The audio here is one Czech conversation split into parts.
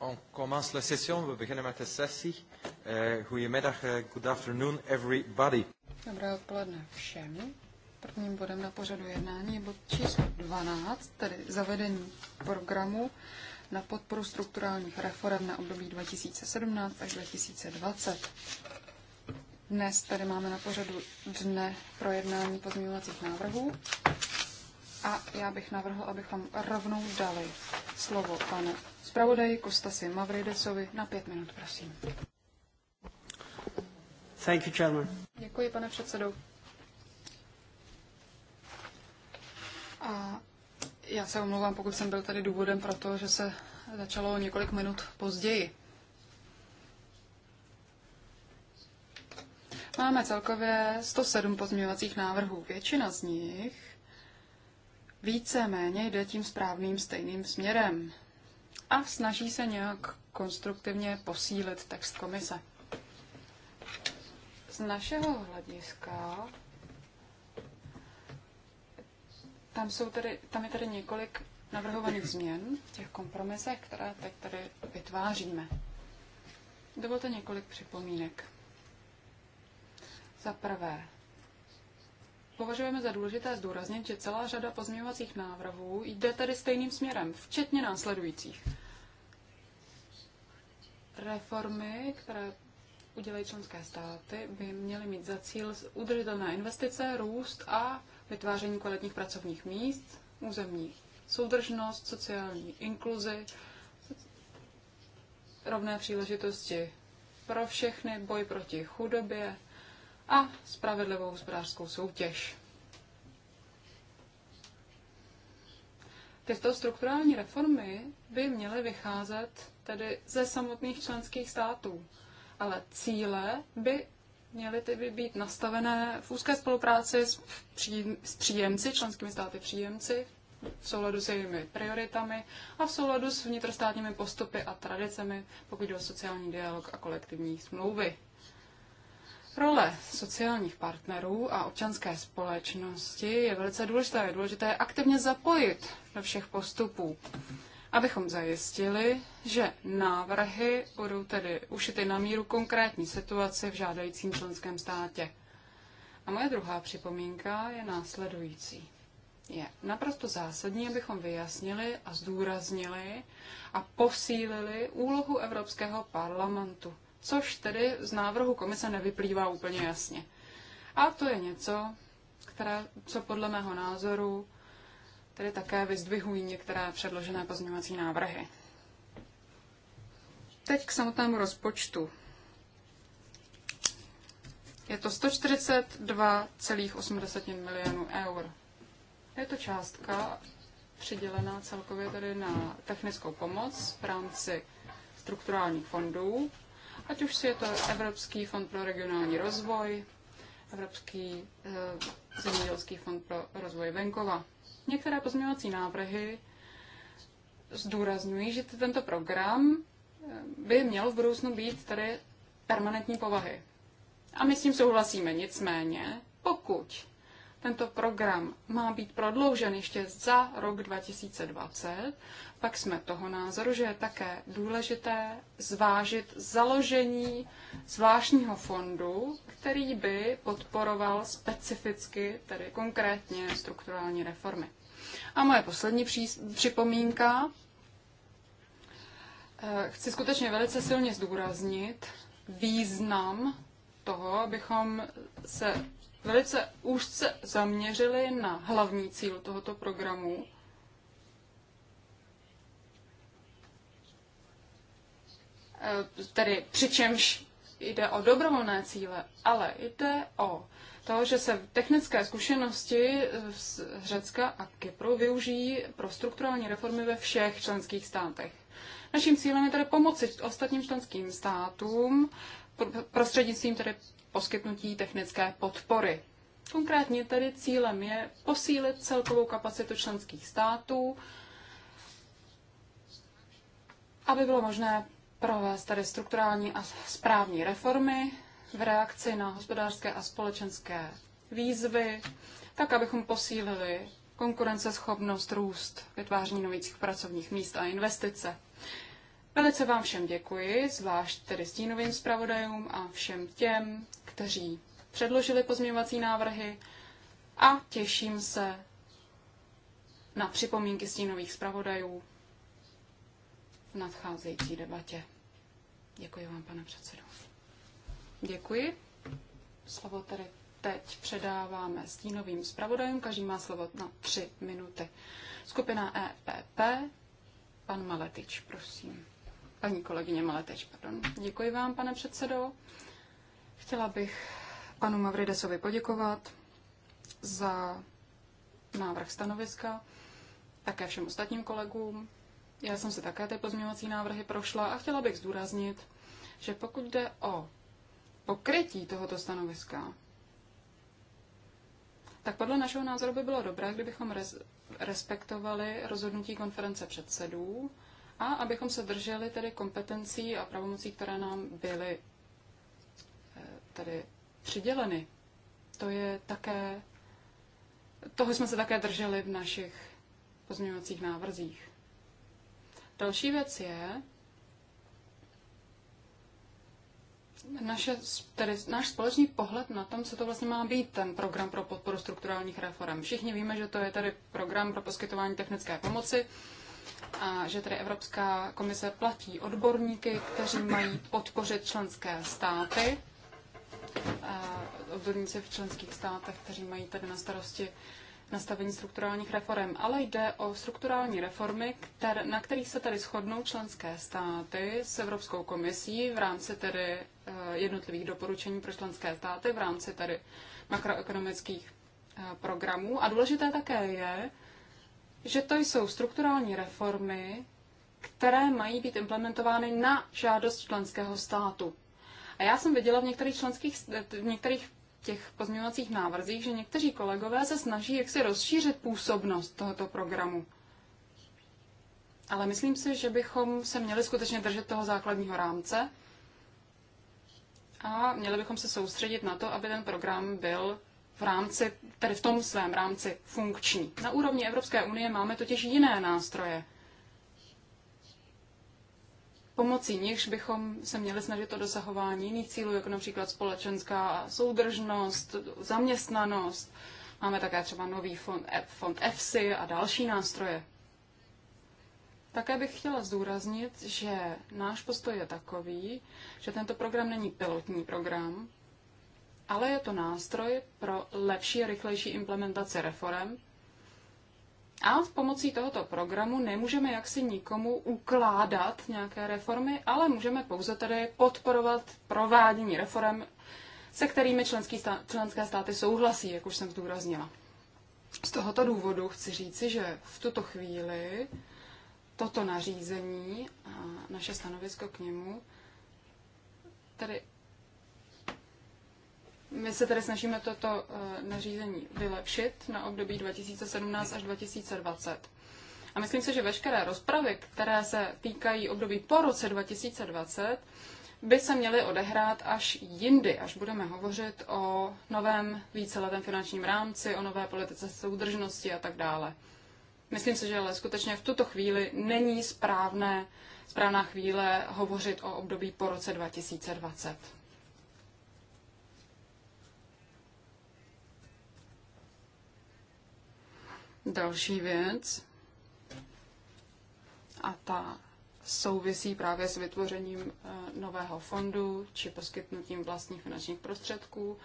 On commence la session. We beginnen met de sessie. Uh, goedemiddag, uh, good afternoon everybody. Dobré odpoledne všem. Prvním bodem na pořadu jednání je bod číslo 12, tedy zavedení programu na podporu strukturálních reform na období 2017 až 2020. Dnes tady máme na pořadu dne projednání pozměňovacích návrhů a já bych navrhl, abychom rovnou dali slovo panu zpravodaji Kostasi Mavridesovi na pět minut, prosím. Thank you, Chairman. Děkuji, pane předsedou. A já se omlouvám, pokud jsem byl tady důvodem pro to, že se začalo několik minut později. Máme celkově 107 pozměňovacích návrhů. Většina z nich více-méně jde tím správným stejným směrem a snaží se nějak konstruktivně posílit text komise. Z našeho hlediska tam, jsou tady, tam je tady několik navrhovaných změn v těch kompromisech, které teď tady vytváříme. Dovolte několik připomínek. Za prvé, považujeme za důležité zdůraznit, že celá řada pozměňovacích návrhů jde tedy stejným směrem, včetně následujících. Reformy, které udělají členské státy, by měly mít za cíl udržitelné investice, růst a vytváření kvalitních pracovních míst, územní soudržnost, sociální inkluzi, rovné příležitosti pro všechny, boj proti chudobě, a spravedlivou hospodářskou soutěž. Tyto strukturální reformy by měly vycházet tedy ze samotných členských států, ale cíle by měly tedy být nastavené v úzké spolupráci s, pří, s příjemci, členskými státy příjemci, v souladu s jejími prioritami a v souladu s vnitrostátními postupy a tradicemi, pokud jde o sociální dialog a kolektivní smlouvy. Role sociálních partnerů a občanské společnosti je velice důležitá. Je důležité aktivně zapojit do všech postupů, abychom zajistili, že návrhy budou tedy ušity na míru konkrétní situaci v žádajícím členském státě. A moje druhá připomínka je následující. Je naprosto zásadní, abychom vyjasnili a zdůraznili a posílili úlohu Evropského parlamentu – což tedy z návrhu komise nevyplývá úplně jasně. A to je něco, které, co podle mého názoru tedy také vyzdvihují některé předložené pozměňovací návrhy. Teď k samotnému rozpočtu. Je to 142,8 milionů eur. Je to částka přidělená celkově tedy na technickou pomoc v rámci strukturálních fondů Ať už si je to Evropský fond pro regionální rozvoj, Evropský e, zemědělský fond pro rozvoj venkova. Některé pozměňovací návrhy zdůrazňují, že tento program eh, by měl v budoucnu být tady permanentní povahy. A my s tím souhlasíme. Nicméně, pokud tento program má být prodloužen ještě za rok 2020. Pak jsme toho názoru, že je také důležité zvážit založení zvláštního fondu, který by podporoval specificky, tedy konkrétně, strukturální reformy. A moje poslední připomínka. Eh, chci skutečně velice silně zdůraznit význam toho, abychom se velice úzce zaměřili na hlavní cíl tohoto programu. Eh, tedy přičemž jde o dobrovolné cíle, ale jde o to, že se technické zkušenosti z Řecka a Kypru využijí pro strukturální reformy ve všech členských státech. Naším cílem je tedy pomoci ostatním členským státům prostřednictvím tedy poskytnutí technické podpory. Konkrétně tedy cílem je posílit celkovou kapacitu členských států, aby bylo možné provést tady strukturální a správní reformy v reakci na hospodářské a společenské výzvy, tak abychom posílili konkurenceschopnost, růst, vytváření nových pracovních míst a investice. Velice vám všem děkuji, zvlášť tedy stínovým zpravodajům a všem těm, kteří předložili pozměňovací návrhy a těším se na připomínky stínových zpravodajů v nadcházející debatě. Děkuji vám, pane předsedo. Děkuji. Slovo tedy teď předáváme stínovým zpravodajům. Každý má slovo na tři minuty. Skupina EPP, pan Maletič, prosím. Paní kolegyně Maleteč, pardon. Děkuji vám, pane předsedo. Chtěla bych panu Mavridesovi poděkovat za návrh stanoviska, také všem ostatním kolegům. Já jsem se také ty pozměňovací návrhy prošla a chtěla bych zdůraznit, že pokud jde o pokrytí tohoto stanoviska, tak podle našeho názoru by bylo dobré, kdybychom respektovali rozhodnutí konference předsedů, a abychom se drželi tedy kompetencí a pravomocí, které nám byly eh, tedy přiděleny. To je také, toho jsme se také drželi v našich pozměňovacích návrzích. Další věc je, naše, tedy náš společný pohled na tom, co to vlastně má být ten program pro podporu strukturálních reform. Všichni víme, že to je tady program pro poskytování technické pomoci a že tedy Evropská komise platí odborníky, kteří mají podpořit členské státy, odborníci v členských státech, kteří mají tedy na starosti nastavení strukturálních reform, ale jde o strukturální reformy, které, na kterých se tady shodnou členské státy s Evropskou komisí v rámci tedy e, jednotlivých doporučení pro členské státy, v rámci tedy makroekonomických e, programů. A důležité také je, že to jsou strukturální reformy, které mají být implementovány na žádost členského státu. A já jsem viděla v některých, členských, v některých těch pozměňovacích návrzích, že někteří kolegové se snaží jaksi rozšířit působnost tohoto programu. Ale myslím si, že bychom se měli skutečně držet toho základního rámce a měli bychom se soustředit na to, aby ten program byl v rámci, tedy v tom svém rámci funkční. Na úrovni Evropské unie máme totiž jiné nástroje, pomocí nichž bychom se měli snažit o dosahování jiných cílů, jako například společenská soudržnost, zaměstnanost. Máme také třeba nový fond, e, fond EFSI a další nástroje. Také bych chtěla zdůraznit, že náš postoj je takový, že tento program není pilotní program, ale je to nástroj pro lepší a rychlejší implementaci reform. A s pomocí tohoto programu nemůžeme jaksi nikomu ukládat nějaké reformy, ale můžeme pouze tedy podporovat provádění reform, se kterými členský členské státy souhlasí, jak už jsem zdůraznila. Z tohoto důvodu chci říci, že v tuto chvíli toto nařízení a naše stanovisko k němu tedy my se tedy snažíme toto eh, nařízení vylepšit na období 2017 až 2020. A myslím si, že veškeré rozpravy, které se týkají období po roce 2020, by se měly odehrát až jindy, až budeme hovořit o novém víceletém finančním rámci, o nové politice soudržnosti a tak dále. Myslím si, že ale skutečně v tuto chvíli není správné, správná chvíle hovořit o období po roce 2020. Další věc, a ta souvisí právě s vytvořením eh, nového fondu či poskytnutím vlastních finančních prostředků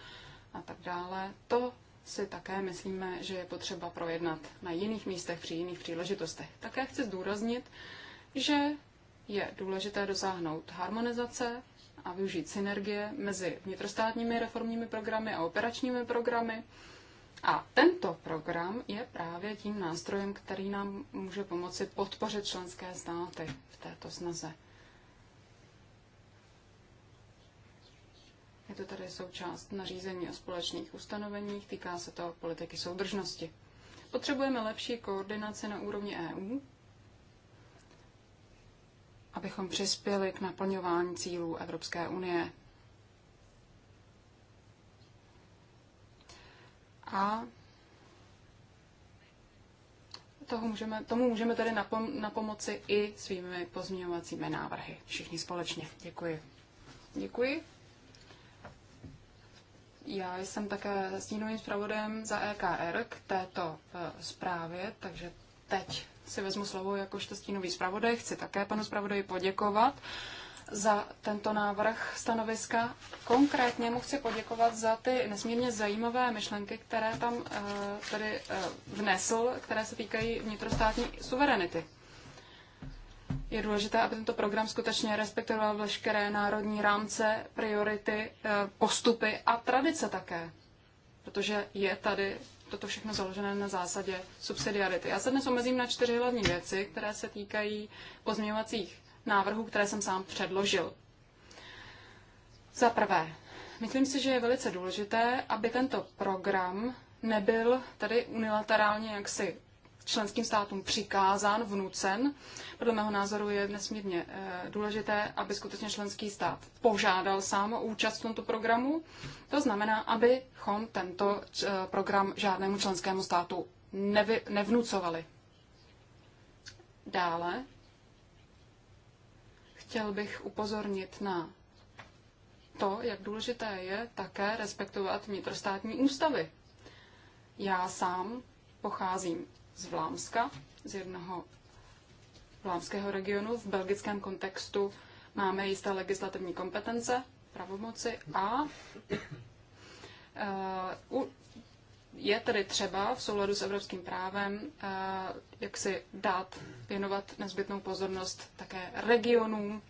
a tak dále. To si také myslíme, že je potřeba projednat na jiných místech při jiných příležitostech. Také chci zdůraznit, že je důležité dosáhnout harmonizace a využít synergie mezi vnitrostátními reformními programy a operačními programy a tento program je právě tím nástrojem, který nám může pomoci podpořit členské státy v této snaze. Je to tady součást nařízení o společných ustanoveních, týká se to politiky soudržnosti. Potřebujeme lepší koordinaci na úrovni EU, abychom přispěli k naplňování cílů Evropské unie A toho můžeme, tomu můžeme tedy napom- napomoci i svými pozměňovacími návrhy. Všichni společně. Děkuji. Děkuji. Já jsem také stínovým zpravodajem za EKR k této e, zprávě, takže teď si vezmu slovo jakožto stínový zpravodaj. Chci také panu zpravodaji poděkovat za tento návrh stanoviska. Konkrétně mu chci poděkovat za ty nesmírně zajímavé myšlenky, které tam eh, tedy eh, vnesl, které se týkají vnitrostátní suverenity. Je důležité, aby tento program skutečně respektoval veškeré národní rámce, priority, eh, postupy a tradice také, protože je tady toto všechno založené na zásadě subsidiarity. Já se dnes omezím na čtyři hlavní věci, které se týkají pozměňovacích návrhů, které jsem sám předložil. Za prvé, myslím si, že je velice důležité, aby tento program nebyl tady unilaterálně jaksi členským státům přikázán, vnucen. Podle mého názoru je nesmírně eh, důležité, aby skutečně členský stát požádal sám o účast v tomto programu. To znamená, abychom tento eh, program žádnému členskému státu nevy, nevnucovali. Dále chtěl bych upozornit na to, jak důležité je také respektovat vnitrostátní ústavy. Já sám pocházím z Vlámska, z jednoho vlámského regionu. V belgickém kontextu máme jisté legislativní kompetence, pravomoci a uh, je tedy třeba v souladu s evropským právem, eh, jak si dát, věnovat nezbytnou pozornost také regionům,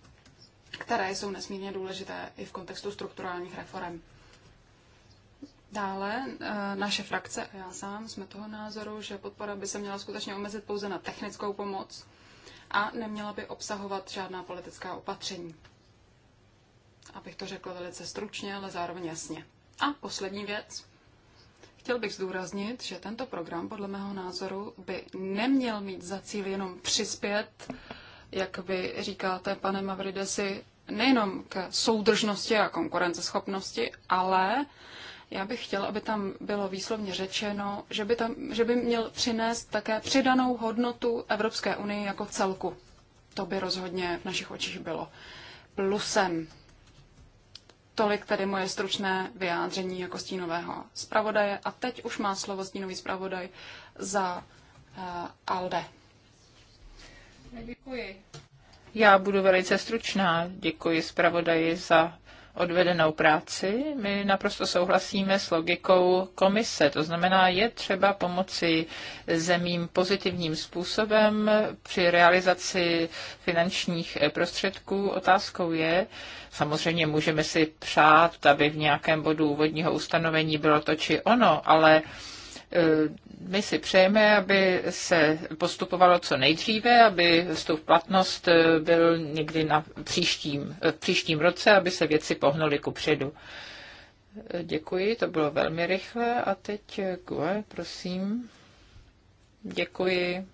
které jsou nesmírně důležité i v kontextu strukturálních reform. Dále eh, naše frakce a já sám jsme toho názoru, že podpora by se měla skutečně omezit pouze na technickou pomoc a neměla by obsahovat žádná politická opatření. Abych to řekla velice stručně, ale zároveň jasně. A poslední věc. Chtěl bych zdůraznit, že tento program, podle mého názoru, by neměl mít za cíl jenom přispět, jak vy říkáte, pane Mavridesi, nejenom k soudržnosti a konkurenceschopnosti, ale já bych chtěl, aby tam bylo výslovně řečeno, že by, tam, že by měl přinést také přidanou hodnotu Evropské unii jako celku. To by rozhodně v našich očích bylo plusem Tolik tedy moje stručné vyjádření jako stínového zpravodaje. A teď už má slovo stínový zpravodaj za uh, ALDE. Děkuji. Já budu velice stručná. Děkuji zpravodaji za odvedenou práci. My naprosto souhlasíme s logikou komise, to znamená, je třeba pomoci zemím pozitivním způsobem při realizaci finančních prostředků. Otázkou je, samozřejmě můžeme si přát, aby v nějakém bodu úvodního ustanovení bylo to či ono, ale Eh, my si přejeme, aby se postupovalo co nejdříve, aby vstup platnost eh, byl někdy na příštím, eh, v příštím roce, aby se věci pohnuly kupředu. Děkuji, to bylo velmi rychle. A teď Gue, prosím. Děkuji.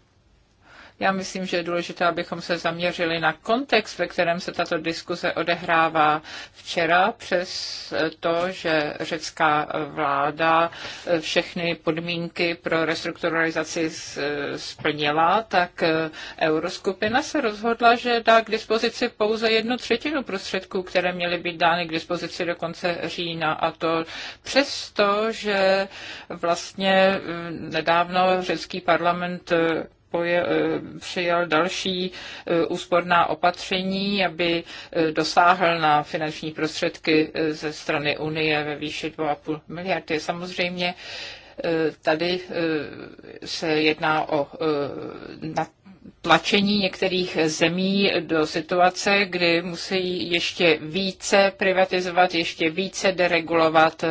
Já myslím, že je důležité, abychom se zaměřili na kontext, ve kterém se tato diskuze odehrává včera, přes to, že řecká vláda všechny podmínky pro restrukturalizaci splnila, tak euroskupina se rozhodla, že dá k dispozici pouze jednu třetinu prostředků, které měly být dány k dispozici do konce října a to přesto, že vlastně nedávno řecký parlament poje, eh, přijal další eh, úsporná opatření, aby eh, dosáhl na finanční prostředky ze strany Unie ve výši 2,5 miliardy. Samozřejmě tady se jedná o tlačení některých zemí do situace, kdy musí ještě více privatizovat, ještě více deregulovat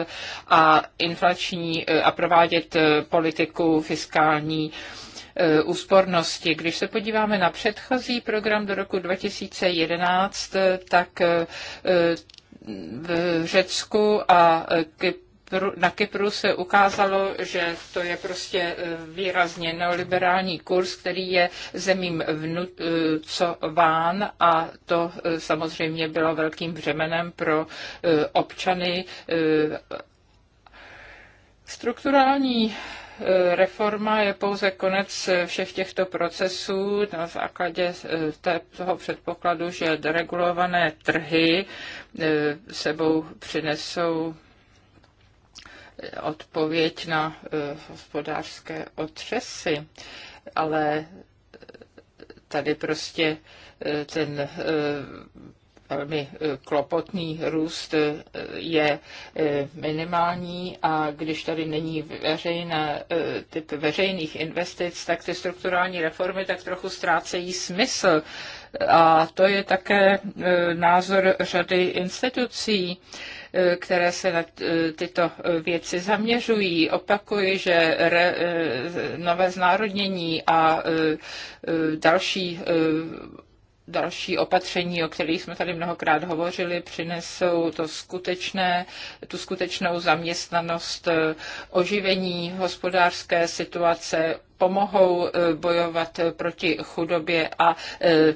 a inflační a provádět politiku fiskální Eh, úspornosti. Když se podíváme na předchozí program do roku 2011, eh, tak eh, v Řecku a Kypru na Kypru se ukázalo, že to je prostě výrazně neoliberální kurz, který je zemím vnucován a to samozřejmě bylo velkým břemenem pro občany. Strukturální reforma je pouze konec všech těchto procesů na základě eh, toho předpokladu, že deregulované trhy eh, sebou přinesou eh, odpověď na hospodářské otřesy, ale tady prostě ten velmi eh, klopotný růst eh, je eh, minimální a když tady není veřejné, typ veřejných investic, tak ty strukturální reformy tak trochu ztrácejí smysl. A to je také názor řady institucí které se na tyto věci zaměřují. Opakuji, že re, nové znárodnění a další další opatření, o kterých jsme tady mnohokrát hovořili, přinesou to skutečné, tu skutečnou zaměstnanost, eh, oživení hospodářské situace, pomohou eh, bojovat eh, proti chudobě a eh,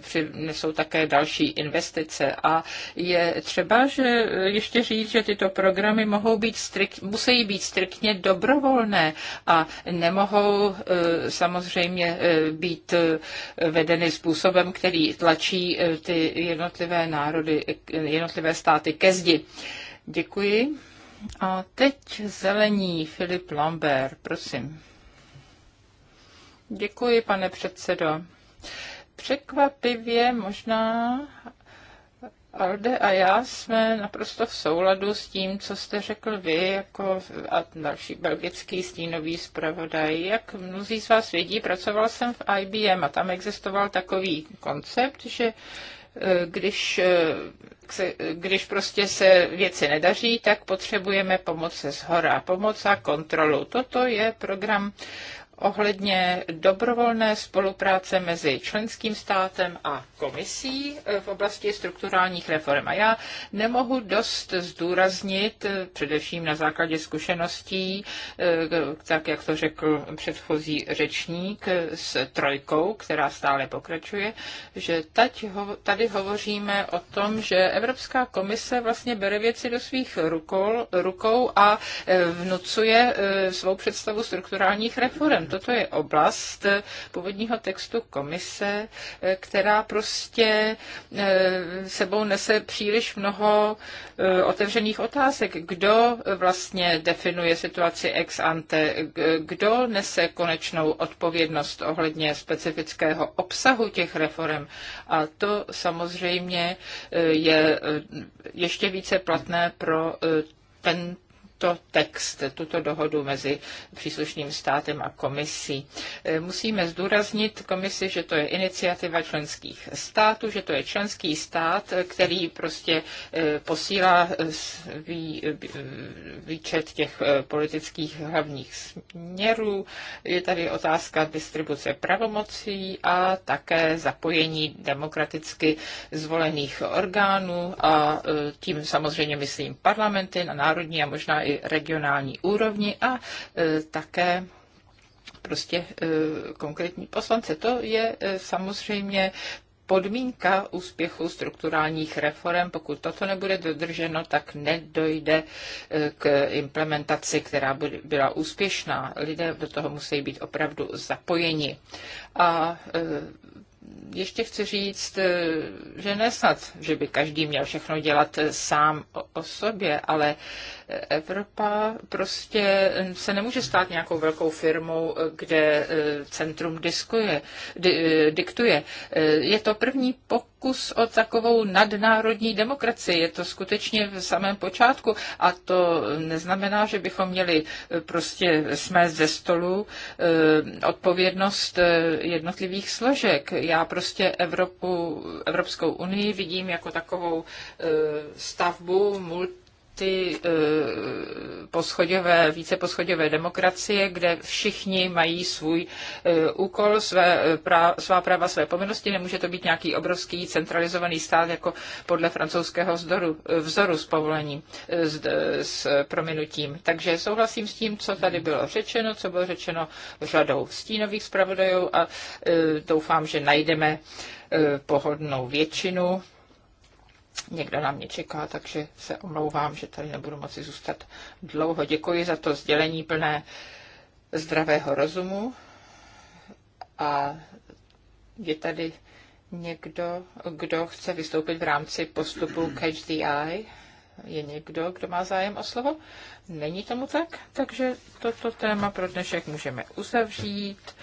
přinesou také další investice. A je třeba, že ještě říct, že tyto programy mohou být strik, musí být striktně dobrovolné a nemohou samozřejmě být vedeny způsobem, který tlačí ty jednotlivé národy, jednotlivé státy ke zdi. Děkuji. A teď zelení Filip Lambert, prosím. Děkuji, pane předsedo. Překvapivě možná Alde a já jsme naprosto v souladu s tím, co jste řekl vy jako a další belgický stínový zpravodaj. Jak mnozí z vás vědí, pracoval jsem v IBM a tam existoval takový koncept, že e, když, e, když prostě se věci nedaří, tak potřebujeme pomoc ze zhora, pomoc a kontrolu. Toto je program ohledně dobrovolné spolupráce mezi členským státem a komisí eh, v oblasti strukturálních reform. A já nemohu dost zdůraznit, eh, především na základě zkušeností, eh, tak jak to řekl předchozí řečník s trojkou, která stále pokračuje, že tady hovoříme o tom, že Evropská komise vlastně bere věci do svých rukou, a vnucuje svou představu strukturálních reform Toto je oblast původního textu komise, eh, která prostě eh, sebou nese příliš mnoho eh, otevřených otázek. Kdo vlastně definuje situaci ex ante? Kdo nese konečnou odpovědnost ohledně specifického obsahu těch reform? A to samozřejmě je ještě více platné pro ten tento text, tuto dohodu mezi příslušným státem a komisí. E, musíme zdůraznit komisi, že to je iniciativa členských států, že to je členský stát, který prostě e, posílá e, svý výčet těch politických hlavních směrů. Je tady otázka distribuce pravomocí a také zapojení demokraticky zvolených orgánů a tím samozřejmě myslím parlamenty na národní a možná i regionální úrovni a e, také e, prostě e, konkrétní poslance. To je samozřejmě podmínka úspěchu strukturálních reform. Pokud toto nebude dodrženo, tak nedojde k implementaci, která byla úspěšná. Lidé do toho musí být opravdu zapojeni. A ještě chci říct, eh, že nesnad, že by každý měl všechno dělat eh, sám o sobě, ale eh, Evropa prostě se nemůže stát nějakou velkou firmou, kde centrum diskuje, di, diktuje. Je to první pokus o takovou nadnárodní demokracii. Je to skutečně v samém počátku a to neznamená, že bychom měli prostě smést ze stolu odpovědnost jednotlivých složek. Já prostě Evropu, Evropskou unii vidím jako takovou e, stavbu multi ty eh, poschodové, více poschodové demokracie, kde všichni mají svůj eh, úkol, své eh, práva, svá práva, své povinnosti. Nemůže to být nějaký obrovský centralizovaný stát, jako podle francouzského vzoru vzoru s povolením, s, s prominutím. Takže souhlasím s tím, co tady bylo řečeno, co bylo řečeno řadou stínových zpravodajů a doufám, že najdeme pohodnou většinu Někdo na mě čeká, takže se omlouvám, že tady nebudu moci zůstat dlouho. Děkuji za to sdělení plné zdravého rozumu. A je tady někdo, kdo chce vystoupit v rámci postupu Catch the Eye? Je někdo, kdo má zájem o slovo? Není tomu tak, takže toto téma pro dnešek můžeme uzavřít.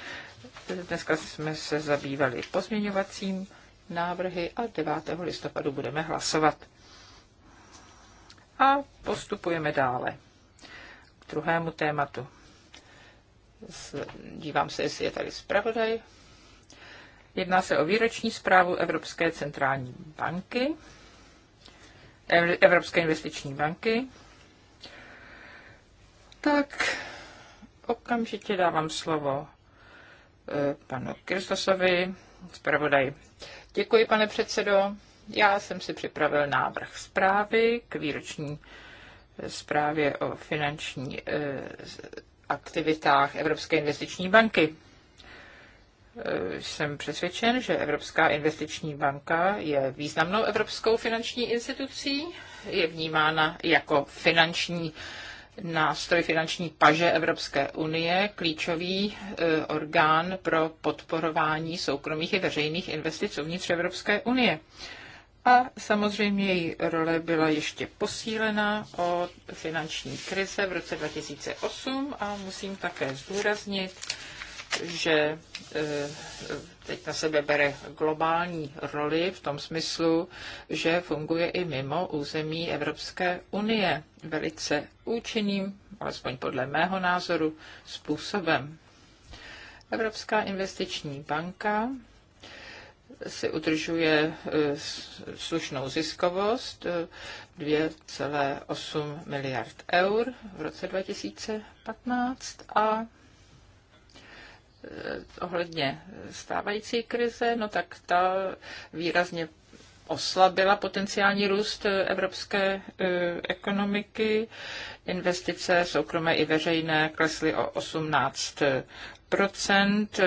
Dneska jsme se zabývali pozměňovacím návrhy a 9. listopadu budeme hlasovat. A postupujeme dále k druhému tématu. Dívám se, jestli je tady zpravodaj. Jedná se o výroční zprávu Evropské centrální banky, Evropské investiční banky. Tak okamžitě dávám slovo eh, panu Kristosovi, zpravodaj Děkuji, pane předsedo. Já jsem si připravil návrh zprávy k výroční eh, zprávě o finanční eh, aktivitách Evropské investiční banky. Eh, jsem přesvědčen, že Evropská investiční banka je významnou evropskou finanční institucí, je vnímána jako finanční nástroj finanční paže Evropské unie, klíčový e, orgán pro podporování soukromých i veřejných investic uvnitř Evropské unie. A samozřejmě její role byla ještě posílena od finanční krize v roce 2008 a musím také zdůraznit, že e, teď na sebe bere globální roli v tom smyslu, že funguje i mimo území Evropské unie velice účinným, alespoň podle mého názoru, způsobem. Evropská investiční banka si udržuje e, slušnou ziskovost 2,8 e, miliard eur v roce 2015 a Eh, ohledně stávající krize, no tak ta výrazně oslabila potenciální růst eh, evropské eh, ekonomiky. Investice soukromé i veřejné klesly o 18 procent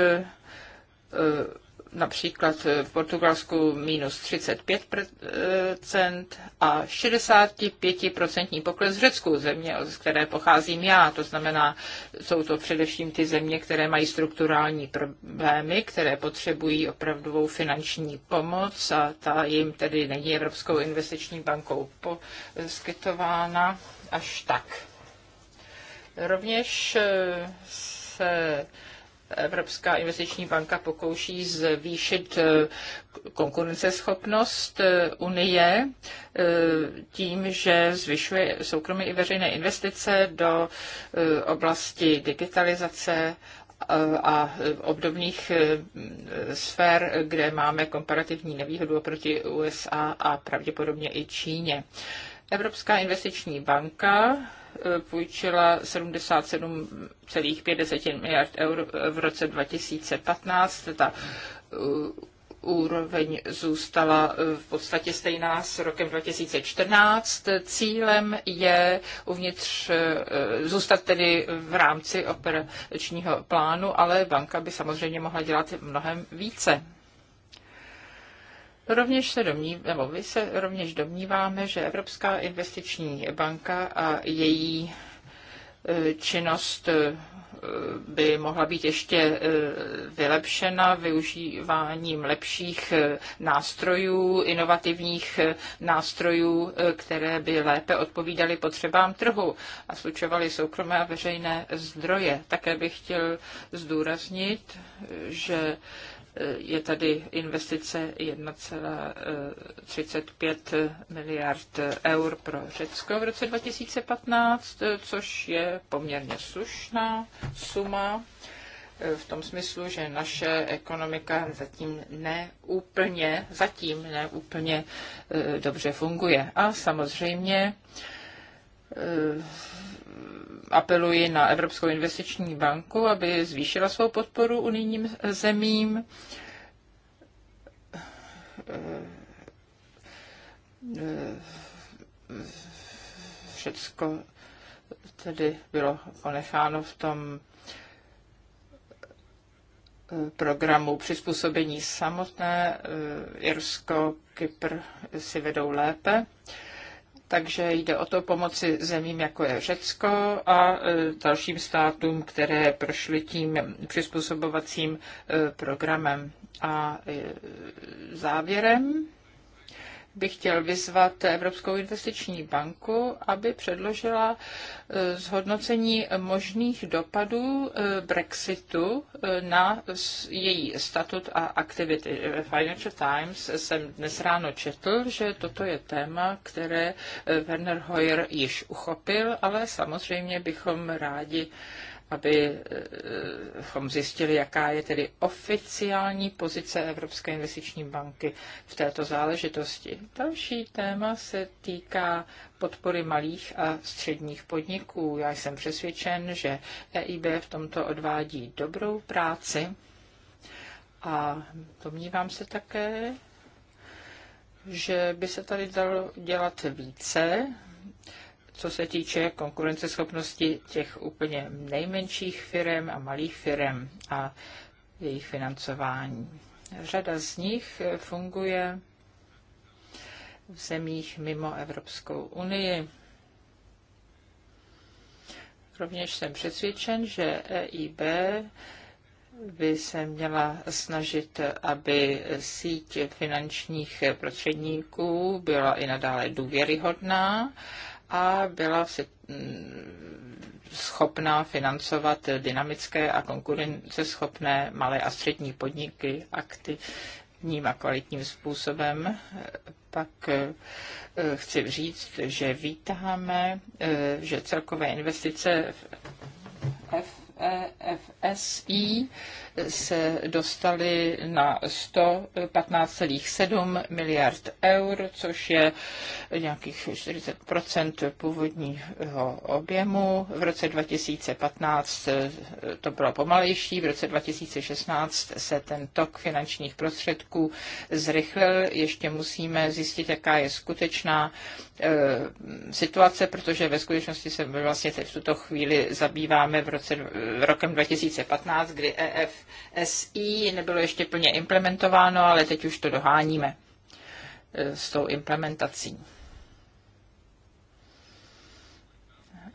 například v Portugalsku minus 35% a 65% pokles v Řecku, země, z které pocházím já. To znamená, jsou to především ty země, které mají strukturální problémy, které potřebují opravdovou finanční pomoc a ta jim tedy není Evropskou investiční bankou poskytována až tak. Rovněž se Evropská investiční banka pokouší zvýšit eh, konkurenceschopnost eh, Unie eh, tím, že zvyšuje soukromé i veřejné investice do oblasti digitalizace a obdobných sfér, kde máme komparativní nevýhodu oproti USA a pravděpodobně i Číně. Evropská investiční banka půjčila 77,5 miliard eur v roce 2015. Ta úroveň zůstala v podstatě stejná s rokem 2014. Cílem je uvnitř eh, zůstat tedy v rámci operačního plánu, ale banka by samozřejmě mohla dělat mnohem více. Rovněž se domnív, nebo my se rovněž domníváme, že Evropská investiční banka a její e, činnost e, by mohla být ještě e, vylepšena využíváním lepších nástrojů, inovativních nástrojů, které by lépe odpovídaly potřebám trhu a slučovaly soukromé a veřejné zdroje. Také bych chtěl zdůraznit, že je tady investice 1,35 miliard eur pro Řecko v roce 2015, což je poměrně slušná suma v tom smyslu, že naše ekonomika zatím neúplně, zatím neúplně eh, dobře funguje. A samozřejmě eh, apeluji na Evropskou investiční banku, aby zvýšila svou podporu unijním zemím. Všecko tedy bylo ponecháno v tom programu přizpůsobení samotné. Irsko, Kypr si vedou lépe. Takže jde o to pomoci zemím, jako je Řecko a e, dalším státům, které prošly tím přizpůsobovacím e, programem. A e, závěrem bych chtěl vyzvat Evropskou investiční banku, aby předložila e, zhodnocení možných dopadů e, Brexitu e, na její statut a aktivity. Financial Times jsem dnes ráno četl, že toto je téma, které Werner Hoyer již uchopil, ale samozřejmě bychom rádi abychom zjistili, jaká je tedy oficiální pozice Evropské investiční banky v této záležitosti. Další téma se týká podpory malých a středních podniků. Já jsem přesvědčen, že EIB v tomto odvádí dobrou práci a domnívám se také, že by se tady dalo dělat více co se týče konkurenceschopnosti těch úplně nejmenších firm a malých firm a jejich financování. Řada z nich funguje v zemích mimo Evropskou unii. Rovněž jsem přesvědčen, že EIB by se měla snažit, aby síť finančních prostředníků byla i nadále důvěryhodná a byla si mm, schopná financovat dynamické a konkurenceschopné malé a střední podniky aktivním a kvalitním způsobem. Pak eh, chci říct, že vítáme, eh, že celkové investice v F EFSI se dostaly na 115,7 miliard eur, což je nějakých 40 původního objemu. V roce 2015 to bylo pomalejší, v roce 2016 se ten tok finančních prostředků zrychlil. Ještě musíme zjistit, jaká je skutečná e, situace, protože ve skutečnosti se vlastně teď v tuto chvíli zabýváme v roce rokem 2015, kdy EFSI nebylo ještě plně implementováno, ale teď už to doháníme e, s tou implementací.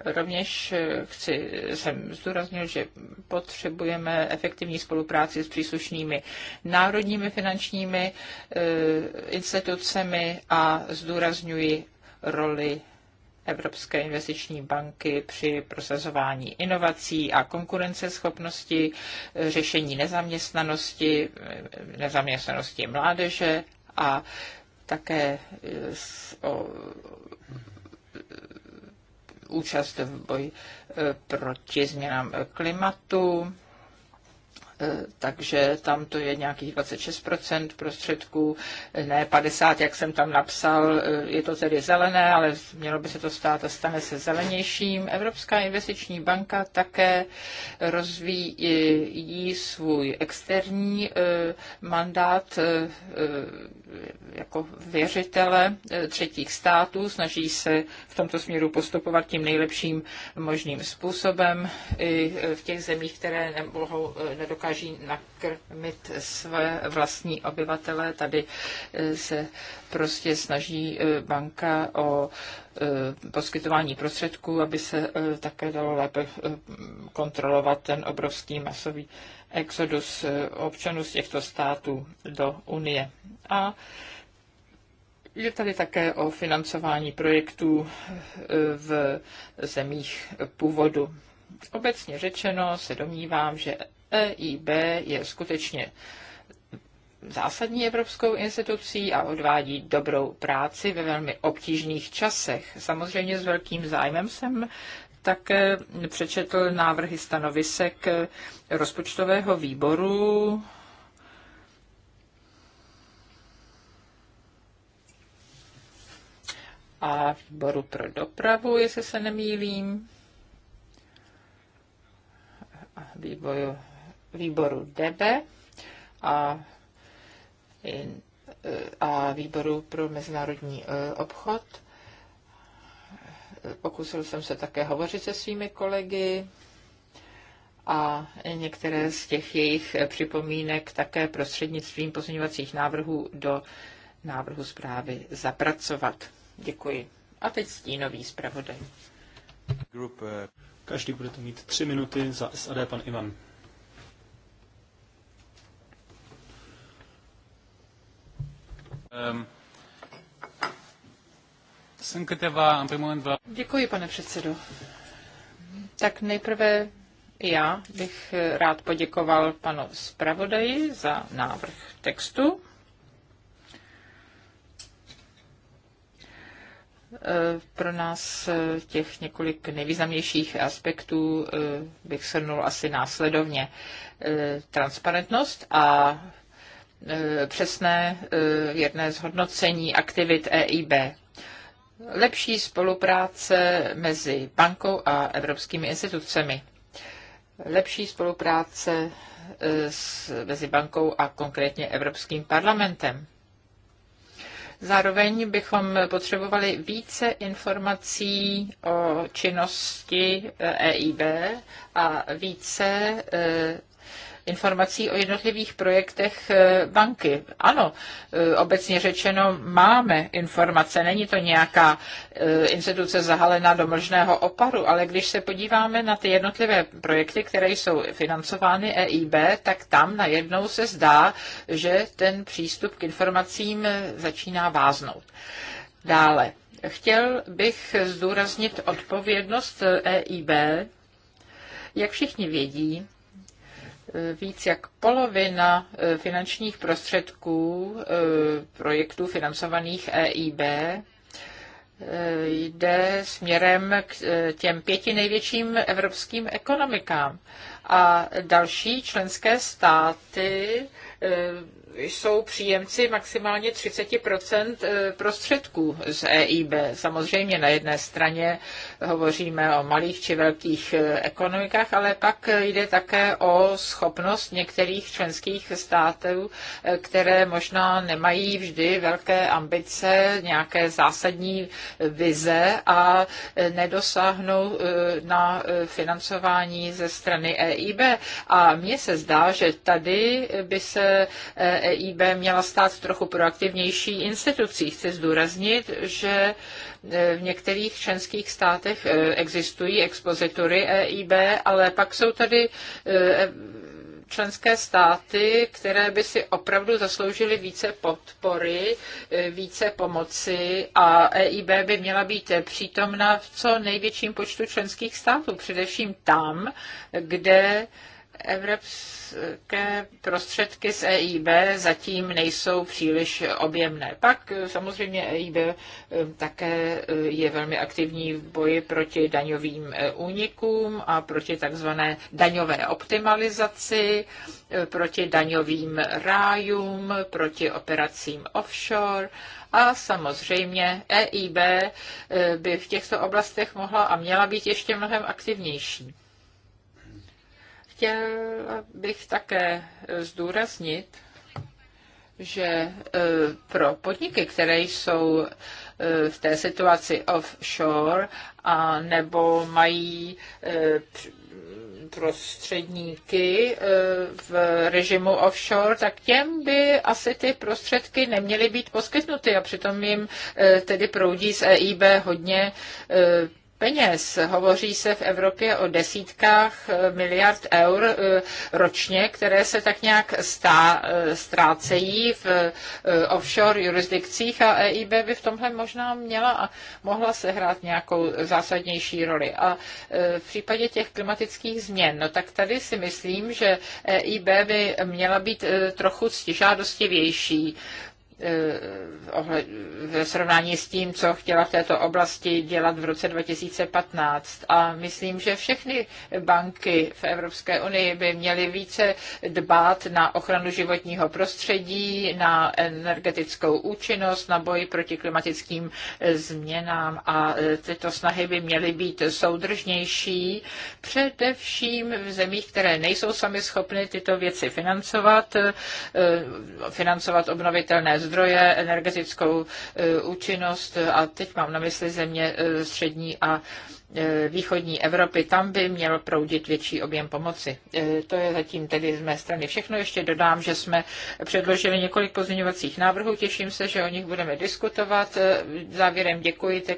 Rovněž e, chci, jsem zdůraznil, že potřebujeme efektivní spolupráci s příslušnými národními finančními e, institucemi a zdůrazňuji roli Evropské investiční banky při prosazování inovací a konkurenceschopnosti, řešení nezaměstnanosti, nezaměstnanosti mládeže a také eh, o účast v boji eh, proti změnám klimatu Eh, takže tam to je nějakých 26% prostředků, ne 50, jak jsem tam napsal, eh, je to tedy zelené, ale mělo by se to stát a stane se zelenějším. Evropská investiční banka také rozvíjí svůj externí eh, mandát jako věřitele třetích států, snaží se v tomto směru postupovat tím nejlepším možným způsobem i v těch zemích, které nemohou, nedokážou snaží nakrmit své vlastní obyvatele. Tady eh, se prostě snaží eh, banka o eh, poskytování prostředků, aby se také dalo lépe kontrolovat ten obrovský masový exodus občanů z těchto států do Unie. A je tady také o financování projektů v zemích původu. Obecně řečeno se domnívám, že EIB je skutečně zásadní evropskou institucí a odvádí dobrou práci ve velmi obtížných časech. Samozřejmě s velkým zájmem jsem tak přečetl návrhy stanovisek rozpočtového výboru a výboru pro dopravu, jestli se nemýlím, výboru výboru DEBE a, a výboru pro mezinárodní e, obchod. Pokusil jsem se také hovořit se svými kolegy a některé z těch jejich připomínek také prostřednictvím pozměňovacích návrhů do návrhu zprávy zapracovat. Děkuji. A teď stínový zpravodaj. E, Každý budete mít tři minuty za SAD, pan Ivan. câteva, în primul rând, Děkuji, pane předsedo. Tak nejprve já bych rád poděkoval panu zpravodaji za návrh textu. Eh, pro nás eh, těch několik nejvýznamnějších aspektů eh, bych shrnul asi následovně. Transparentnost a Eh, přesné věrné eh, zhodnocení aktivit EIB. Lepší spolupráce mezi bankou a evropskými institucemi. Lepší spolupráce eh, s, mezi bankou a konkrétně Evropským parlamentem. Zároveň bychom potřebovali více informací o činnosti EIB e a více informací o jednotlivých projektech eh, banky. Ano, eh, obecně řečeno máme informace, není to nějaká eh, instituce zahalená do mlžného oparu, ale když se podíváme na ty jednotlivé projekty, které jsou financovány EIB, tak tam najednou se zdá, že ten přístup k informacím začíná váznout. Dále, chtěl bych zdůraznit odpovědnost EIB. E Jak všichni vědí, víc jak polovina e, finančních prostředků e, projektů financovaných EIB e, jde směrem k těm pěti největším evropským ekonomikám. A další členské státy jsou příjemci maximálně 30 eh, prostředků z EIB. Samozřejmě na jedné straně hovoříme o malých či velkých eh, ekonomikách, ale pak eh, jde také o schopnost některých členských států, které možná nemají vždy velké ambice, nějaké zásadní vize a nedosáhnou na financování ze strany EIB. A mně se zdá, že tady by se EIB měla stát trochu proaktivnější institucí. Chci zdůraznit, že e, v některých členských státech e, existují expozitory EIB, ale pak jsou tady e, členské státy, které by si opravdu zasloužily více podpory, více pomoci a EIB by měla být přítomna v co největším počtu členských států, především tam, kde evropské prostředky z EIB zatím nejsou příliš objemné. Pak eh, samozřejmě EIB eh, také eh, je velmi aktivní v boji proti daňovým únikům a proti takzvané daňové optimalizaci, proti daňovým rájům, proti operacím offshore a samozřejmě EIB by v těchto oblastech mohla a měla být ještě mnohem aktivnější. Chtěla bych také zdůraznit, že e, pro podniky, které jsou e, v té situaci offshore a nebo mají e, prostředníky v režimu offshore, tak těm by asi ty prostředky neměly být poskytnuty a přitom jim tedy proudí z EIB hodně peněz. Hovoří se v Evropě o desítkách eh, miliard eur eh, ročně, které se tak nějak stá, eh, ztrácejí v offshore jurisdikcích a EIB by v tomhle možná měla a mohla sehrát nějakou zásadnější roli. A v případě těch klimatických změn, no tak tady si myslím, že EIB by měla být trochu stěžádostivější. Eh, ve srovnání s tím, co chtěla v této oblasti dělat v roce 2015. A myslím, že všechny banky v Evropské unii by měly více dbát na ochranu životního prostředí, na energetickou účinnost, na boj proti klimatickým eh, změnám a eh, tyto snahy by měly být soudržnější, především v zemích, které nejsou sami schopny tyto věci financovat, financovat obnovitelné zdroje, zdroje, energetickou e, účinnost a teď mám na mysli země e, střední a e, východní Evropy, tam by měl proudit větší objem pomoci. To je zatím tedy z mé strany všechno. Ještě dodám, že jsme předložili několik pozměňovacích návrhů. Těším se, že o nich budeme diskutovat. Závěrem děkuji tak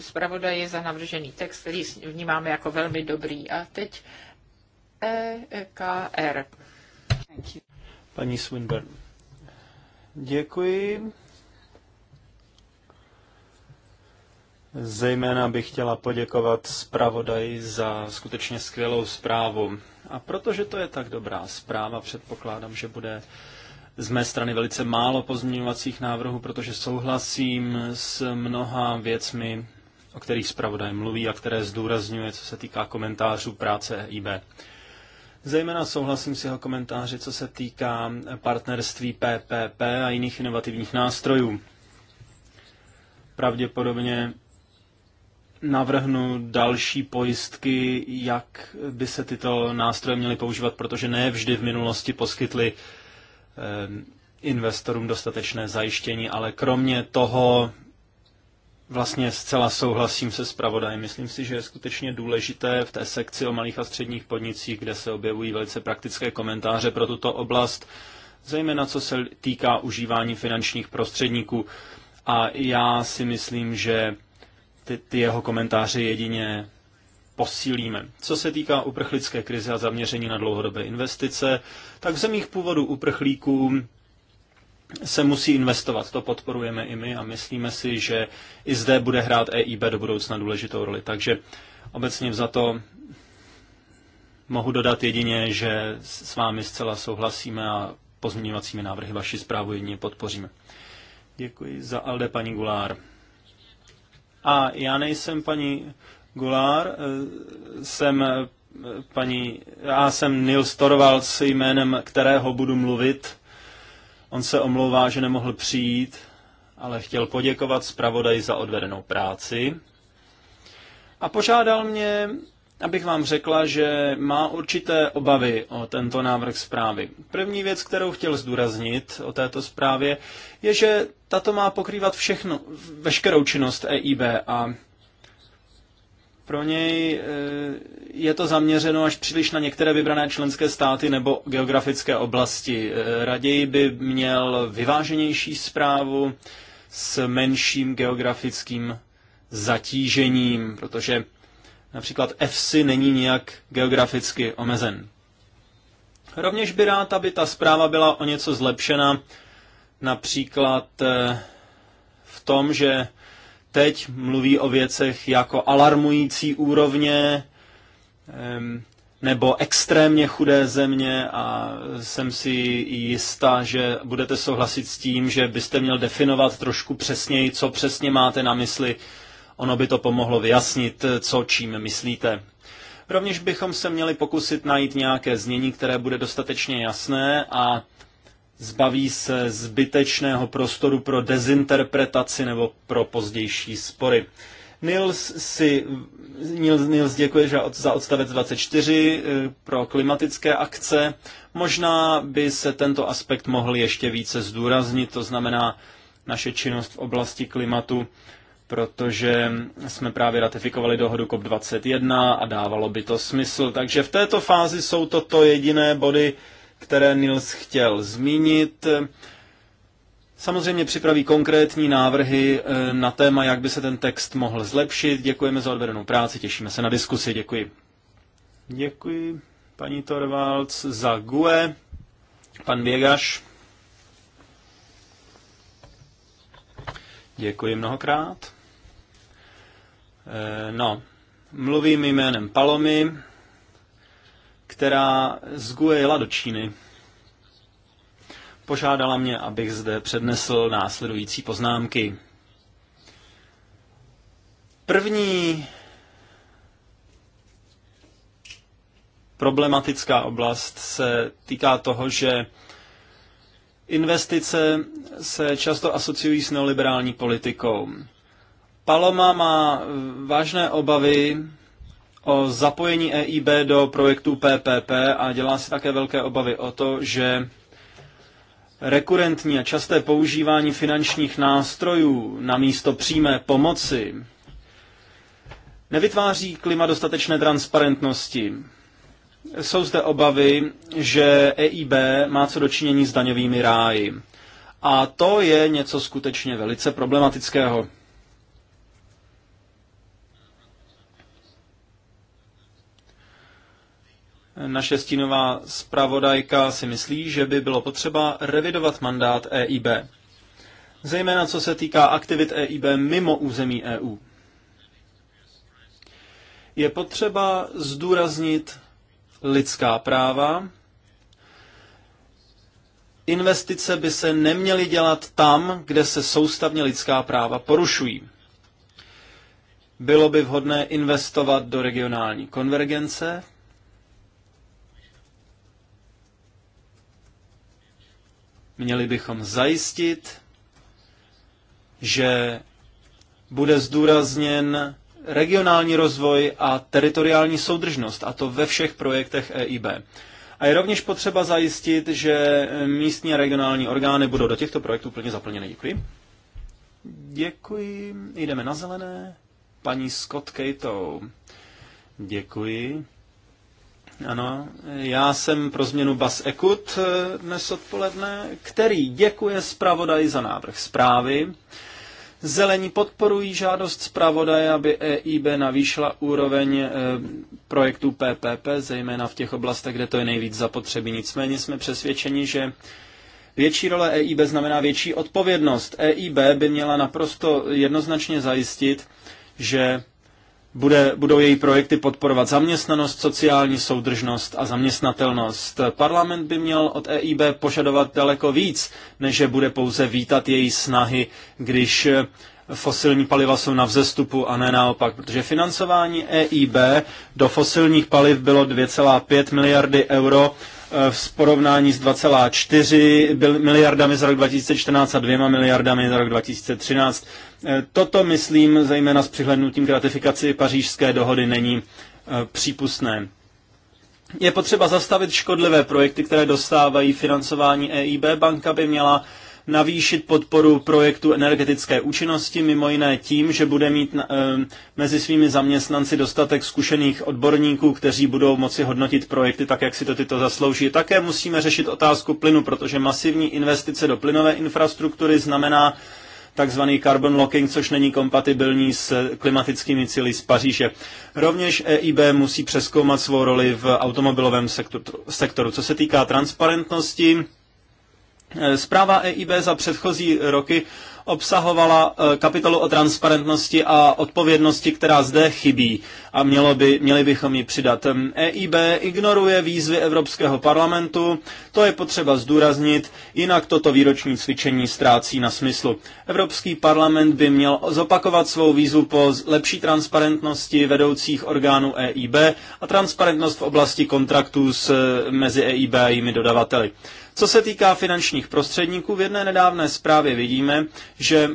zpravodaji za navržený text, který vnímáme jako velmi dobrý. A teď EKR. Paní Swinburne. Děkuji. Zejména bych chtěla poděkovat zpravodaji za skutečně skvělou zprávu. A protože to je tak dobrá zpráva, předpokládám, že bude z mé strany velice málo pozměňovacích návrhů, protože souhlasím s mnoha věcmi, o kterých zpravodaj mluví a které zdůrazňuje, co se týká komentářů práce e IB. Zejména souhlasím s jeho komentáři, co se týká partnerství PPP a jiných inovativních nástrojů. Pravděpodobně navrhnu další pojistky, jak by se tyto nástroje měly používat, protože ne vždy v minulosti poskytly eh, investorům dostatečné zajištění, ale kromě toho Vlastně zcela souhlasím se zpravodajem. Myslím si, že je skutečně důležité v té sekci o malých a středních podnicích, kde se objevují velice praktické komentáře pro tuto oblast, zejména co se týká užívání finančních prostředníků. A já si myslím, že ty, ty jeho komentáře jedině posílíme. Co se týká uprchlické krize a zaměření na dlouhodobé investice, tak v zemích původu uprchlíků se musí investovat. To podporujeme i my a myslíme si, že i zde bude hrát EIB do budoucna důležitou roli. Takže obecně za to mohu dodat jedině, že s vámi zcela souhlasíme a pozměňovacími návrhy vaši zprávu jedině podpoříme. Děkuji za Alde, paní Gulár. A já nejsem paní Gulár, eh, jsem eh, paní, já jsem Nils Torvalds jménem, kterého budu mluvit On se omlouvá, že nemohl přijít, ale chtěl poděkovat zpravodaji za odvedenou práci. A požádal mě, abych vám řekla, že má určité obavy o tento návrh zprávy. První věc, kterou chtěl zdůraznit o této zprávě, je, že tato má pokrývat všechno, veškerou činnost EIB a pro něj eh, je to zaměřeno až příliš na některé vybrané členské státy nebo geografické oblasti. Eh, raději by měl vyváženější zprávu s menším geografickým zatížením, protože například EFSI není nijak geograficky omezen. Rovněž by rád, aby ta zpráva byla o něco zlepšena, například eh, v tom, že teď mluví o věcech jako alarmující úrovně nebo extrémně chudé země a jsem si jistá, že budete souhlasit s tím, že byste měl definovat trošku přesněji, co přesně máte na mysli. Ono by to pomohlo vyjasnit, co čím myslíte. Rovněž bychom se měli pokusit najít nějaké znění, které bude dostatečně jasné a zbaví se zbytečného prostoru pro dezinterpretaci nebo pro pozdější spory. Nils, si, Nils, Nils děkuje za odstavec 24 eh, pro klimatické akce. Možná by se tento aspekt mohl ještě více zdůraznit, to znamená naše činnost v oblasti klimatu, protože jsme právě ratifikovali dohodu COP21 a dávalo by to smysl. Takže v této fázi jsou toto jediné body, které Nils chtěl zmínit. Samozřejmě připraví konkrétní návrhy eh, na téma, jak by se ten text mohl zlepšit. Děkujeme za odvedenou práci, těšíme se na diskusi. Děkuji. Děkuji paní Torvalds za GUE. Pan Věgaš. Děkuji mnohokrát. Eh, no, mluvím jménem Palomy která z GUE jela do Číny. Požádala mě, abych zde přednesl následující poznámky. První problematická oblast se týká toho, že investice se často asociují s neoliberální politikou. Paloma má vážné obavy o zapojení EIB do projektu PPP a dělá se také velké obavy o to, že rekurentní a časté používání finančních nástrojů na místo přímé pomoci nevytváří klima dostatečné transparentnosti. Jsou zde obavy, že EIB má co dočinění s daňovými ráji. A to je něco skutečně velice problematického. Naše stínová zpravodajka si myslí, že by bylo potřeba revidovat mandát EIB, zejména co se týká aktivit EIB mimo území EU. Je potřeba zdůraznit lidská práva. Investice by se neměly dělat tam, kde se soustavně lidská práva porušují. Bylo by vhodné investovat do regionální konvergence, Měli bychom zajistit, že bude zdůrazněn regionální rozvoj a teritoriální soudržnost, a to ve všech projektech EIB. A je rovněž potřeba zajistit, že místní a regionální orgány budou do těchto projektů plně zaplněny. Děkuji. Děkuji. Jdeme na zelené. Paní Scott Kejtou. Děkuji. Ano, já jsem pro změnu Bas Ekut eh, dnes odpoledne, který děkuje zpravodaji za návrh zprávy. Zelení podporují žádost zpravodaje, aby EIB navýšila úroveň eh, projektů PPP, zejména v těch oblastech, kde to je nejvíc zapotřebí. Nicméně jsme přesvědčeni, že Větší role EIB znamená větší odpovědnost. EIB by měla naprosto jednoznačně zajistit, že bude, budou její projekty podporovat zaměstnanost, sociální soudržnost a zaměstnatelnost. Parlament by měl od EIB požadovat daleko víc, než že bude pouze vítat její snahy, když eh, fosilní paliva jsou na vzestupu a ne naopak, protože financování EIB do fosilních paliv bylo 2,5 miliardy euro Eh, v porovnání s 2,4 miliardami za rok 2014 a 2 miliardami za rok 2013. Eh, toto, myslím, zejména s přihlednutím k ratifikaci pařížské dohody není eh, přípustné. Je potřeba zastavit škodlivé projekty, které dostávají financování EIB. Banka by měla navýšit podporu projektu energetické účinnosti, mimo jiné tím, že bude mít na, e, mezi svými zaměstnanci dostatek zkušených odborníků, kteří budou moci hodnotit projekty tak, jak si to tyto zaslouží. Také musíme řešit otázku plynu, protože masivní investice do plynové infrastruktury znamená takzvaný carbon locking, což není kompatibilní s klimatickými cíly z Paříže. Rovněž EIB musí přeskoumat svou roli v automobilovém sektoru. sektoru. Co se týká transparentnosti, Eh, zpráva EIB za předchozí roky obsahovala eh, kapitolu o transparentnosti a odpovědnosti, která zde chybí a mělo by, měli bychom ji přidat. EIB e ignoruje výzvy Evropského parlamentu, to je potřeba zdůraznit, jinak toto výroční cvičení ztrácí na smyslu. Evropský parlament by měl zopakovat svou výzvu po lepší transparentnosti vedoucích orgánů EIB a transparentnost v oblasti kontraktů s, eh, mezi EIB a jimi dodavateli. Co se týká finančních prostředníků, v jedné nedávné zprávě vidíme, že e,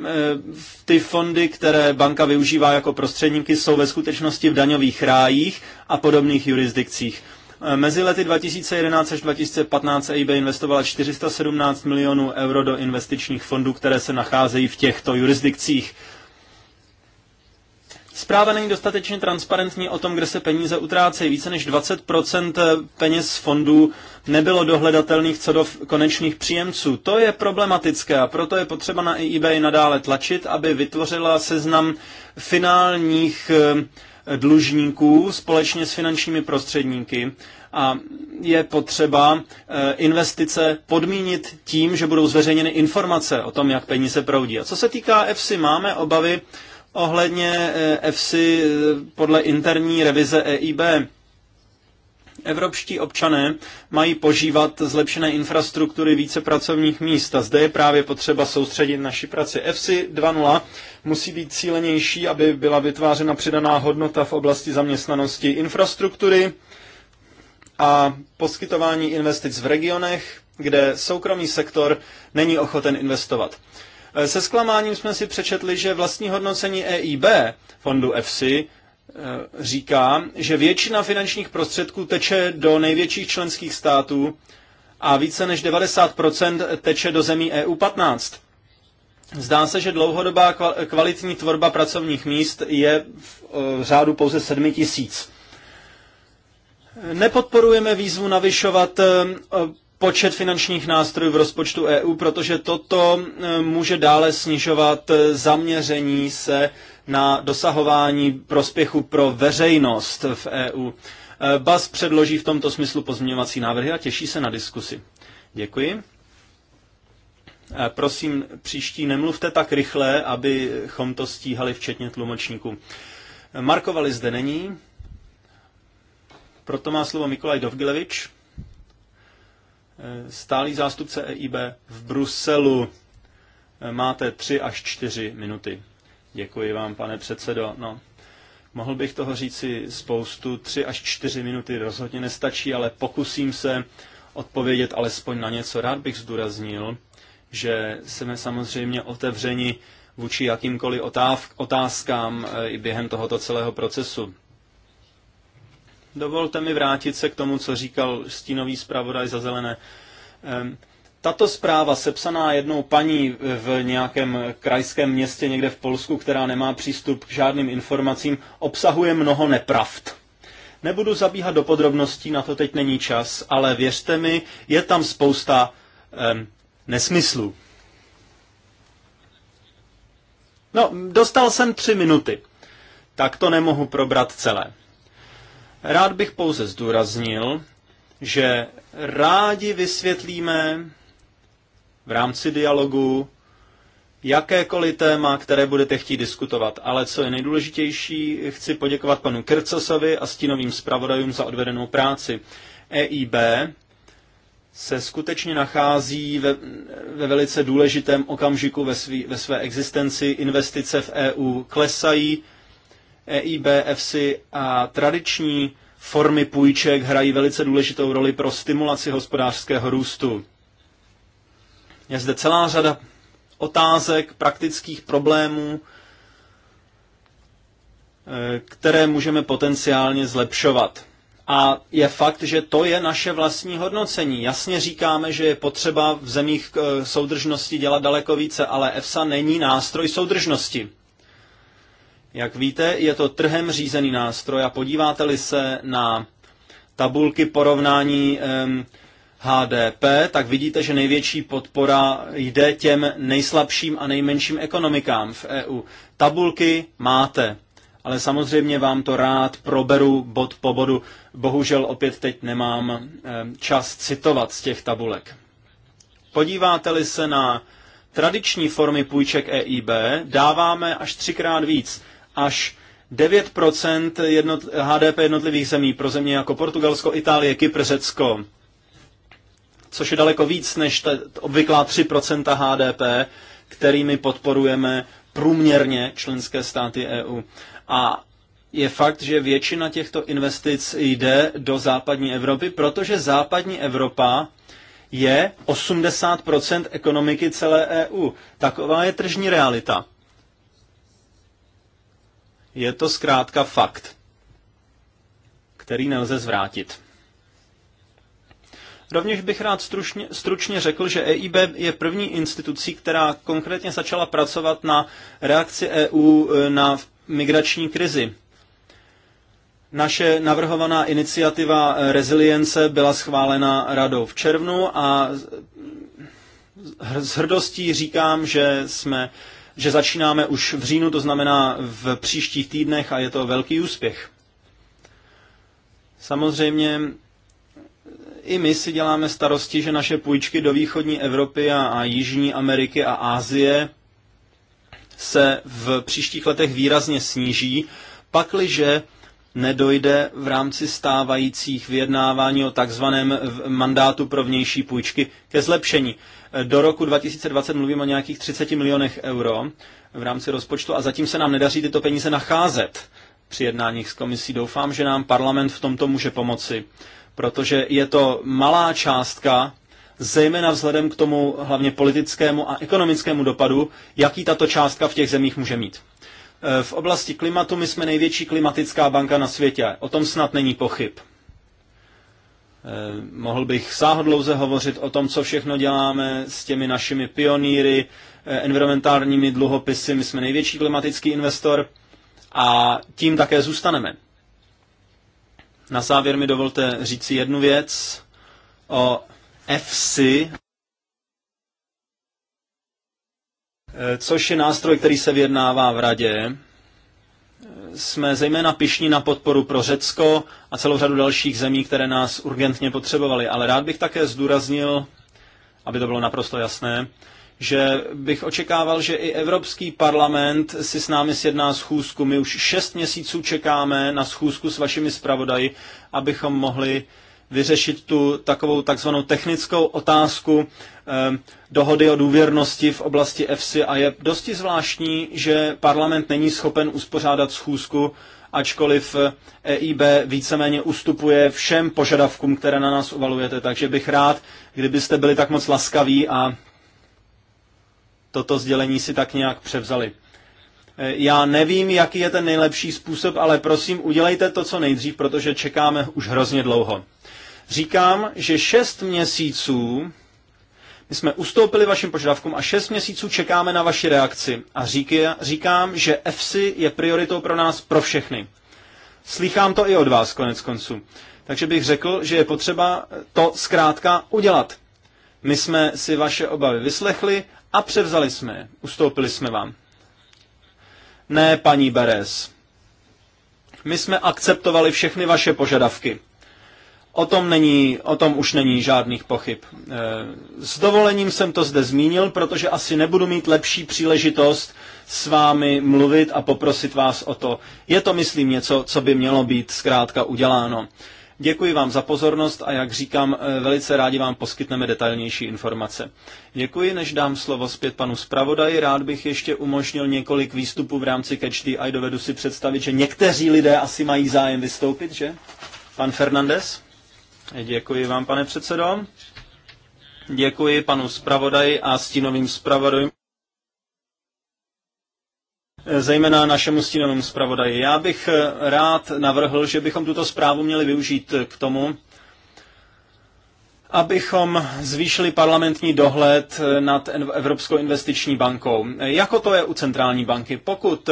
ty fondy, které banka využívá jako prostředníky, jsou ve skutečnosti v daňových rájích a podobných jurisdikcích. E, mezi lety 2011 až 2015 EIB investovala 417 milionů euro do investičních fondů, které se nacházejí v těchto jurisdikcích. Zpráva není dostatečně transparentní o tom, kde se peníze utrácejí. Více než 20% peněz z fondů nebylo dohledatelných co do konečných příjemců. To je problematické a proto je potřeba na eBay nadále tlačit, aby vytvořila seznam finálních eh, dlužníků společně s finančními prostředníky a je potřeba eh, investice podmínit tím, že budou zveřejněny informace o tom, jak peníze proudí. A co se týká EFSI, máme obavy, ohledně EFSI eh, eh, podle interní revize EIB. Evropští občané mají požívat zlepšené infrastruktury více pracovních míst a zde je právě potřeba soustředit naši práci. EFSI 2.0 musí být cílenější, aby byla vytvářena přidaná hodnota v oblasti zaměstnanosti infrastruktury a poskytování investic v regionech, kde soukromý sektor není ochoten investovat. Eh, se zklamáním jsme si přečetli, že vlastní hodnocení EIB fondu EFSI eh, říká, že většina finančních prostředků teče do největších členských států a více než 90% teče do zemí EU 15. Zdá se, že dlouhodobá kvalitní tvorba pracovních míst je v eh, řádu pouze 7 tisíc. Nepodporujeme výzvu navyšovat počet finančních nástrojů v rozpočtu EU, protože toto e, může dále snižovat e, zaměření se na dosahování prospěchu pro veřejnost v EU. E, BAS předloží v tomto smyslu pozměňovací návrhy a těší se na diskusi. Děkuji. Prosím, příští nemluvte tak rychle, abychom to stíhali včetně tlumočníků. Markovali zde není, proto má slovo Mikolaj Dovgilevič. Eh, stálý zástupce EIB v Bruselu. Eh, máte tři až čtyři minuty. Děkuji vám, pane předsedo. No, mohl bych toho říci spoustu. Tři až čtyři minuty rozhodně nestačí, ale pokusím se odpovědět alespoň na něco. Rád bych zdůraznil, že jsme samozřejmě otevřeni vůči jakýmkoliv otázkám eh, i během tohoto celého procesu. Dovolte mi vrátit se k tomu, co říkal stínový zpravodaj za zelené. Tato zpráva, sepsaná jednou paní v nějakém krajském městě někde v Polsku, která nemá přístup k žádným informacím, obsahuje mnoho nepravd. Nebudu zabíhat do podrobností, na to teď není čas, ale věřte mi, je tam spousta eh, nesmyslů. No, dostal jsem tři minuty, tak to nemohu probrat celé. Rád bych pouze zdůraznil, že rádi vysvětlíme v rámci dialogu jakékoliv téma, které budete chtít diskutovat. Ale co je nejdůležitější, chci poděkovat panu Krcosovi a stínovým zpravodajům za odvedenou práci. EIB se skutečně nachází ve, ve velice důležitém okamžiku ve, svý, ve své existenci. Investice v EU klesají, EIB, EFSI a tradiční formy půjček hrají velice důležitou roli pro stimulaci hospodářského růstu. Je zde celá řada otázek, praktických problémů, e, které můžeme potenciálně zlepšovat. A je fakt, že to je naše vlastní hodnocení. Jasně říkáme, že je potřeba v zemích e, soudržnosti dělat daleko více, ale EFSA není nástroj soudržnosti. Jak víte, je to trhem řízený nástroj a podíváte-li se na tabulky porovnání HDP, tak vidíte, že největší podpora jde těm nejslabším a nejmenším ekonomikám v EU. Tabulky máte, ale samozřejmě vám to rád proberu bod po bodu. Bohužel opět teď nemám čas citovat z těch tabulek. Podíváte-li se na tradiční formy půjček EIB, dáváme až třikrát víc až 9 jednot, HDP jednotlivých zemí pro země jako Portugalsko, Itálie, Kypr, Řecko, což je daleko víc než ta obvyklá 3 HDP, kterými podporujeme průměrně členské státy EU. A je fakt, že většina těchto investic jde do západní Evropy, protože západní Evropa je 80 ekonomiky celé EU. Taková je tržní realita. Je to zkrátka fakt, který nelze zvrátit. Rovněž bych rád stručně, stručně řekl, že EIB je první institucí, která konkrétně začala pracovat na reakci EU e, na migrační krizi. Naše navrhovaná iniciativa e, rezilience byla schválena radou v červnu a s hrdostí říkám, že jsme že začínáme už v říjnu, to znamená v příštích týdnech a je to velký úspěch. Samozřejmě i my si děláme starosti, že naše půjčky do východní Evropy a, a Jižní Ameriky a Ázie se v příštích letech výrazně sníží, pakliže nedojde v rámci stávajících vyjednávání o takzvaném mandátu pro vnější půjčky ke zlepšení. Do roku 2020 mluvím o nějakých 30 milionech euro v rámci rozpočtu a zatím se nám nedaří tyto peníze nacházet při jednáních s komisí. Doufám, že nám parlament v tomto může pomoci, protože je to malá částka, zejména vzhledem k tomu hlavně politickému a ekonomickému dopadu, jaký tato částka v těch zemích může mít. Eh, v oblasti klimatu my jsme největší klimatická banka na světě. O tom snad není pochyb. Eh, mohl bych sáhodlouze hovořit o tom, co všechno děláme s těmi našimi pionýry, eh, environmentálními dluhopisy. My jsme největší klimatický investor a tím také zůstaneme. Na závěr mi dovolte říci jednu věc o FC, eh, což je nástroj, který se vyjednává v radě jsme zejména pišní na podporu pro Řecko a celou řadu dalších zemí, které nás urgentně potřebovaly. Ale rád bych také zdůraznil, aby to bylo naprosto jasné, že bych očekával, že i Evropský parlament si s námi sjedná schůzku. My už šest měsíců čekáme na schůzku s vašimi zpravodaji, abychom mohli vyřešit tu takovou takzvanou technickou otázku eh, dohody o důvěrnosti v oblasti EFSI a je dosti zvláštní, že parlament není schopen uspořádat schůzku, ačkoliv EIB eh, e víceméně ustupuje všem požadavkům, které na nás uvalujete. Takže bych rád, kdybyste byli tak moc laskaví a toto sdělení si tak nějak převzali. Eh, já nevím, jaký je ten nejlepší způsob, ale prosím, udělejte to co nejdřív, protože čekáme už hrozně dlouho. Říkám, že šest měsíců my jsme ustoupili vašim požadavkům a šest měsíců čekáme na vaši reakci. A říkám, že EFSI je prioritou pro nás, pro všechny. Slychám to i od vás, konec konců. Takže bych řekl, že je potřeba to zkrátka udělat. My jsme si vaše obavy vyslechli a převzali jsme je. Ustoupili jsme vám. Ne, paní Beres. My jsme akceptovali všechny vaše požadavky. O tom, není, o tom už není žádných pochyb. Eh, s dovolením jsem to zde zmínil, protože asi nebudu mít lepší příležitost s vámi mluvit a poprosit vás o to. Je to, myslím, něco, co by mělo být zkrátka uděláno. Děkuji vám za pozornost a jak říkám, eh, velice rádi vám poskytneme detailnější informace. Děkuji, než dám slovo zpět panu zpravodaji, rád bych ještě umožnil několik výstupů v rámci Catch the Eye. Dovedu si představit, že někteří lidé asi mají zájem vystoupit, že? Pan Fernandez? Děkuji vám, pane předsedo. Děkuji panu zpravodaji a stínovým zpravodajům zejména našemu stínovému zpravodaji. Já bych rád navrhl, že bychom tuto zprávu měli využít k tomu, abychom zvýšili parlamentní dohled nad Evropskou investiční bankou. Jako to je u centrální banky. Pokud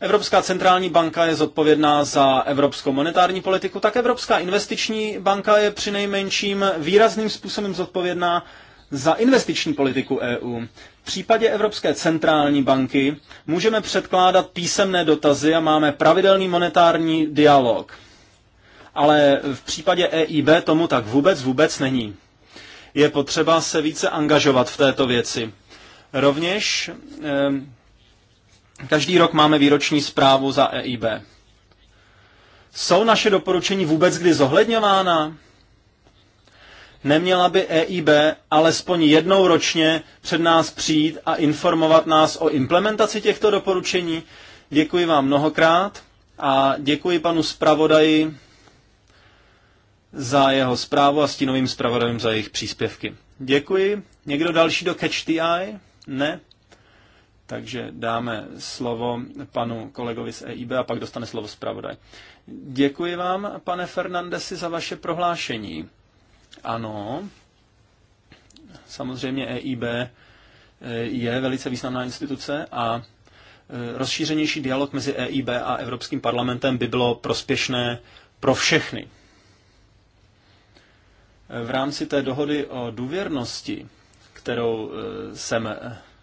Evropská centrální banka je zodpovědná za evropskou monetární politiku, tak Evropská investiční banka je přinejmenším výrazným způsobem zodpovědná za investiční politiku EU. V případě Evropské centrální banky můžeme předkládat písemné dotazy a máme pravidelný monetární dialog. Ale v případě EIB tomu tak vůbec vůbec není. Je potřeba se více angažovat v této věci. Rovněž eh, Každý rok máme výroční zprávu za EIB. Jsou naše doporučení vůbec kdy zohledňována? Neměla by EIB alespoň jednou ročně před nás přijít a informovat nás o implementaci těchto doporučení? Děkuji vám mnohokrát a děkuji panu zpravodaji za jeho zprávu a stínovým zpravodajům za jejich příspěvky. Děkuji. Někdo další do Catch the Eye? Ne? Takže dáme slovo panu kolegovi z EIB a pak dostane slovo zpravodaj. Děkuji vám, pane Fernandesi, za vaše prohlášení. Ano, samozřejmě EIB eh, je velice významná instituce a eh, rozšířenější dialog mezi EIB a Evropským parlamentem by bylo prospěšné pro všechny. V rámci té dohody o důvěrnosti, kterou eh, jsem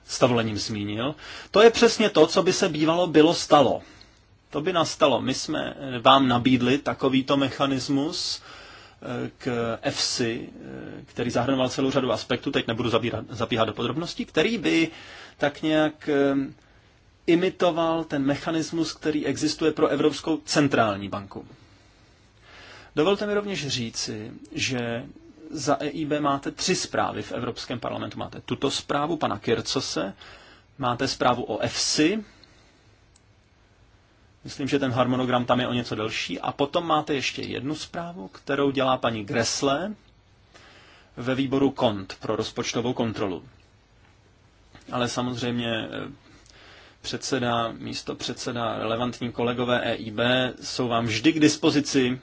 s dovolením zmínil, to je přesně to, co by se bývalo bylo stalo. To by nastalo. My jsme vám nabídli takovýto mechanismus eh, k EFSI, eh, který zahrnoval celou řadu aspektů, teď nebudu zabírat, zapíhat do podrobností, který by tak nějak eh, imitoval ten mechanismus, který existuje pro Evropskou centrální banku. Dovolte mi rovněž říci, že za EIB máte tři zprávy v Evropském parlamentu. Máte tuto zprávu pana Kircose, máte zprávu o EFSI, myslím, že ten harmonogram tam je o něco delší, a potom máte ještě jednu zprávu, kterou dělá paní Gressle ve výboru KONT pro rozpočtovou kontrolu. Ale samozřejmě eh, předseda, místo předseda, relevantní kolegové EIB jsou vám vždy k dispozici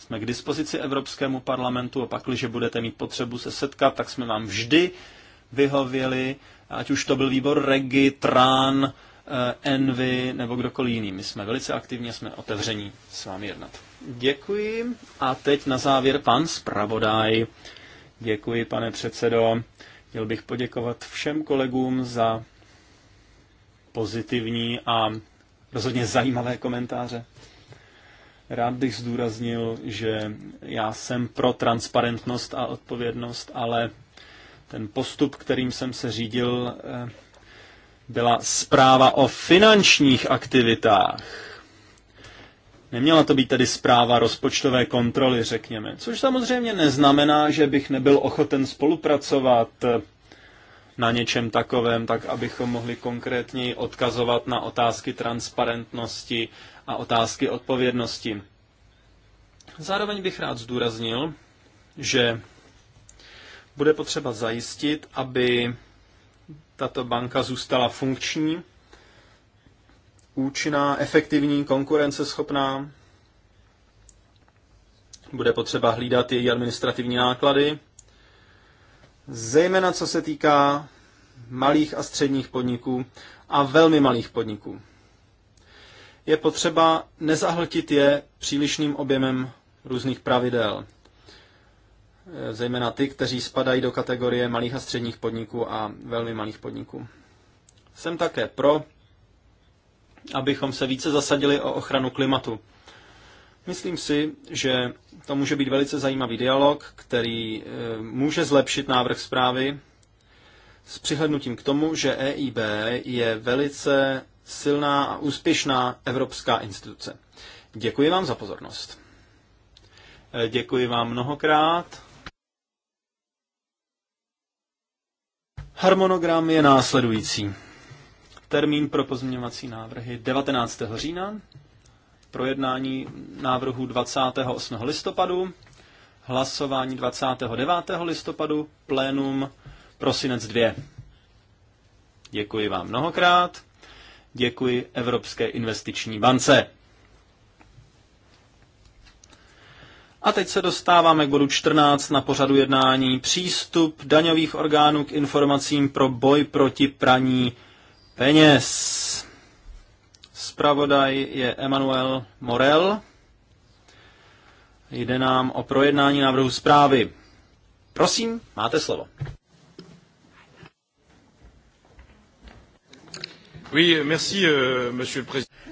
jsme k dispozici Evropskému parlamentu a pakliže budete mít potřebu se setkat, tak jsme vám vždy vyhověli, ať už to byl výbor Regi, Trán, eh, Envy nebo kdokoliv jiný. My jsme velice aktivní a jsme otevření s vámi jednat. Děkuji a teď na závěr pan zpravodaj. Děkuji, pane předsedo. Chtěl bych poděkovat všem kolegům za pozitivní a rozhodně zajímavé komentáře. Rád bych zdůraznil, že já jsem pro transparentnost a odpovědnost, ale ten postup, kterým jsem se řídil, eh, byla zpráva o finančních aktivitách. Neměla to být tedy zpráva rozpočtové kontroly, řekněme. Což samozřejmě neznamená, že bych nebyl ochoten spolupracovat eh, na něčem takovém, tak abychom mohli konkrétněji odkazovat na otázky transparentnosti a otázky odpovědnosti. Zároveň bych rád zdůraznil, že bude potřeba zajistit, aby tato banka zůstala funkční, účinná, efektivní, konkurenceschopná. Bude potřeba hlídat její administrativní náklady, zejména co se týká malých a středních podniků a velmi malých podniků je potřeba nezahltit je přílišným objemem různých pravidel. E, zejména ty, kteří spadají do kategorie malých a středních podniků a velmi malých podniků. Jsem také pro, abychom se více zasadili o ochranu klimatu. Myslím si, že to může být velice zajímavý dialog, který e, může zlepšit návrh zprávy s přihlednutím k tomu, že EIB je velice silná a úspěšná evropská instituce. Děkuji vám za pozornost. Eh, děkuji vám mnohokrát. Harmonogram je následující. Termín pro pozměňovací návrhy 19. října, projednání návrhu 28. listopadu, hlasování 29. listopadu, plénum prosinec 2. Děkuji vám mnohokrát. Děkuji Evropské investiční bance. A teď se dostáváme k bodu 14 na pořadu jednání. Přístup daňových orgánů k informacím pro boj proti praní peněz. Spravodaj je Emanuel Morel. Jde nám o projednání návrhu zprávy. Prosím, máte slovo. Euh,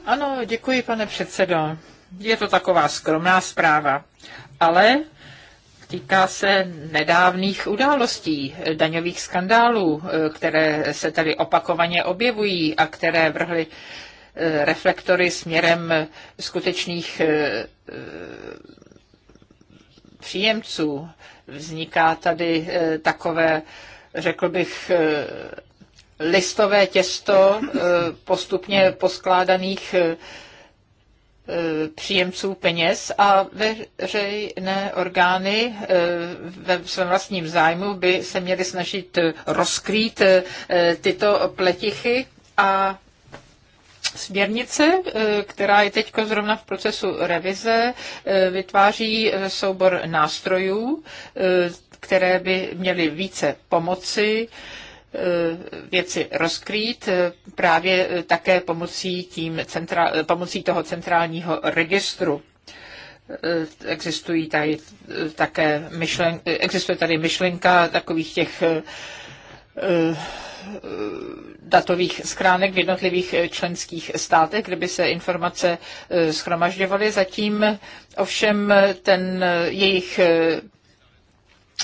ano, děkuji, pane předsedo. Je to taková skromná zpráva, ale týká se nedávných událostí, eh, daňových skandálů, eh, které se tady opakovaně objevují a které vrhly eh, reflektory směrem skutečných příjemců. Vzniká tady takové, řekl bych, listové těsto eh, postupně poskládaných eh, eh, příjemců peněz a veřejné orgány ve svém vlastním zájmu by se měly snažit rozkrýt tyto pletichy a Směrnice, která je teď zrovna v procesu revize, vytváří soubor nástrojů, které by měly více pomoci Eh, věci rozkrýt eh, právě eh, také pomocí, tím centra, pomocí toho centrálního registru. Existují tady také myšlen, existuje tady myšlenka takových těch datových schránek v jednotlivých členských státech, kde by se informace schromažďovaly. Zatím ovšem ten jejich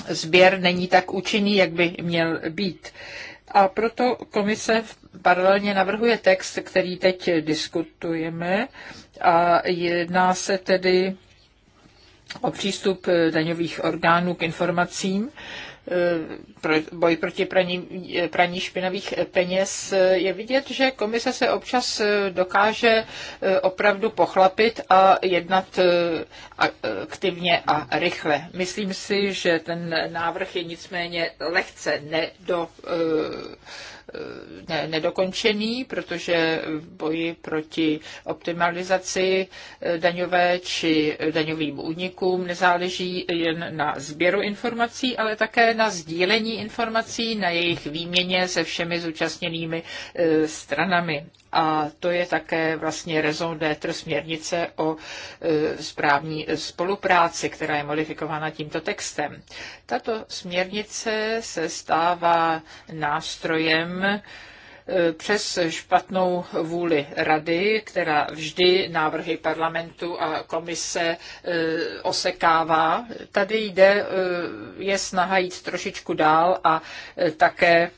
sběr není tak účinný, jak by měl být. A proto komise paralelně navrhuje text, který teď diskutujeme a jedná se tedy o přístup daňových orgánů k informacím Eh, boj proti praní, eh, praní špinavých peněz, eh, je vidět, že komise se občas dokáže opravdu pochlapit a jednat aktivně a rychle. Myslím si, že ten návrh je nicméně lehce nedo Eh, ne, nedokončený, protože v boji proti optimalizaci eh, daňové či daňovým únikům nezáleží jen na sběru informací, ale také na sdílení informací, na jejich výměně se všemi zúčastněnými eh, stranami a to je také vlastně raison d'être směrnice o e, správní spolupráci, která je modifikována tímto textem. Tato směrnice se stává nástrojem, e, přes špatnou vůli rady, která vždy návrhy parlamentu a komise e, osekává. Tady jde, je snaha jít trošičku dál a také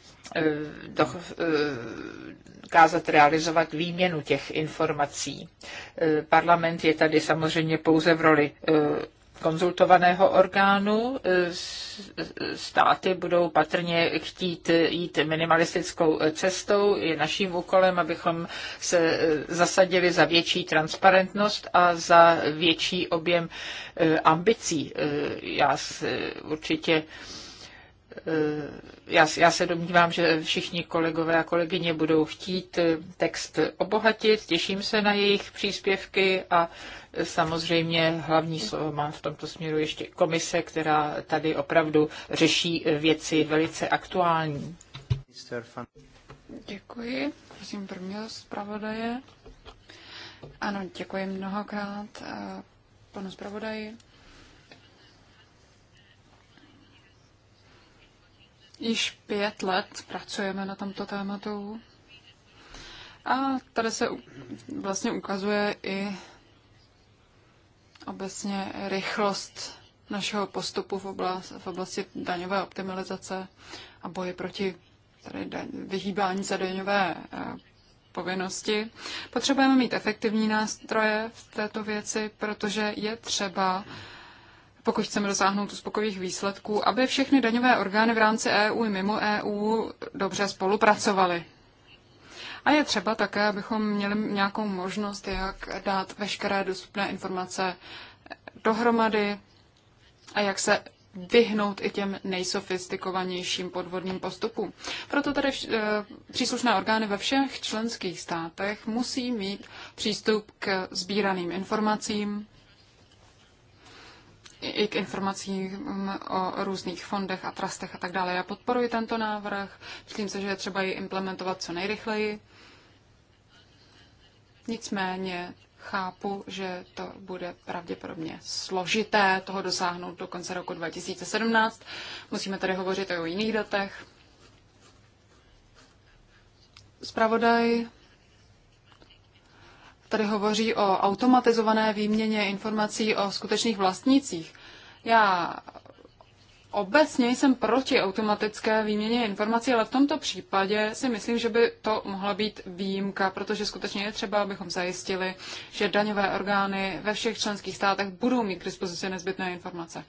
do, dokázat realizovat výměnu těch informací. E, parlament je tady samozřejmě pouze v roli e, konzultovaného orgánu. E, státy budou patrně chtít jít minimalistickou cestou. Je naším úkolem, abychom se zasadili za větší transparentnost a za větší objem ambicí. Já určitě já, já se domnívám, že všichni kolegové a kolegyně budou chtít eh, text obohatit, těším se na jejich příspěvky a eh, samozřejmě hlavní slovo má v tomto směru ještě komise, která tady opravdu řeší eh, věci velice aktuální. Děkuji. Prosím prvního zpravodaje. Ano, děkuji mnohokrát panu zpravodaji Již pět let pracujeme na tomto tématu a tady se vlastně ukazuje i obecně rychlost našeho postupu v, oblast, v oblasti daňové optimalizace a boje proti tady daň, vyhýbání za daňové eh, povinnosti. Potřebujeme mít efektivní nástroje v této věci, protože je třeba uh, pokud chceme dosáhnout uspokojivých výsledků, aby všechny daňové orgány v rámci EU i mimo EU dobře spolupracovaly. A je třeba také, abychom měli nějakou možnost, jak dát veškeré dostupné informace dohromady a jak se vyhnout i těm nejsofistikovanějším podvodným postupům. Proto tady vš- eh, příslušné orgány ve všech členských státech musí mít přístup k sbíraným informacím i k informacím o různých fondech a trastech a tak dále. Já podporuji tento návrh, myslím se, že je třeba ji implementovat co nejrychleji. Nicméně chápu, že to bude pravděpodobně složité toho dosáhnout do konce roku 2017. Musíme tady hovořit i o jiných datech. Spravodaj tady hovoří o automatizované výměně informací o skutečných vlastnících. Já obecně jsem proti automatické výměně informací, ale v tomto případě si myslím, že by to mohla být výjimka, protože skutečně je třeba, abychom zajistili, že daňové orgány ve všech členských státech budou mít k dispozici nezbytné informace.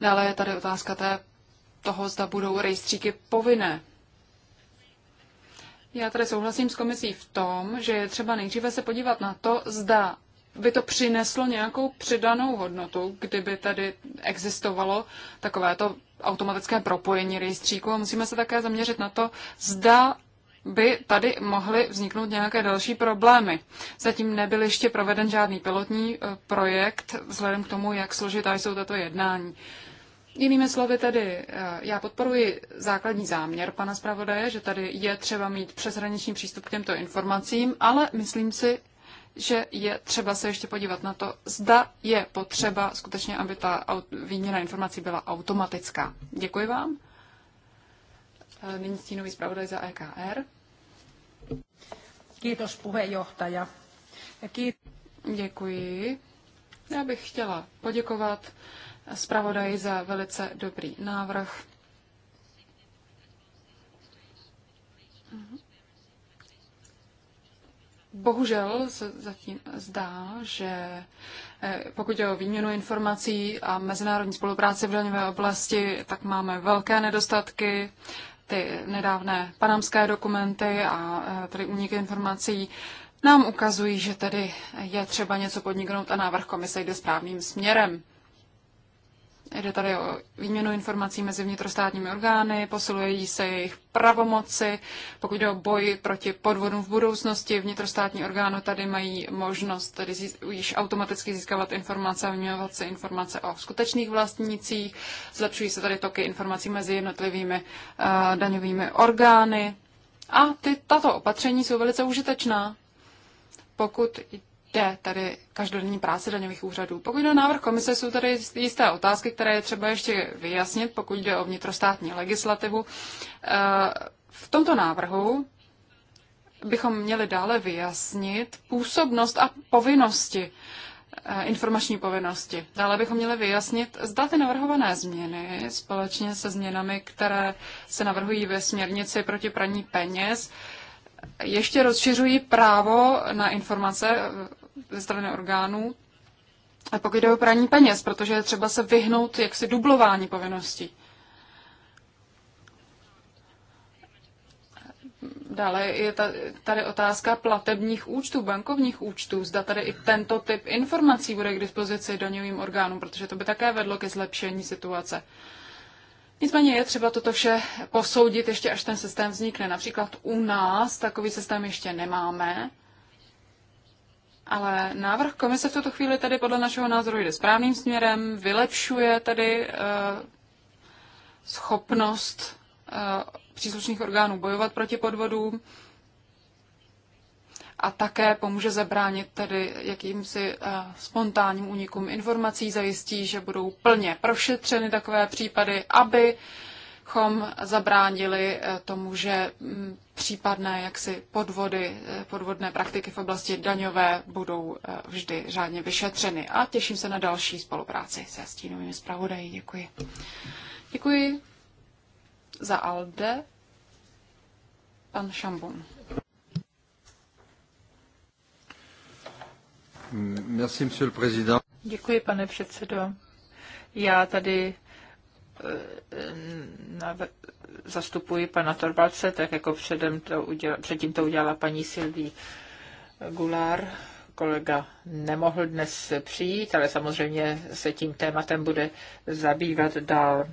Dále je tady otázka té, toho, zda budou rejstříky povinné. Já tady souhlasím s komisí v tom, že je třeba nejdříve se podívat na to, zda by to přineslo nějakou přidanou hodnotu, kdyby tady existovalo takovéto automatické propojení rejstříku a musíme se také zaměřit na to, zda by tady mohly vzniknout nějaké další problémy. Zatím nebyl ještě proveden žádný pilotní eh, projekt vzhledem k tomu, jak složitá jsou tato jednání. Jinými slovy tedy, eh, já podporuji základní záměr pana zpravodaje, že tady je třeba mít přeshraniční přístup k těmto informacím, ale myslím si, že je třeba se ještě podívat na to, zda je potřeba skutečně, aby ta výměna informací byla automatická. Děkuji vám. Eh, nyní stínový zpravodaj za EKR. Kiitos puheenjohtaja. Děkuji. Já bych chtěla poděkovat zpravodaji za velice dobrý návrh. Bohužel se zatím zdá, že eh, pokud je o výměnu informací a mezinárodní spolupráci v daňové oblasti, tak máme velké nedostatky. Ty nedávné panamské dokumenty a eh, tedy úniky informací nám ukazují, že tedy je třeba něco podniknout a návrh komise jde správným směrem. Jde tady o výměnu informací mezi vnitrostátními orgány, posiluje se jejich pravomoci. Pokud jde o boj proti podvodům v budoucnosti, vnitrostátní orgány tady mají možnost tady již automaticky získávat informace a vyměňovat se informace o skutečných vlastnících. Zlepšují se tady toky informací mezi jednotlivými uh, daňovými orgány. A ty, tato opatření jsou velice užitečná pokud jde tady každodenní práce daňových úřadů. Pokud jde o návrh komise, jsou tady jisté otázky, které je třeba ještě vyjasnit, pokud jde o vnitrostátní legislativu. Eh, v tomto návrhu bychom měli dále vyjasnit působnost a povinnosti eh, informační povinnosti. Dále bychom měli vyjasnit, zda ty navrhované změny společně se změnami, které se navrhují ve směrnici proti praní peněz, ještě rozšiřují právo na informace eh, ze strany orgánů, a pokud jde o praní peněz, protože je třeba se vyhnout jaksi dublování povinností. Dále je tady otázka platebních účtů, bankovních účtů. Zda tady i tento typ informací bude k dispozici daňovým orgánům, protože to by také vedlo ke zlepšení situace. Uh, Nicméně je třeba toto vše posoudit ještě, až ten systém vznikne. Například u nás takový systém ještě nemáme, ale návrh komise v tuto chvíli tady podle našeho názoru jde správným směrem, vylepšuje tady uh, schopnost uh, příslušných orgánů bojovat proti podvodům a také pomůže zabránit tedy jakýmsi eh, spontánním únikům informací, zajistí, že budou plně prošetřeny takové případy, aby chom zabránili eh, tomu, že mm, případné jaksi podvody, eh, podvodné praktiky v oblasti daňové budou vždy řádně vyšetřeny. A těším se na další spolupráci se stínovými zpravodají. Děkuji. Děkuji za Alde. Pan Šambun. Děkuji, pane předsedo. Já tady eh, zastupuji pana Torbalce, tak jako předem to uděla, předtím to udělala paní Silví Gulár. Kolega nemohl dnes přijít, ale samozřejmě se tím tématem bude zabývat dál.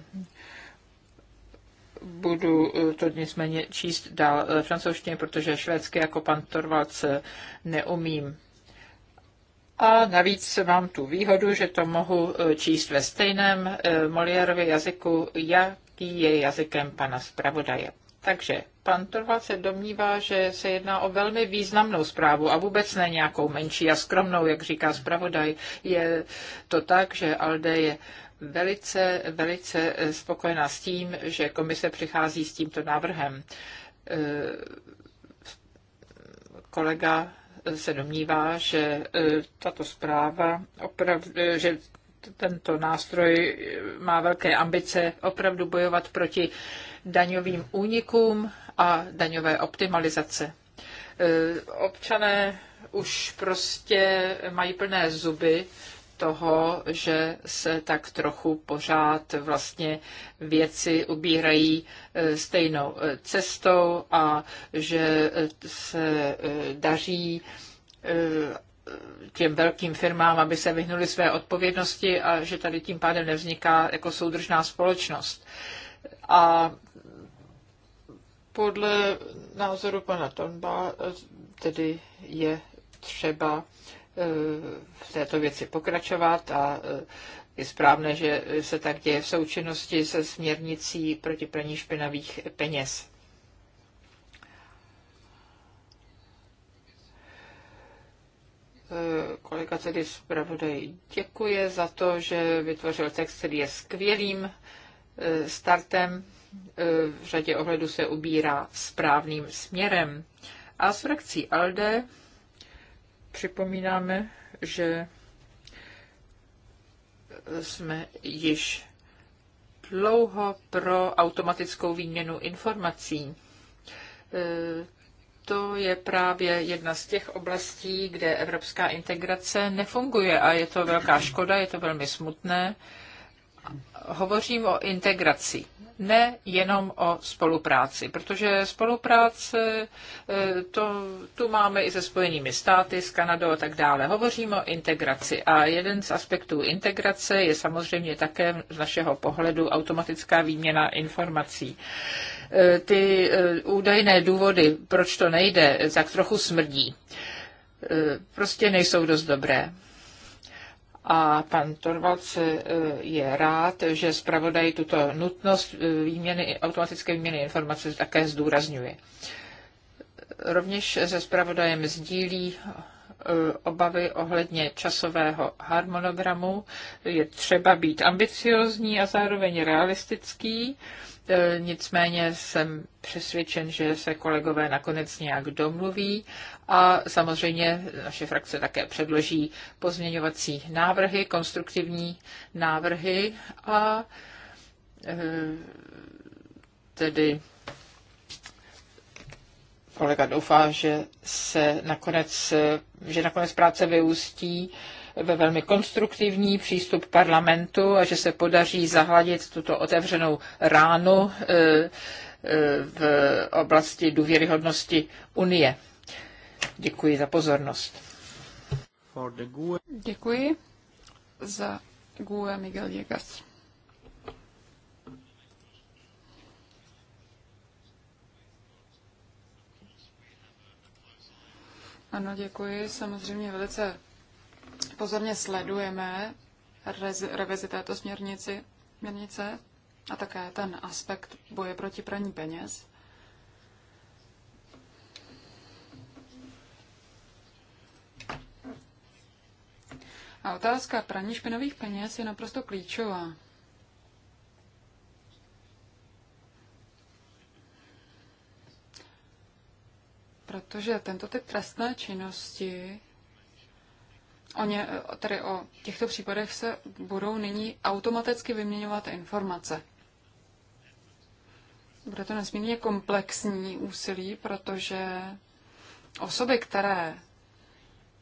Budu eh, to nicméně číst dál eh, francouzštině, protože švédsky jako pan Torvalc neumím. A navíc mám tu výhodu, že to mohu eh, číst ve stejném eh, Moliérově jazyku, jaký je jazykem pana zpravodaje. Takže pan Torval se domnívá, že se jedná o velmi významnou zprávu a vůbec ne nějakou menší a skromnou, jak říká zpravodaj. Je to tak, že Alde je velice, velice eh, spokojená s tím, že komise přichází s tímto návrhem. Kolega se domnívá, že e, tato zpráva opravdu, že tento nástroj má velké ambice opravdu bojovat proti daňovým únikům a daňové optimalizace. E, občané už prostě mají plné zuby toho, že se tak trochu pořád vlastně věci ubírají e, stejnou e, cestou a že e, se daří těm velkým firmám, aby se vyhnuli své odpovědnosti a že tady tím pádem nevzniká jako soudržná společnost. A podle názoru pana Tonba tedy je třeba Eh, v této věci pokračovat a eh, je správné, že se tak děje v součinnosti se směrnicí proti praní špinavých peněz. Eh, kolega tedy zpravodaj děkuje za to, že vytvořil text, který je skvělým startem. V řadě ohledu se ubírá správným směrem. A s frakcí ALDE Připomínáme, že jsme již dlouho pro automatickou výměnu informací. E, to je právě jedna z těch oblastí, kde evropská integrace nefunguje a je to velká škoda, je to velmi smutné hovořím o integraci, ne jenom o spolupráci, protože spolupráce, eh, to, tu máme i se Spojenými státy, s Kanadou a tak dále. Hovořím o integraci a jeden z aspektů integrace je samozřejmě také z našeho pohledu automatická výměna informací. Eh, ty eh, údajné důvody, proč to nejde, tak trochu smrdí. Prostě nejsou dost dobré a pan Torvalds eh, je rád, že zpravodaj tuto nutnost eh, výměny, automatické výměny informace také zdůrazňuje. Rovněž se zpravodajem sdílí eh, obavy ohledně časového harmonogramu. Je třeba být ambiciozní a zároveň realistický E, nicméně jsem přesvědčen, že se kolegové nakonec nějak domluví a samozřejmě naše frakce také předloží pozměňovací návrhy, konstruktivní návrhy a e, tedy kolega doufá, že se nakonec, že nakonec práce vyústí ve velmi konstruktivní přístup parlamentu a že se podaří zahladit tuto otevřenou ránu e, e, v oblasti důvěryhodnosti Unie. Děkuji za pozornost. Děkuji za GUE Miguel Jägers. Ano, děkuji. Samozřejmě velice Pozorně sledujeme revizi této směrnici, směrnice a také ten aspekt boje proti praní peněz. A otázka praní špinavých peněz je naprosto klíčová. Protože tento typ trestné činnosti o ně, eh, tedy o těchto případech se budou nyní automaticky vyměňovat informace. Bude to nesmírně komplexní úsilí, protože osoby, které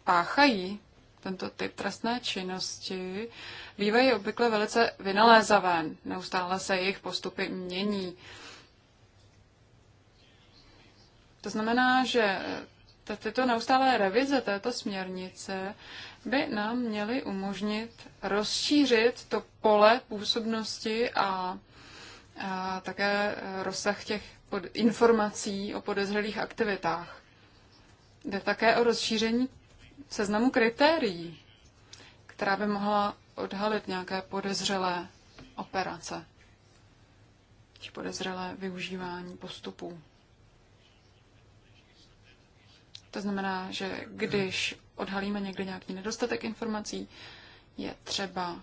páchají tento typ trestné činnosti, bývají obvykle velice vynalézavé. Neustále se jejich postupy mění. To znamená, že tyto neustálé revize této směrnice by nám měly umožnit rozšířit to pole působnosti a, a také rozsah těch pod, informací o podezřelých aktivitách. Jde také o rozšíření seznamu kritérií, která by mohla odhalit nějaké podezřelé operace či podezřelé využívání postupů. To znamená, že když odhalíme někdy nějaký nedostatek informací, je třeba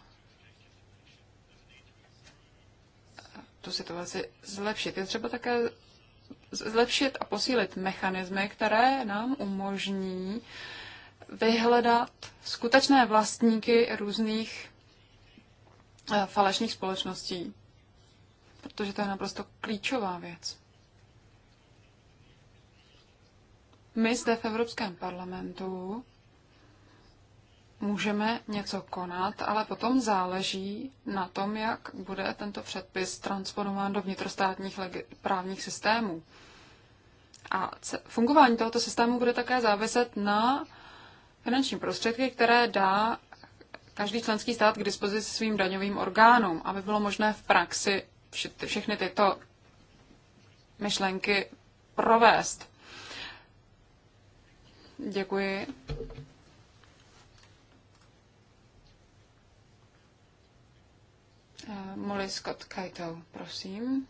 eh, tu situaci zlepšit. Je třeba také zlepšit a posílit mechanismy, které nám umožní vyhledat skutečné vlastníky různých eh, falešných společností. Protože to je naprosto klíčová věc. My zde v Evropském parlamentu můžeme něco konat, ale potom záleží na tom, jak bude tento předpis transponován do vnitrostátních právních systémů. A fungování tohoto systému bude také záviset na finanční prostředky, které dá každý členský stát k dispozici svým daňovým orgánům, aby bylo možné v praxi všechny tyto myšlenky provést. Děkuji. Molly Scott Kaitou, prosím.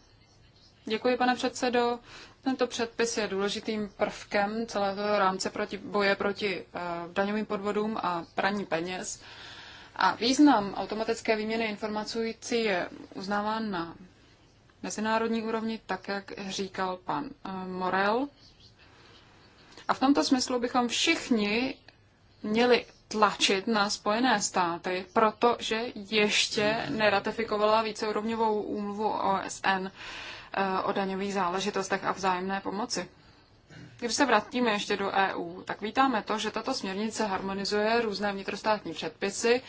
Děkuji, pane předsedo. Tento předpis je důležitým prvkem celého rámce proti, boje proti uh, daňovým podvodům a praní peněz. A význam automatické výměny informací je uznáván na mezinárodní úrovni, tak jak říkal pan uh, Morel. A v tomto smyslu bychom všichni měli tlačit na Spojené státy, protože ještě neratifikovala víceúrovňovou úmluvu OSN eh, o daňových záležitostech a vzájemné pomoci. Když se vrátíme ještě do EU, tak vítáme to, že tato směrnice harmonizuje různé vnitrostátní předpisy,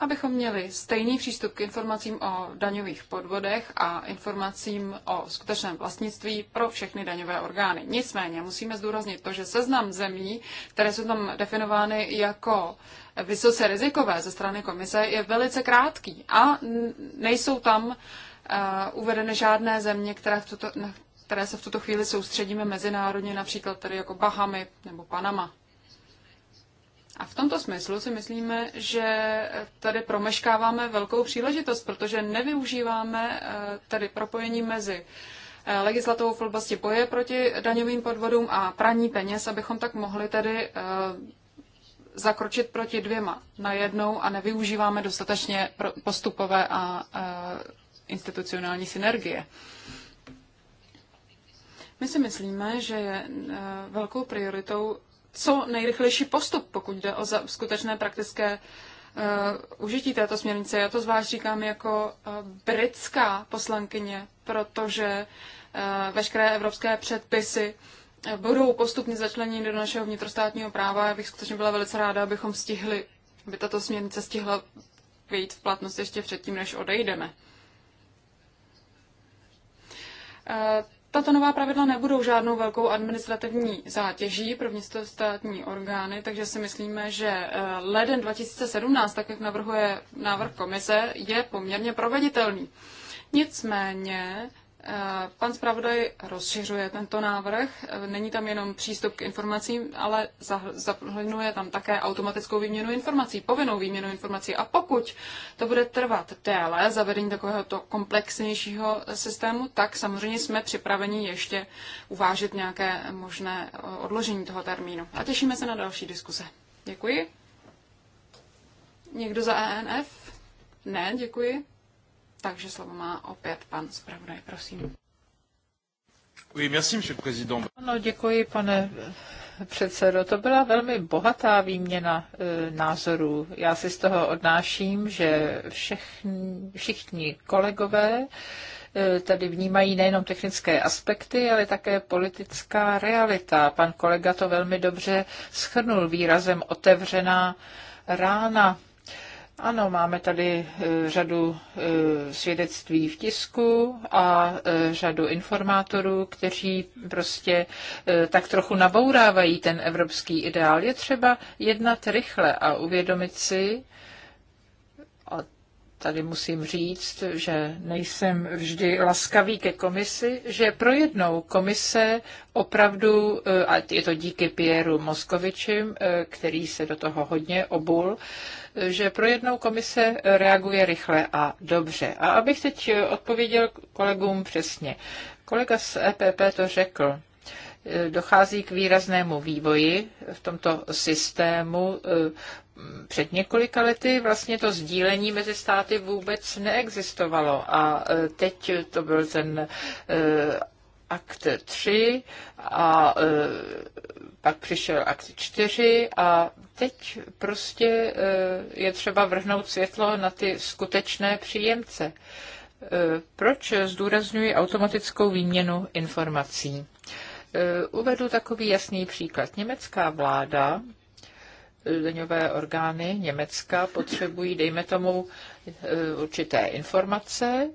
abychom měli stejný přístup k informacím o daňových podvodech a informacím o skutečném vlastnictví pro všechny daňové orgány. Nicméně musíme zdůraznit to, že seznam zemí, které jsou tam definovány jako vysoce rizikové ze strany komise, je velice krátký a nejsou tam eh, uvedeny žádné země, které v tuto, které se v tuto chvíli soustředíme mezinárodně, například tady jako Bahamy nebo Panama. A v tomto smyslu si myslíme, že tady promeškáváme velkou příležitost, protože nevyužíváme eh, tady propojení mezi eh, legislativou v oblasti boje proti daňovým podvodům a praní peněz, abychom tak mohli tady eh, zakročit proti dvěma na jednou a nevyužíváme dostatečně postupové a institucionální synergie. My si myslíme, že je e, velkou prioritou co nejrychlejší postup, pokud jde o skutečné praktické uh, užití této směrnice. Já to zvlášť říkám jako e, britská poslankyně, protože uh, veškeré evropské předpisy budou postupně začleněny do našeho vnitrostátního práva. Já bych skutečně byla velice ráda, abychom stihli, aby tato směrnice stihla vyjít v platnost ještě předtím, než odejdeme. Uh, tato nová pravidla nebudou žádnou velkou administrativní zátěží pro vnitrostátní orgány, takže si myslíme, že eh, leden 2017, tak jak navrhuje návrh komise, je poměrně proveditelný. Nicméně Eh, pan zpravodaj rozšiřuje tento návrh. Eh, není tam jenom přístup k informacím, ale zahrnuje tam také automatickou výměnu informací, povinnou výměnu informací. A pokud to bude trvat déle, zavedení takového komplexnějšího systému, tak samozřejmě jsme připraveni ještě uvážit nějaké možné eh, odložení toho termínu. A těšíme se na další diskuse. Děkuji. Někdo za ENF? Ne, děkuji. Takže slovo má opět pan zpravodaj, prosím. Oui, merci, monsieur le président. Ano, děkuji, pane předsedo. To byla velmi bohatá výměna e, názorů. Já si z toho odnáším, že všechny, všichni kolegové e, tady vnímají nejenom technické aspekty, ale také politická realita. Pan kolega to velmi dobře schrnul výrazem otevřená rána ano, máme tady e, řadu e, svědectví v tisku a e, řadu informátorů, kteří prostě tak trochu nabourávají ten evropský ideál. Je třeba jednat rychle a uvědomit si, tady musím říct, že nejsem vždy laskavý ke komisi, že pro jednou komise opravdu, eh, a je to díky Pieru Moskovičem, eh, který se do toho hodně obul, eh, že pro jednou komise reaguje rychle a dobře. A abych teď odpověděl kolegům přesně. Kolega z EPP to řekl dochází k výraznému vývoji v tomto systému. Před několika lety vlastně to sdílení mezi státy vůbec neexistovalo a e, teď to byl ten e, akt 3 a e, pak přišel akt 4 a teď prostě je třeba vrhnout světlo na ty skutečné příjemce. proč zdůrazňuji automatickou výměnu informací? Eh, Uvedu takový jasný příklad. Německá vláda eh, daňové orgány Německa potřebují, dejme tomu, eh, určité informace,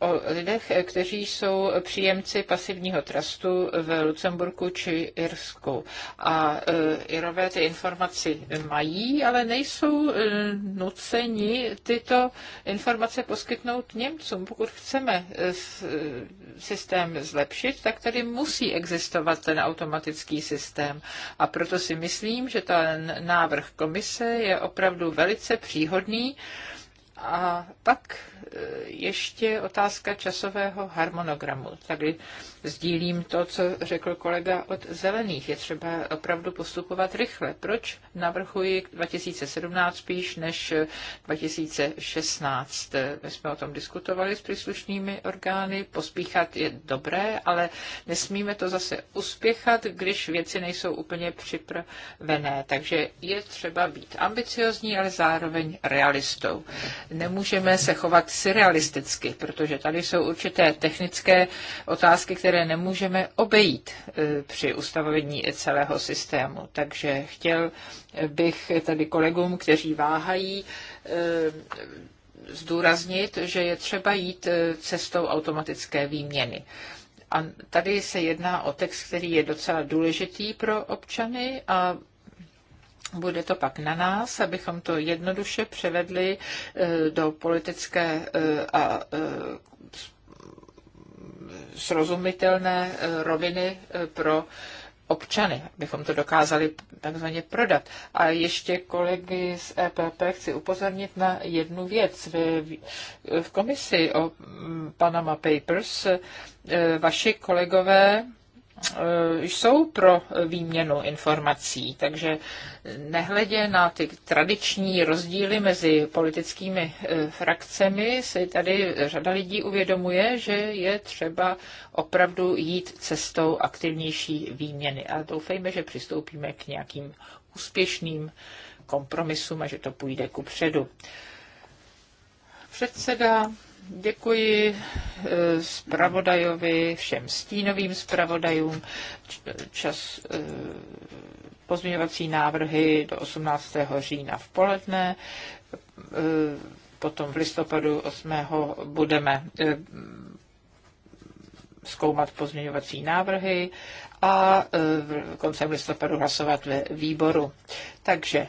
o lidech, kteří jsou příjemci pasivního trastu v Lucemburku či Irsku. A e, Irové ty informaci mají, ale nejsou e, nuceni tyto informace poskytnout Němcům. Pokud chceme e, systém zlepšit, tak tady musí existovat ten automatický systém. A proto si myslím, že ten návrh komise je opravdu velice příhodný. A pak ještě otázka časového harmonogramu. Tady sdílím to, co řekl kolega od zelených. Je třeba opravdu postupovat rychle. Proč navrhuji 2017 spíš než 2016? My jsme o tom diskutovali s příslušnými orgány. Pospíchat je dobré, ale nesmíme to zase uspěchat, když věci nejsou úplně připravené. Takže je třeba být ambiciozní, ale zároveň realistou. Nemůžeme se chovat chovat surrealisticky, protože tady jsou určité technické otázky, které nemůžeme obejít e, při ustavení celého systému. Takže chtěl bych tady kolegům, kteří váhají, e, zdůraznit, že je třeba jít e, cestou automatické výměny. A tady se jedná o text, který je docela důležitý pro občany a bude to pak na nás, abychom to jednoduše převedli e, do politické e, a e, srozumitelné roviny pro občany, abychom to dokázali takzvaně prodat. A ještě kolegy z EPP chci upozornit na jednu věc. V, v komisi o Panama Papers vaši kolegové Eh, jsou pro výměnu informací, takže nehledě na ty tradiční rozdíly mezi politickými eh, frakcemi, si tady řada lidí uvědomuje, že je třeba opravdu jít cestou aktivnější výměny. A doufejme, že přistoupíme k nějakým úspěšným kompromisům a že to půjde ku předu. Předseda Děkuji eh, zpravodajovi, všem stínovým zpravodajům. Čas eh, pozměňovací návrhy do 18. října v poledne. Eh, potom v listopadu 8. budeme zkoumat pozměňovací návrhy a eh, v konce listopadu hlasovat ve výboru. Takže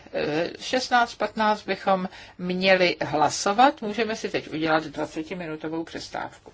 16.15 eh, bychom měli hlasovat. Můžeme si teď udělat 20-minutovou přestávku.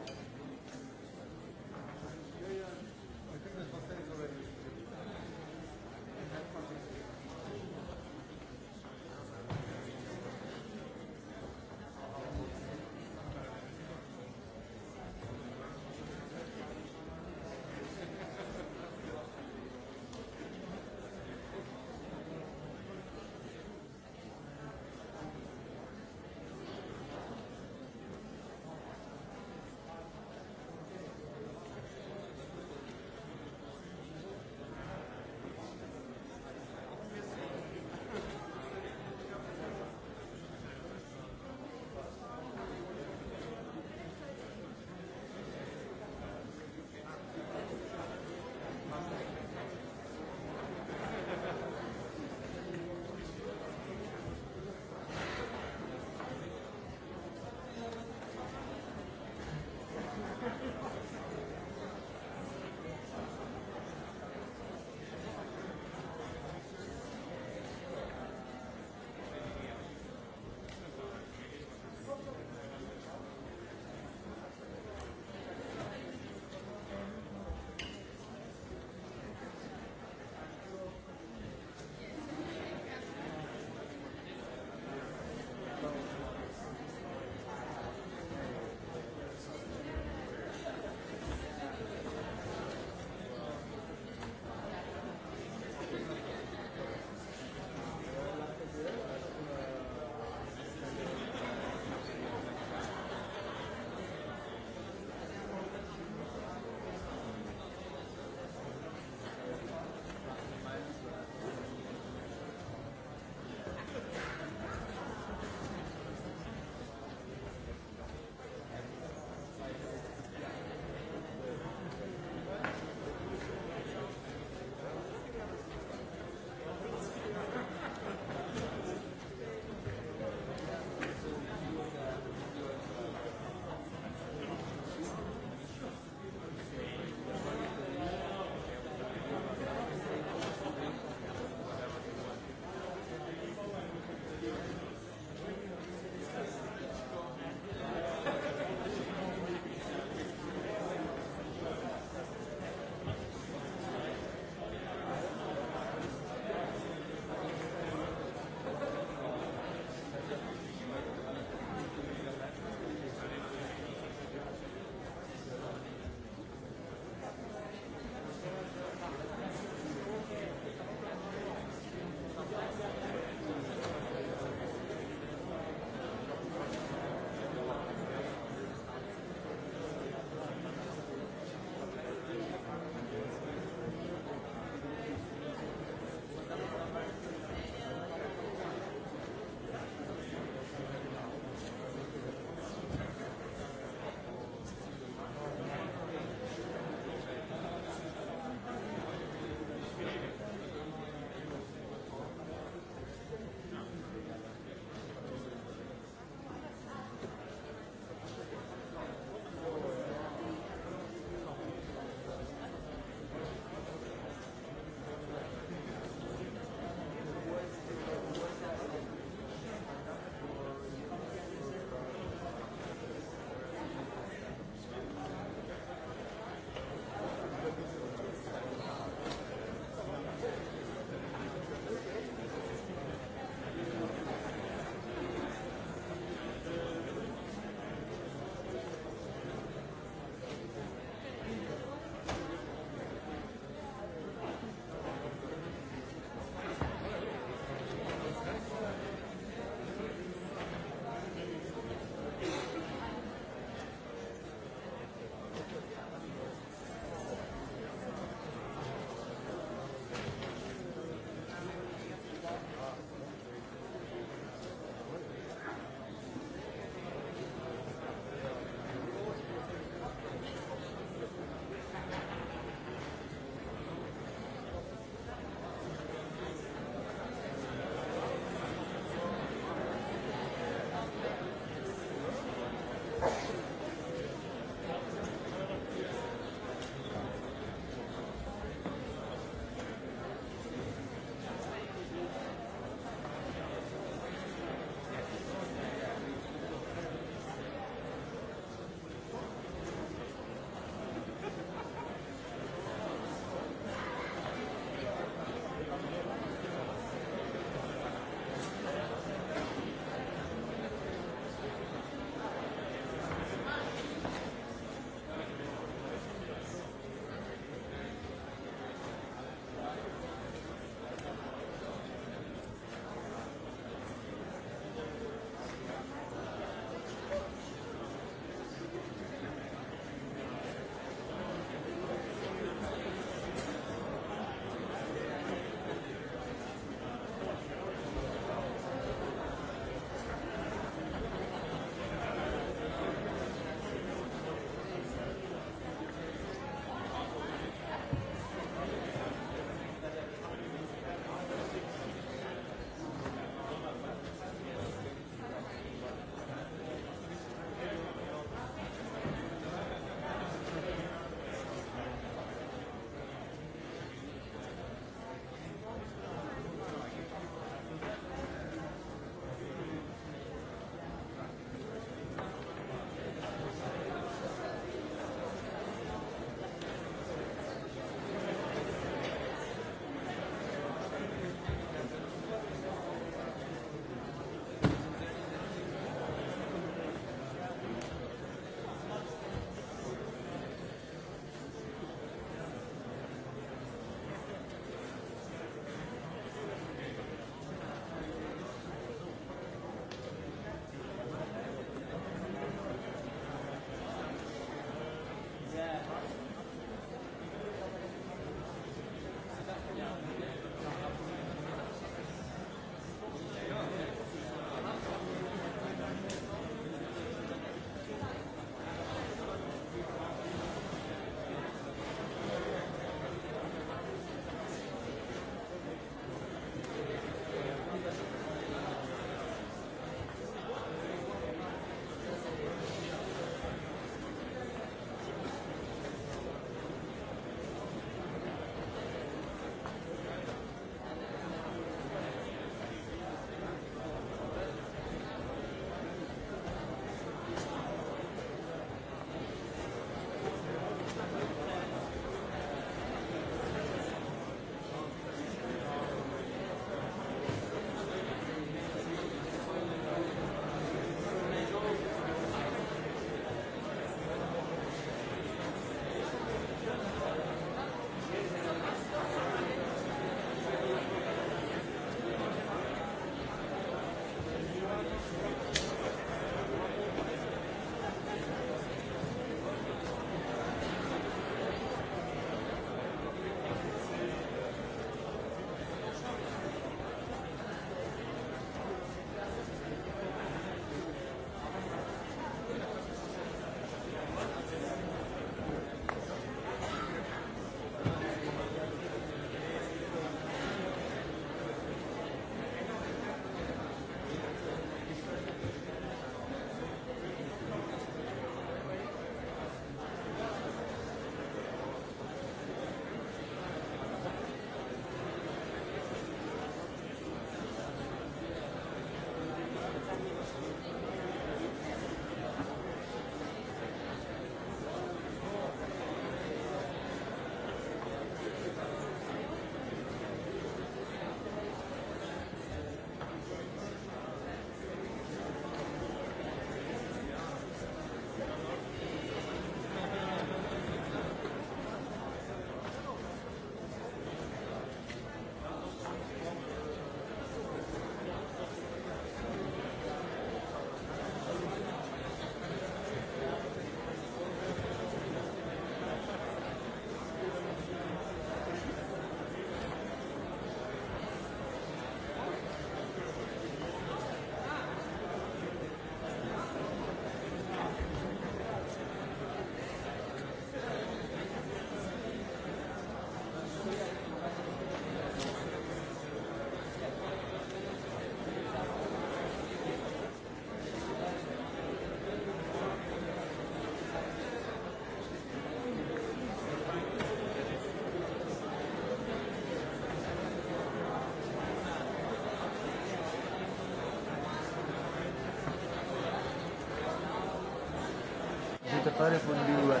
volete fare fondue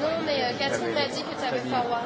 Non mi, Catherine m'a dit que tu avais fait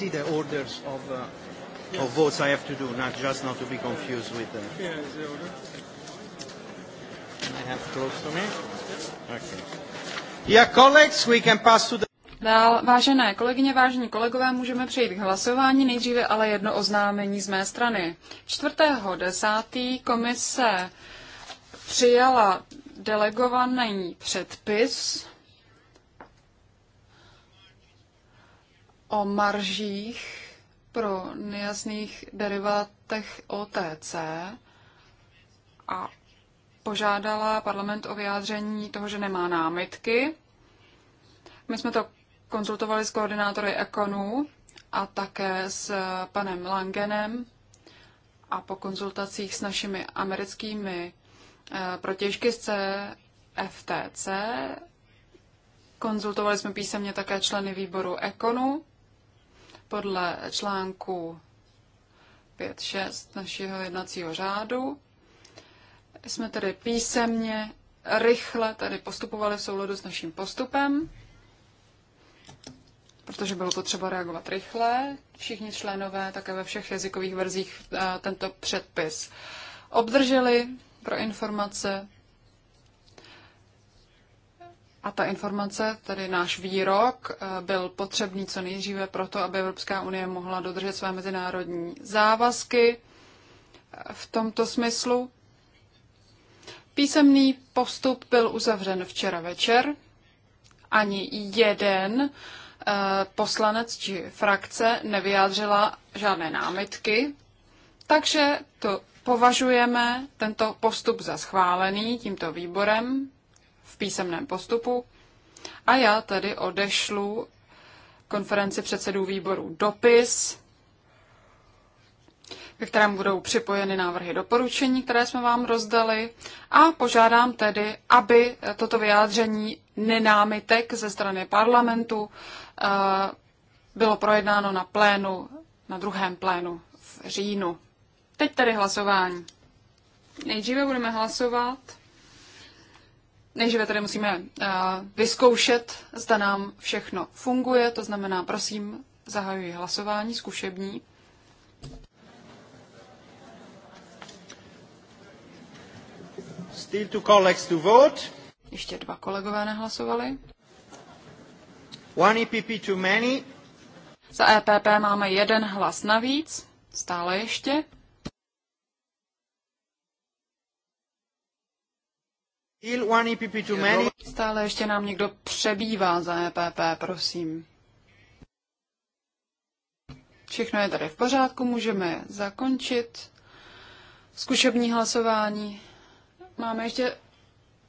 see the orders of, uh, yes. of votes I have to do, not just not to be confused with them. Yeah, is the order. I have close to me. Okay. Yeah, colleagues, we can pass to the... Dál, vážené kolegyně, vážení kolegové, můžeme přejít k hlasování, nejdříve ale jedno oznámení z mé strany. 4.10. komise přijala delegovaný předpis o maržích pro nejasných derivátech OTC a požádala parlament o vyjádření toho, že nemá námitky. My jsme to konzultovali s koordinátory Ekonu a také s panem Langenem a po konzultacích s našimi americkými eh, protěžky z CFTC. Konzultovali jsme písemně také členy výboru Ekonu podle článku 5.6 našeho jednacího řádu. Jsme tedy písemně rychle tady postupovali v souladu s naším postupem, protože bylo potřeba reagovat rychle. Všichni členové také ve všech jazykových verzích eh, tento předpis obdrželi pro informace a ta informace, tedy náš výrok, eh, byl potřebný co nejdříve proto, aby Evropská unie mohla dodržet své mezinárodní závazky eh, v tomto smyslu. Písemný postup byl uzavřen včera večer. Ani jeden eh, poslanec či frakce nevyjádřila žádné námitky, takže to považujeme tento postup za schválený tímto výborem písemném postupu. A já tedy odešlu konferenci předsedů výboru dopis, ve kterém budou připojeny návrhy doporučení, které jsme vám rozdali a požádám tedy, aby toto vyjádření nenámitek ze strany parlamentu eh, bylo projednáno na plénu, na druhém plénu v říjnu. Teď tedy hlasování. Nejdříve budeme hlasovat Nejdříve tady musíme eh, vyzkoušet, zda nám všechno funguje, to znamená, prosím, zahajuji hlasování zkušební. Still two colleagues to vote. Ještě dva kolegové nehlasovali. One EPP too many. Za EPP máme jeden hlas navíc, stále ještě. E Stále ještě nám někdo přebývá za EPP, prosím. Všechno je tady v pořádku, můžeme zakončit zkušební hlasování. Máme ještě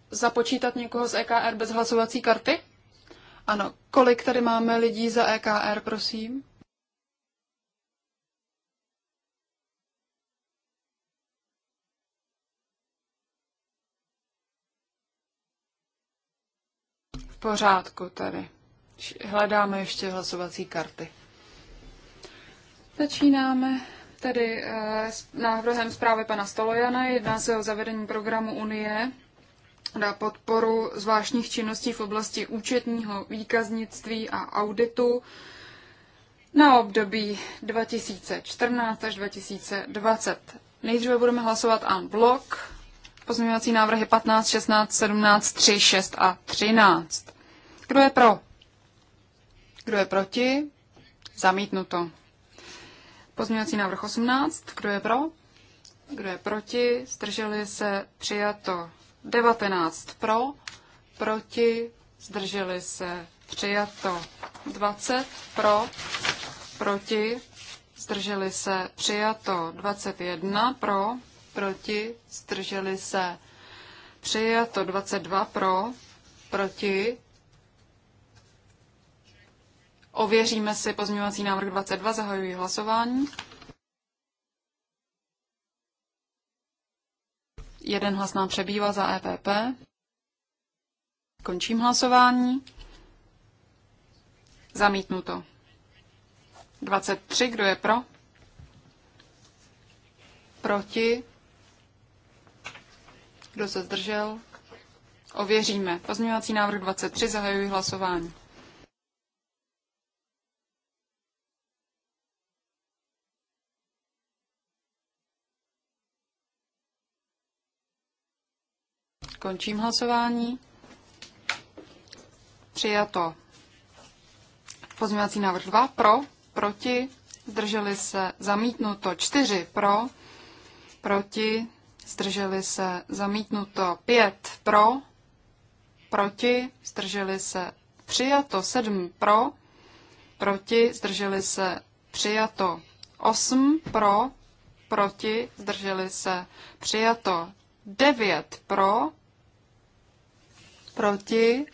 započítat někoho z EKR bez hlasovací karty? Ano, kolik tady máme lidí za EKR, prosím? pořádku tady. Hledáme ještě hlasovací karty. Začínáme tedy eh, s návrhem zprávy pana Stolojana. Jedná se o zavedení programu Unie na podporu zvláštních činností v oblasti účetního výkaznictví a auditu na období 2014 až 2020. Nejdříve budeme hlasovat en blok Pozměňovací návrhy 15, 16, 17, 3, 6 a 13. Kdo je pro? Kdo je proti? Zamítnuto. Pozměňovací návrh 18. Kdo je pro? Kdo je proti? Zdrželi se přijato 19 pro, proti, zdrželi se přijato 20 pro, proti, zdrželi se přijato 21 pro, proti, zdrželi se. Přijato 22 pro, proti. Ověříme si pozměňovací návrh 22, zahajuji hlasování. Jeden hlas nám přebývá za EPP. Končím hlasování. Zamítnuto. 23, kdo je pro? Proti? Kdo se zdržel? Ověříme. Pozměňovací návrh 23. Zahajuji hlasování. Končím hlasování. Přijato. Pozměňovací návrh 2 pro, proti, zdrželi se, zamítnuto 4 pro, proti, zdrželi se, zamítnuto 5 pro, proti, zdrželi se, přijato 7 pro, proti, zdrželi se, přijato 8 pro, proti, zdrželi se, přijato 9 pro, proti,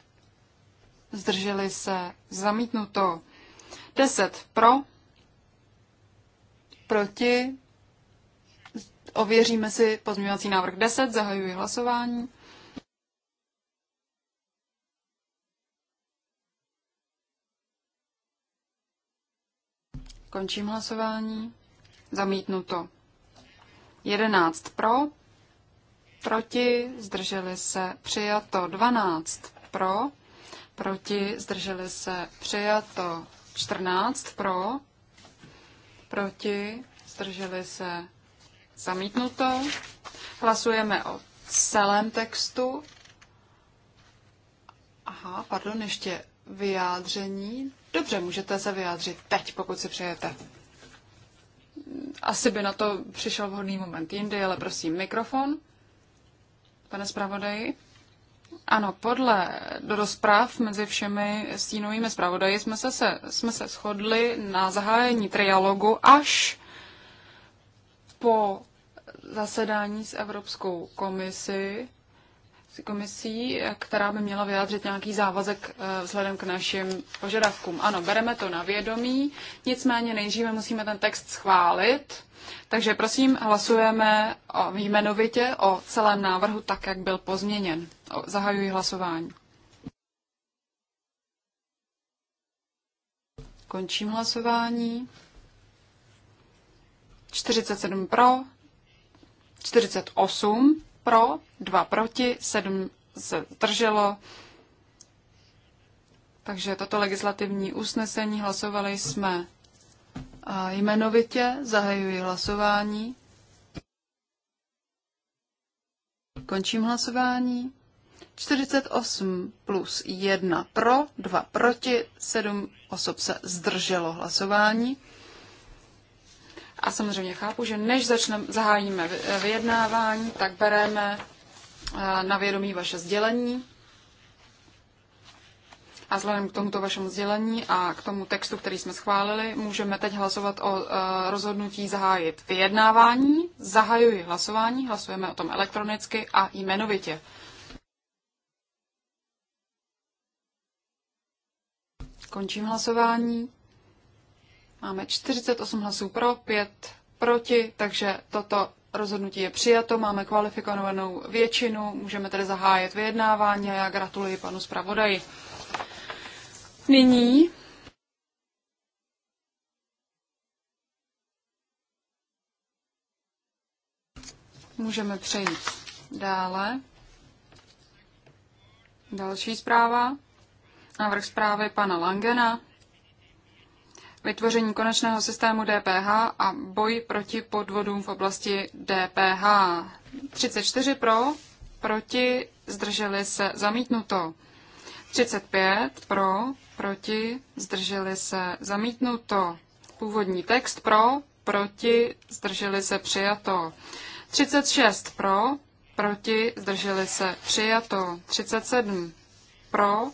zdrželi se, zamítnuto 10 pro, proti, Ověříme si pozměňovací návrh 10, zahajuji hlasování. Končím hlasování. Zamítnuto. 11 pro, proti, zdrželi se, přijato. 12 pro, proti, zdrželi se, přijato. 14 pro, proti, zdrželi se, Zamítnuto. Hlasujeme o celém textu. Aha, pardon, ještě vyjádření. Dobře, můžete se vyjádřit teď, pokud si přejete. Asi by na to přišel vhodný moment jindy, ale prosím, mikrofon. Pane zpravodaji. Ano, podle do rozpráv mezi všemi stínovými zpravodaji jsme se, se, jsme se shodli na zahájení trialogu až po zasedání s Evropskou komisi, komisí, která by měla vyjádřit nějaký závazek eh, vzhledem k našim požadavkům. Ano, bereme to na vědomí, nicméně nejdříve musíme ten text schválit, takže prosím hlasujeme jmenovitě o celém návrhu tak, jak byl pozměněn. Zahajuji hlasování. Končím hlasování. 47 pro, 48 pro, 2 proti, 7 zdrželo. Takže toto legislativní usnesení hlasovali jsme a jmenovitě. Zahajuji hlasování. Končím hlasování. 48 plus 1 pro, 2 proti, 7 osob se zdrželo hlasování. A samozřejmě chápu, že než začneme, zahájíme vyjednávání, tak bereme eh, na vědomí vaše sdělení. A vzhledem k tomuto vašemu sdělení a k tomu textu, který jsme schválili, můžeme teď hlasovat o eh, rozhodnutí zahájit vyjednávání. Zahajuji hlasování, hlasujeme o tom elektronicky a jmenovitě. Končím hlasování. Máme 48 hlasů pro, 5 proti, takže toto rozhodnutí je přijato, máme kvalifikovanou většinu, můžeme tedy zahájit vyjednávání a já gratuluji panu zpravodaji. Nyní můžeme přejít dále. Další zpráva. Návrh zprávy pana Langena vytvoření konečného systému DPH a boj proti podvodům v oblasti DPH. 34 pro, proti, zdrželi se, zamítnuto. 35 pro, proti, zdrželi se, zamítnuto. Původní text pro, proti, zdrželi se, přijato. 36 pro, proti, zdrželi se, přijato. 37 pro,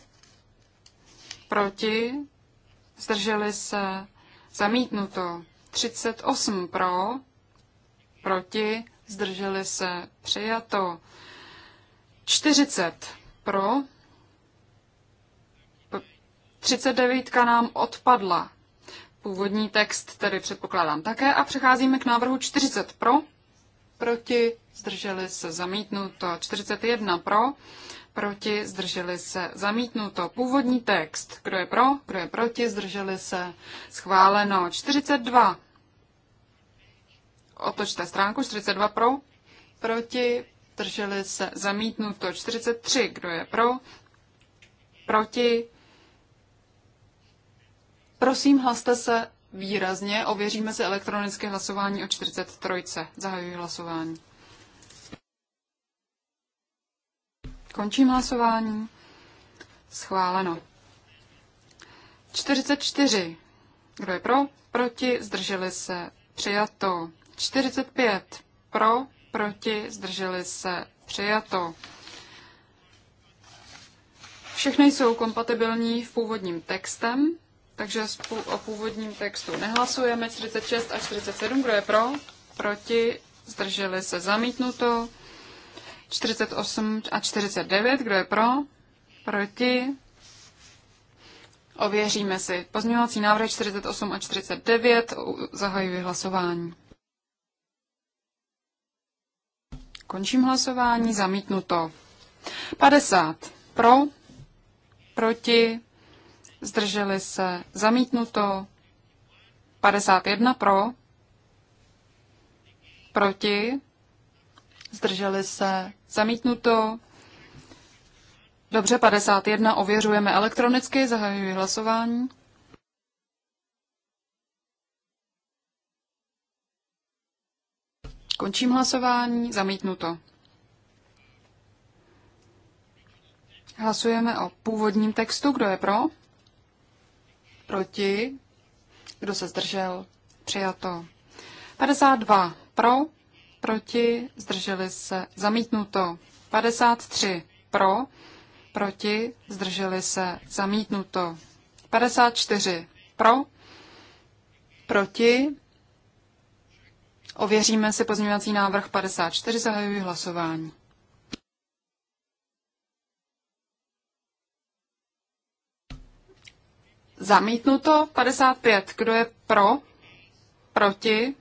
proti, zdrželi se, zamítnuto. 38 pro, proti, zdrželi se, přijato. 40 pro, 39 nám odpadla. Původní text tedy předpokládám také a přecházíme k návrhu 40 pro, proti, zdrželi se zamítnuto, 41 pro, proti, zdrželi se, zamítnuto. Původní text, kdo je pro, kdo je proti, zdrželi se, schváleno. 42, otočte stránku, 42 pro, proti, zdrželi se, zamítnuto. 43, kdo je pro, proti. Prosím, hlaste se výrazně, ověříme si elektronické hlasování o 43. Zahajuji hlasování. Končím hlasování. Schváleno. 44. Kdo je pro? Proti? Zdrželi se? Přijato. 45. Pro? Proti? Zdrželi se? Přijato. Všechny jsou kompatibilní v původním textem, takže o původním textu nehlasujeme. 46 a 47. Kdo je pro? Proti? Zdrželi se? Zamítnuto. 48 a 49. Kdo je pro? Proti? Ověříme si. Pozměňovací návrh 48 a 49. Zahajuji hlasování. Končím hlasování. Zamítnuto. 50. Pro? Proti? Zdrželi se. Zamítnuto. 51 pro. Proti? zdrželi se, zamítnuto. Dobře, 51 ověřujeme elektronicky, zahajuji hlasování. Končím hlasování, zamítnuto. Hlasujeme o původním textu, kdo je pro, proti, kdo se zdržel, přijato. 52 pro, proti, zdrželi se, zamítnuto. 53 pro, proti, zdrželi se, zamítnuto. 54 pro, proti, ověříme si pozměňovací návrh 54, zahajuji hlasování. Zamítnuto 55. Kdo je pro? Proti?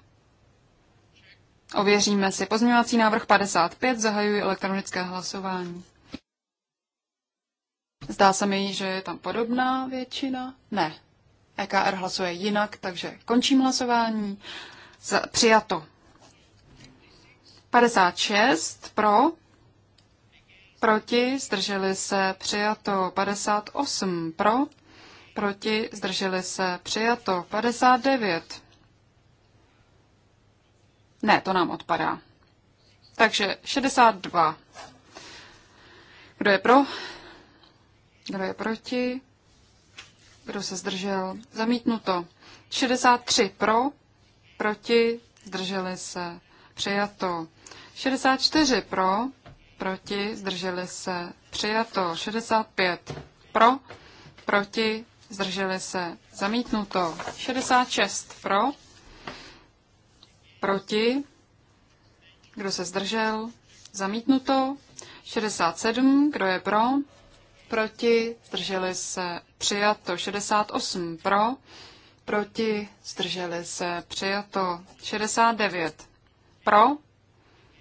Ověříme si. Pozměňovací návrh 55. Zahajuji elektronické hlasování. Zdá se mi, že je tam podobná většina. Ne. EKR hlasuje jinak, takže končím hlasování. Za, přijato. 56 pro, proti, zdrželi se, přijato. 58 pro, proti, zdrželi se, přijato. 59 ne, to nám odpadá. Takže 62. Kdo je pro? Kdo je proti? Kdo se zdržel? Zamítnuto. 63 pro, proti, zdrželi se. Přijato. 64 pro, proti, zdrželi se. Přijato. 65 pro, proti, zdrželi se. Zamítnuto. 66 pro, Proti? Kdo se zdržel? Zamítnuto. 67. Kdo je pro? Proti? Zdrželi se? Přijato. 68. Pro? Proti? Zdrželi se? Přijato. 69. Pro?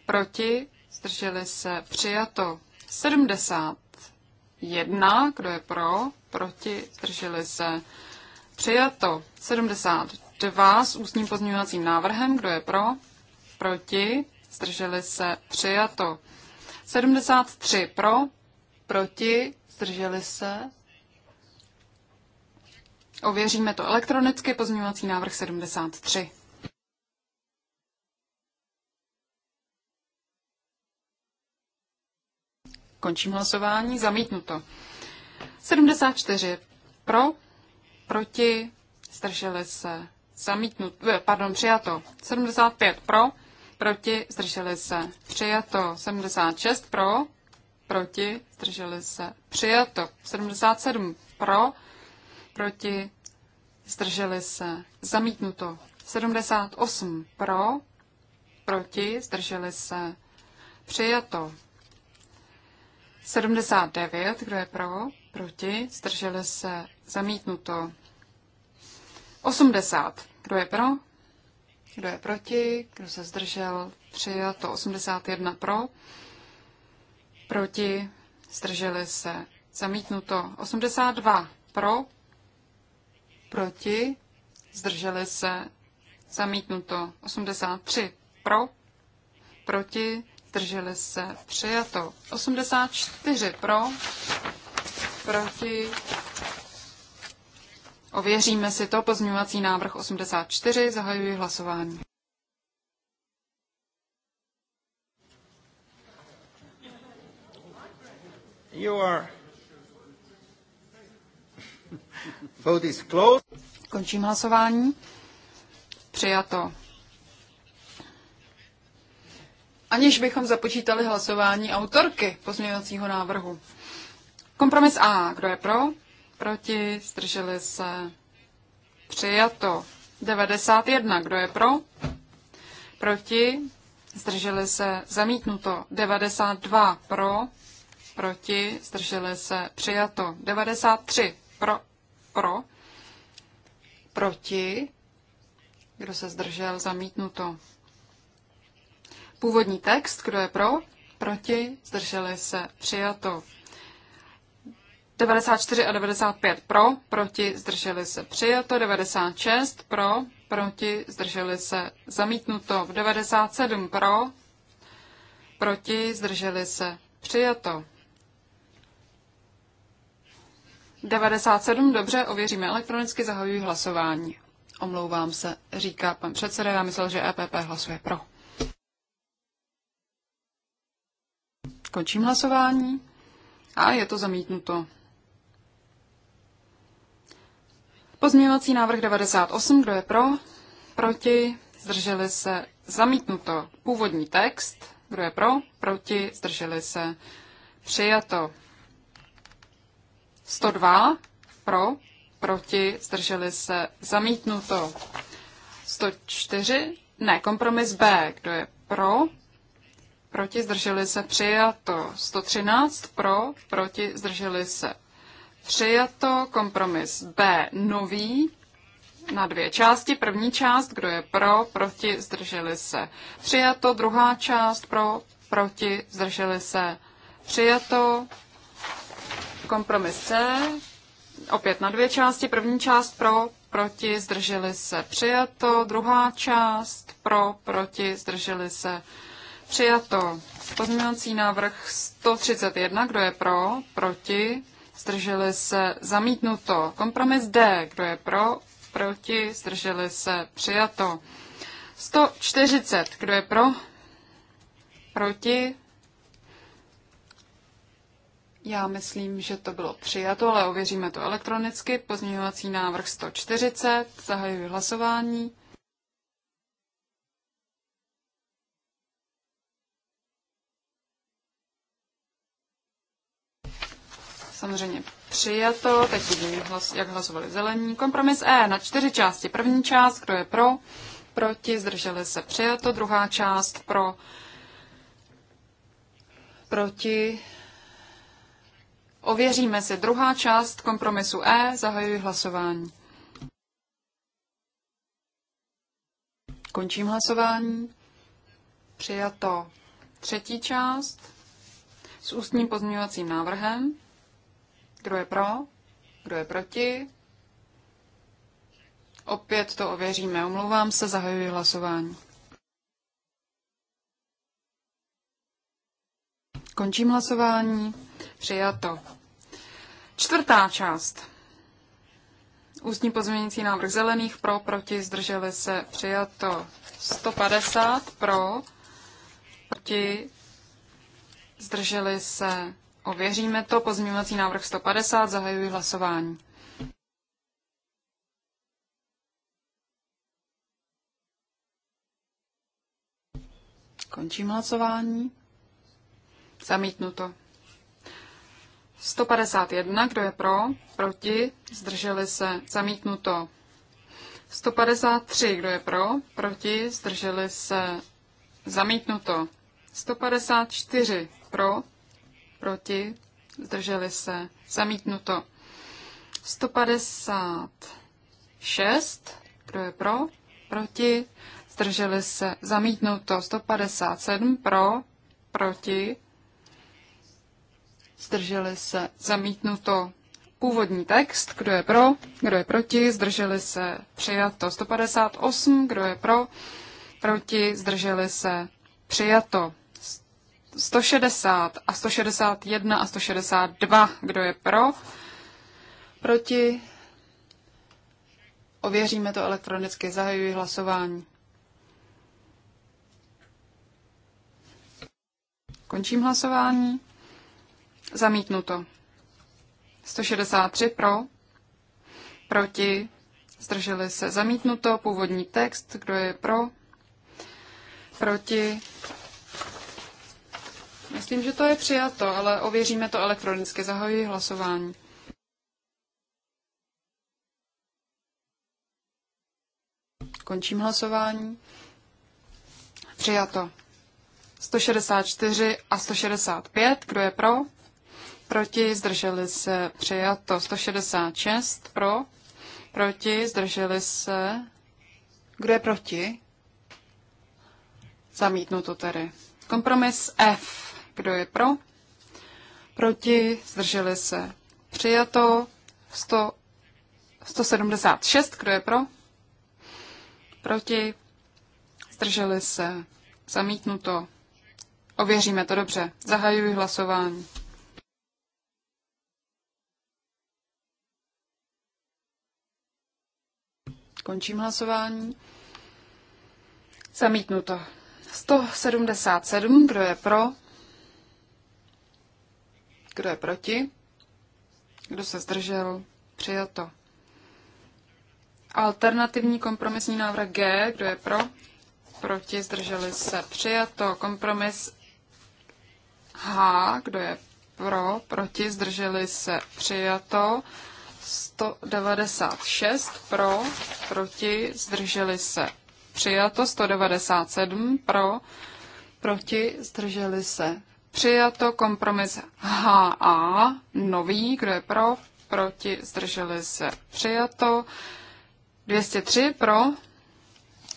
Proti? Zdrželi se? Přijato. 70. Kdo je pro? Proti? Zdrželi se? Přijato. 72. 2 s ústním pozměňovacím návrhem. Kdo je pro? Proti? Zdrželi se? Přijato. 73 pro? Proti? Zdrželi se? Ověříme to elektronicky. Pozměňovací návrh 73. Končím hlasování. Zamítnuto. 74 pro, proti, zdrželi se, zamítnut, eh, pardon, přijato. 75 pro, proti, zdrželi se, přijato. 76 pro, proti, zdrželi se, přijato. 77 pro, proti, zdrželi se, zamítnuto. 78 pro, proti, zdrželi se, přijato. 79, kdo je pro, proti, zdrželi se, zamítnuto. 80 kdo je pro? Kdo je proti? Kdo se zdržel? Přijato 81 pro. Proti? Zdrželi se. Zamítnuto 82 pro. Proti? Zdrželi se. Zamítnuto 83 pro. Proti? Zdrželi se. Přijato 84 pro. Proti? Ověříme si to. Pozměňovací návrh 84. Zahajuji hlasování. You are... Vote is closed. Končím hlasování. Přijato. Aniž bychom započítali hlasování autorky pozměňovacího návrhu. Kompromis A. Kdo je pro? Proti? Zdrželi se? Přijato. 91. Kdo je pro? Proti? Zdrželi se? Zamítnuto. 92. Pro? Proti? Zdrželi se? Přijato. 93. Pro? Pro? Proti? Kdo se zdržel? Zamítnuto. Původní text. Kdo je pro? Proti? Zdrželi se? Přijato. 94 a 95 pro, proti, zdrželi se přijato, 96 pro, proti, zdrželi se zamítnuto, 97 pro, proti, zdrželi se přijato. 97, dobře, ověříme elektronicky, zahajuji hlasování. Omlouvám se, říká pan předseda, já myslel, že EPP hlasuje pro. Končím hlasování a je to zamítnuto. Pozměňovací návrh 98, kdo je pro? Proti? Zdrželi se? Zamítnuto. Původní text, kdo je pro? Proti? Zdrželi se? Přijato. 102, pro? Proti? Zdrželi se? Zamítnuto. 104, ne, kompromis B, kdo je pro? Proti zdrželi se přijato 113, pro, proti zdrželi se Přijato kompromis B nový na dvě části. První část, kdo je pro, proti, zdrželi se. Přijato druhá část, pro, proti, zdrželi se. Přijato kompromis C, opět na dvě části. První část pro, proti, zdrželi se. Přijato druhá část, pro, proti, zdrželi se. Přijato pozměňovací návrh 131, kdo je pro, proti, zdrželi se, zamítnuto. Kompromis D, kdo je pro, proti, zdrželi se, přijato. 140, kdo je pro, proti. Já myslím, že to bylo přijato, ale ověříme to elektronicky. Pozměňovací návrh 140, zahajuji hlasování. samozřejmě přijato. Teď uvidím, hlas, jak hlasovali zelení. Kompromis E na čtyři části. První část, kdo je pro, proti, zdrželi se přijato. Druhá část pro, proti. Ověříme si druhá část kompromisu E. Zahajuji hlasování. Končím hlasování. Přijato třetí část s ústním pozměňovacím návrhem. Kdo je pro? Kdo je proti? Opět to ověříme. Omlouvám se, zahajuji hlasování. Končím hlasování. Přijato. Čtvrtá část. Ústní pozměnící návrh zelených pro, proti, zdrželi se, přijato 150 pro, proti, zdrželi se, Ověříme to. Pozměňovací návrh 150. Zahajuji hlasování. Končím hlasování. Zamítnuto. 151, kdo je pro, proti, zdrželi se, zamítnuto. 153, kdo je pro, proti, zdrželi se, zamítnuto. 154, pro, proti, zdrželi se, zamítnuto. 156, kdo je pro, proti, zdrželi se, zamítnuto. 157 pro, proti, zdrželi se, zamítnuto. Původní text, kdo je pro, kdo je proti, zdrželi se, přijato. 158, kdo je pro, proti, zdrželi se, přijato. 160 a 161 a 162. Kdo je pro? Proti? Ověříme to elektronicky. Zahajuji hlasování. Končím hlasování. Zamítnuto. 163 pro, proti, zdrželi se. Zamítnuto, původní text, kdo je pro, proti, Myslím, že to je přijato, ale ověříme to elektronicky. Zahajuji hlasování. Končím hlasování. Přijato. 164 a 165. Kdo je pro? Proti zdrželi se přijato 166 pro. Proti zdrželi se. Kdo je proti? Zamítnu to tedy. Kompromis F. Kdo je pro? Proti? Zdrželi se? Přijato. 100, 176. Kdo je pro? Proti? Zdrželi se? Zamítnuto. Ověříme to dobře. Zahajuji hlasování. Končím hlasování. Zamítnuto. 177, kdo je pro, kdo je proti? Kdo se zdržel? Přijato. Alternativní kompromisní návrh G. Kdo je pro? Proti? Zdrželi se? Přijato. Kompromis H. Kdo je pro? Proti? Zdrželi se? Přijato. 196 pro, proti, zdrželi se. Přijato 197 pro, proti, zdrželi se. Přijato kompromis HA, nový, kdo je pro, proti, zdrželi se. Přijato 203 pro,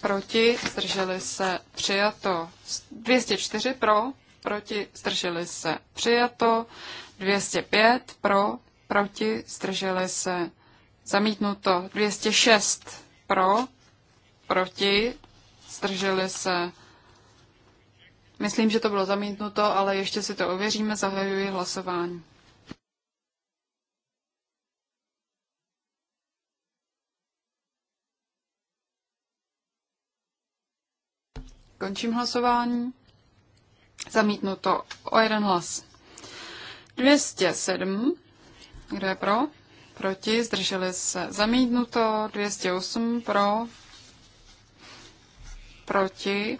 proti, zdrželi se. Přijato 204 pro, proti, zdrželi se. Přijato 205 pro, proti, zdrželi se. Zamítnuto 206 pro, proti, zdrželi se. Myslím, že to bylo zamítnuto, ale ještě si to ověříme. Zahajuji hlasování. Končím hlasování. Zamítnuto o jeden hlas. 207. Kdo je pro? Proti. Zdrželi se. Zamítnuto. 208. Pro. Proti.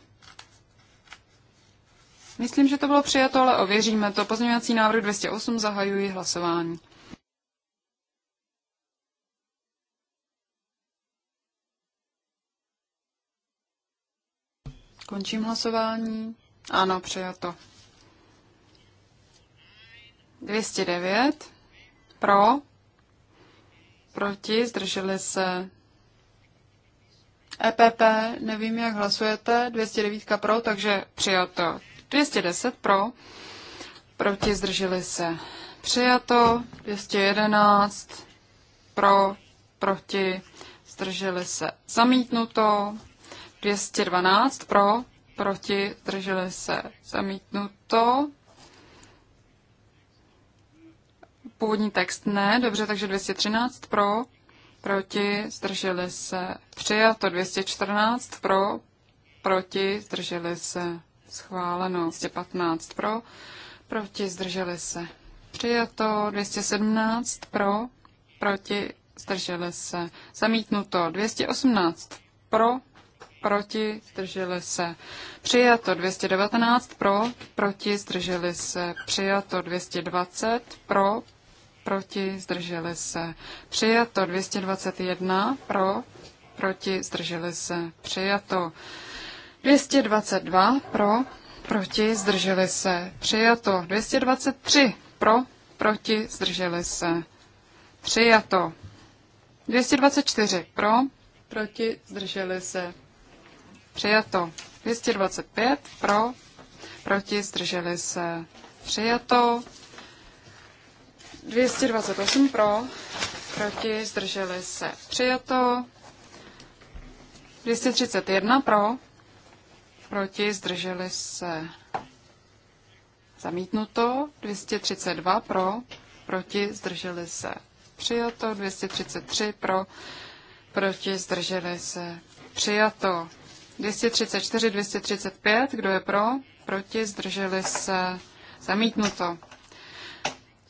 Myslím, že to bylo přijato, ale ověříme to. Pozměňovací návrh 208 zahajuji hlasování. Končím hlasování. Ano, přijato. 209. Pro. Proti. Zdrželi se. EPP. Nevím, jak hlasujete. 209 pro, takže přijato. 210 pro, proti zdrželi se přijato, 211 pro, proti zdrželi se zamítnuto, 212 pro, proti zdrželi se zamítnuto, původní text ne, dobře, takže 213 pro, proti, zdrželi se přijato, 214 pro, proti, zdrželi se schváleno 215 pro, proti zdrželi se přijato 217 pro, proti zdrželi se zamítnuto 218 pro, proti zdrželi se přijato 219 pro, proti zdrželi se přijato 220 pro, proti zdrželi se přijato 221 pro, proti zdrželi se přijato 222 pro, proti, zdrželi se, přijato. 223 pro, proti, zdrželi se, přijato. 224 pro, proti, zdrželi se, přijato. 225 pro, proti, zdrželi se, přijato. 228 pro, proti, zdrželi se, přijato. 231 pro, proti, zdrželi se zamítnuto, 232 pro, proti, zdrželi se přijato, 233 pro, proti, zdrželi se přijato, 234, 235, kdo je pro, proti, zdrželi se zamítnuto,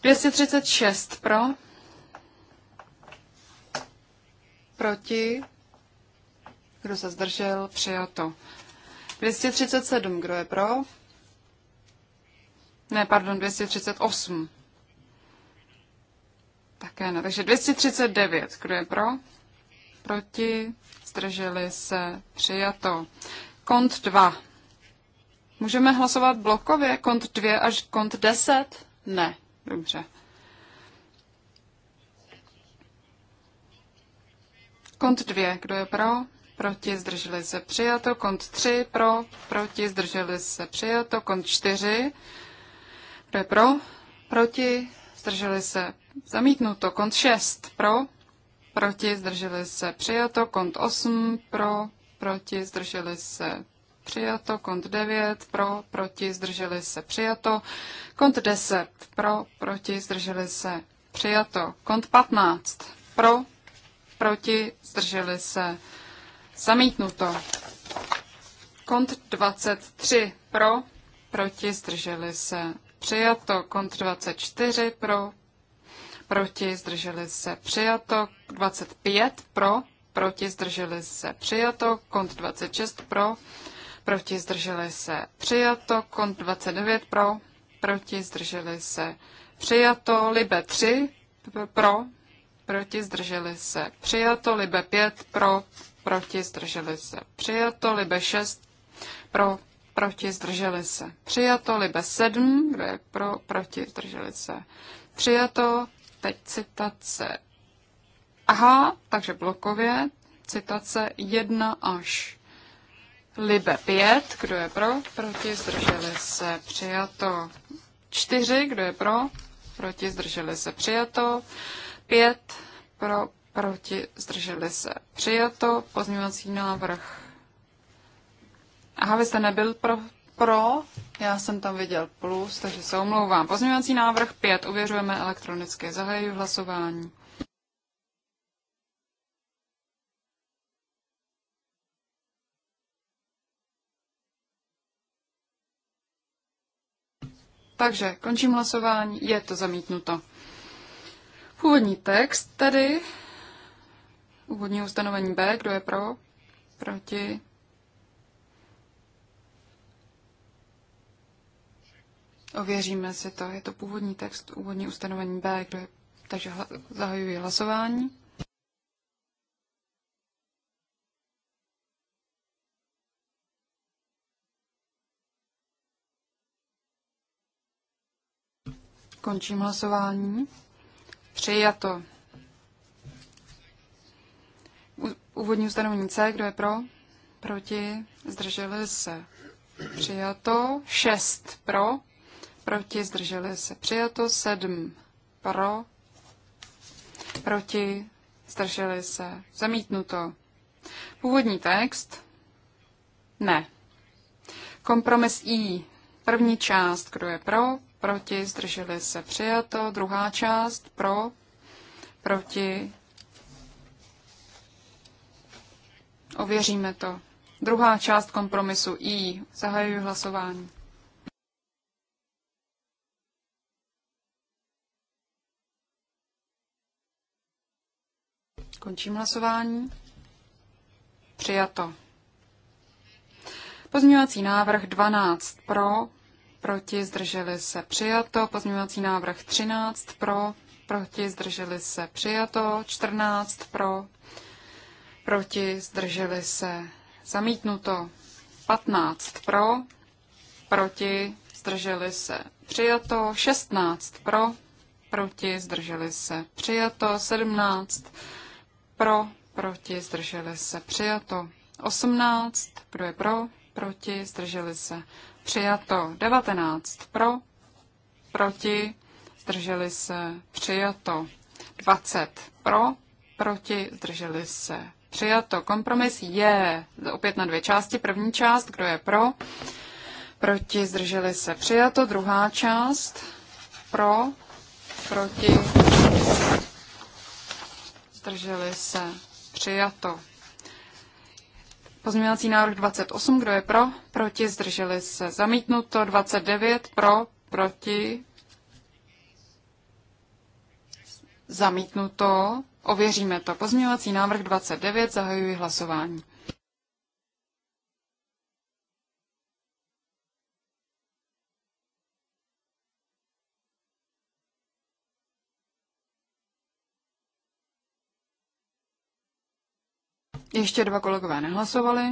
236 pro, proti, kdo se zdržel, přijato. 237, kdo je pro? Ne, pardon, 238. Také ne. Takže 239, kdo je pro? Proti, zdrželi se, přijato. Kont 2. Můžeme hlasovat blokově? Kont 2 až kont 10? Ne, dobře. Kont 2, kdo je pro? proti, zdrželi se přijato, kont 3 pro, proti, zdrželi se přijato, kont 4, kdo je pro, proti, zdrželi se zamítnuto, kont 6 pro, proti, zdrželi se přijato, kont 8 pro, proti, zdrželi se přijato, kont 9 pro, proti, zdrželi se přijato, kont 10 pro, proti, zdrželi se přijato, kont 15 pro, proti, zdrželi se přijato Zamítnuto. Kont 23 pro, proti, zdrželi se. Přijato. Kont 24 pro, proti, zdrželi se. Přijato. 25 pro, proti, zdrželi se. Přijato. Kont 26 pro, proti, zdrželi se. Přijato. Kont 29 pro, proti, zdrželi se. Přijato. Libe 3 pro, proti, zdrželi se. Přijato. Libe 5 pro, proti, zdrželi se, přijato, libe 6, pro, proti, zdrželi se, přijato, libe 7, kdo je pro, proti, zdrželi se, přijato, teď citace, aha, takže blokově, citace 1 až libe 5, kdo je pro, proti, zdrželi se, přijato, 4, kdo je pro, proti, zdrželi se, přijato, 5, pro, proti, zdrželi se. Přijato, pozměňovací návrh. Aha, vy jste nebyl pro, pro, já jsem tam viděl plus, takže se omlouvám. Pozměňovací návrh 5, uvěřujeme elektronické, zahajuji hlasování. Takže končím hlasování, je to zamítnuto. Původní text tedy Úvodní ustanovení B, kdo je pro? Proti? Ověříme si to. Je to původní text, úvodní ustanovení B, kdo je... takže hla... zahajuji hlasování. Končím hlasování. Přijato. Úvodní ustanovení C, kdo je pro? Proti? Zdrželi se? Přijato. 6 pro? Proti? Zdrželi se? Přijato. 7 pro? Proti? Zdrželi se? Zamítnuto. Původní text? Ne. Kompromis I. První část, kdo je pro, proti, zdrželi se přijato. Druhá část, pro, proti, Ověříme to. Druhá část kompromisu I. Zahajuji hlasování. Končím hlasování. Přijato. Pozměňovací návrh 12 pro, proti zdrželi se přijato. Pozměňovací návrh 13 pro, proti zdrželi se přijato. 14 pro, proti, zdrželi se, zamítnuto. 15 pro, proti, zdrželi se, přijato. 16 pro, proti, zdrželi se, přijato. 17 pro, proti, zdrželi se, přijato. 18, kdo je pro, proti, zdrželi se, přijato. 19 pro, proti, zdrželi se, přijato. 20 pro, proti, zdrželi se, Přijato. Kompromis je opět na dvě části. První část, kdo je pro? Proti zdrželi se. Přijato. Druhá část. Pro. Proti. Zdrželi se. Přijato. Pozměňovací návrh 28, kdo je pro? Proti, zdrželi se. Zamítnuto 29, pro, proti. Zamítnuto Ověříme to. Pozměňovací návrh 29. Zahajuji hlasování. Ještě dva kolegové nehlasovali.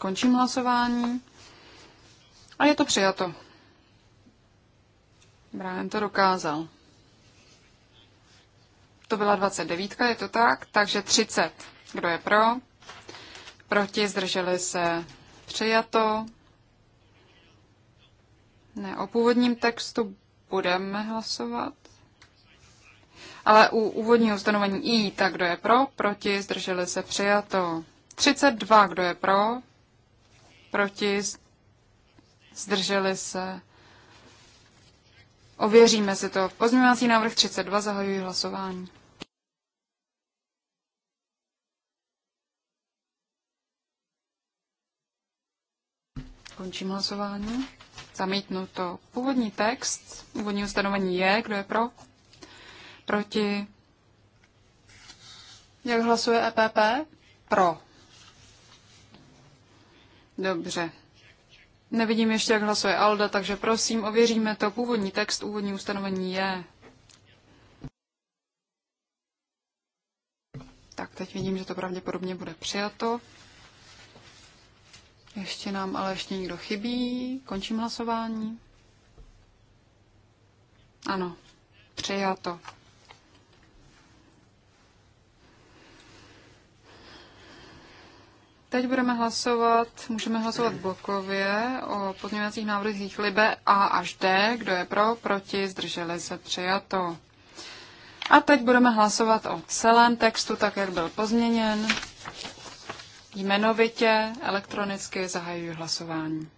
Končím hlasování. A je to přijato. Brian to dokázal. To byla 29, je to tak? Takže 30. Kdo je pro? Proti zdrželi se přijato. Ne, o původním textu budeme hlasovat. Ale u úvodního ustanovení I, tak kdo je pro, proti, zdrželi se přijato. 32, kdo je pro, proti, zdrželi se. Ověříme si to. Pozměňovací návrh 32, zahajuji hlasování. Končím hlasování. Zamítnu to Původní text, původní ustanovení je, kdo je pro, proti. Jak hlasuje EPP? Pro. Dobře. Nevidím ještě, jak hlasuje Alda, takže prosím, ověříme to. Původní text, úvodní ustanovení je. Tak teď vidím, že to pravděpodobně bude přijato. Ještě nám ale ještě někdo chybí. Končím hlasování. Ano, přijato. Teď budeme hlasovat, můžeme hlasovat blokově o pozměňovacích návrzích Libe A až D. Kdo je pro, proti, zdrželi se, přijato. A teď budeme hlasovat o celém textu, tak jak byl pozměněn. Jmenovitě elektronicky zahajuji hlasování.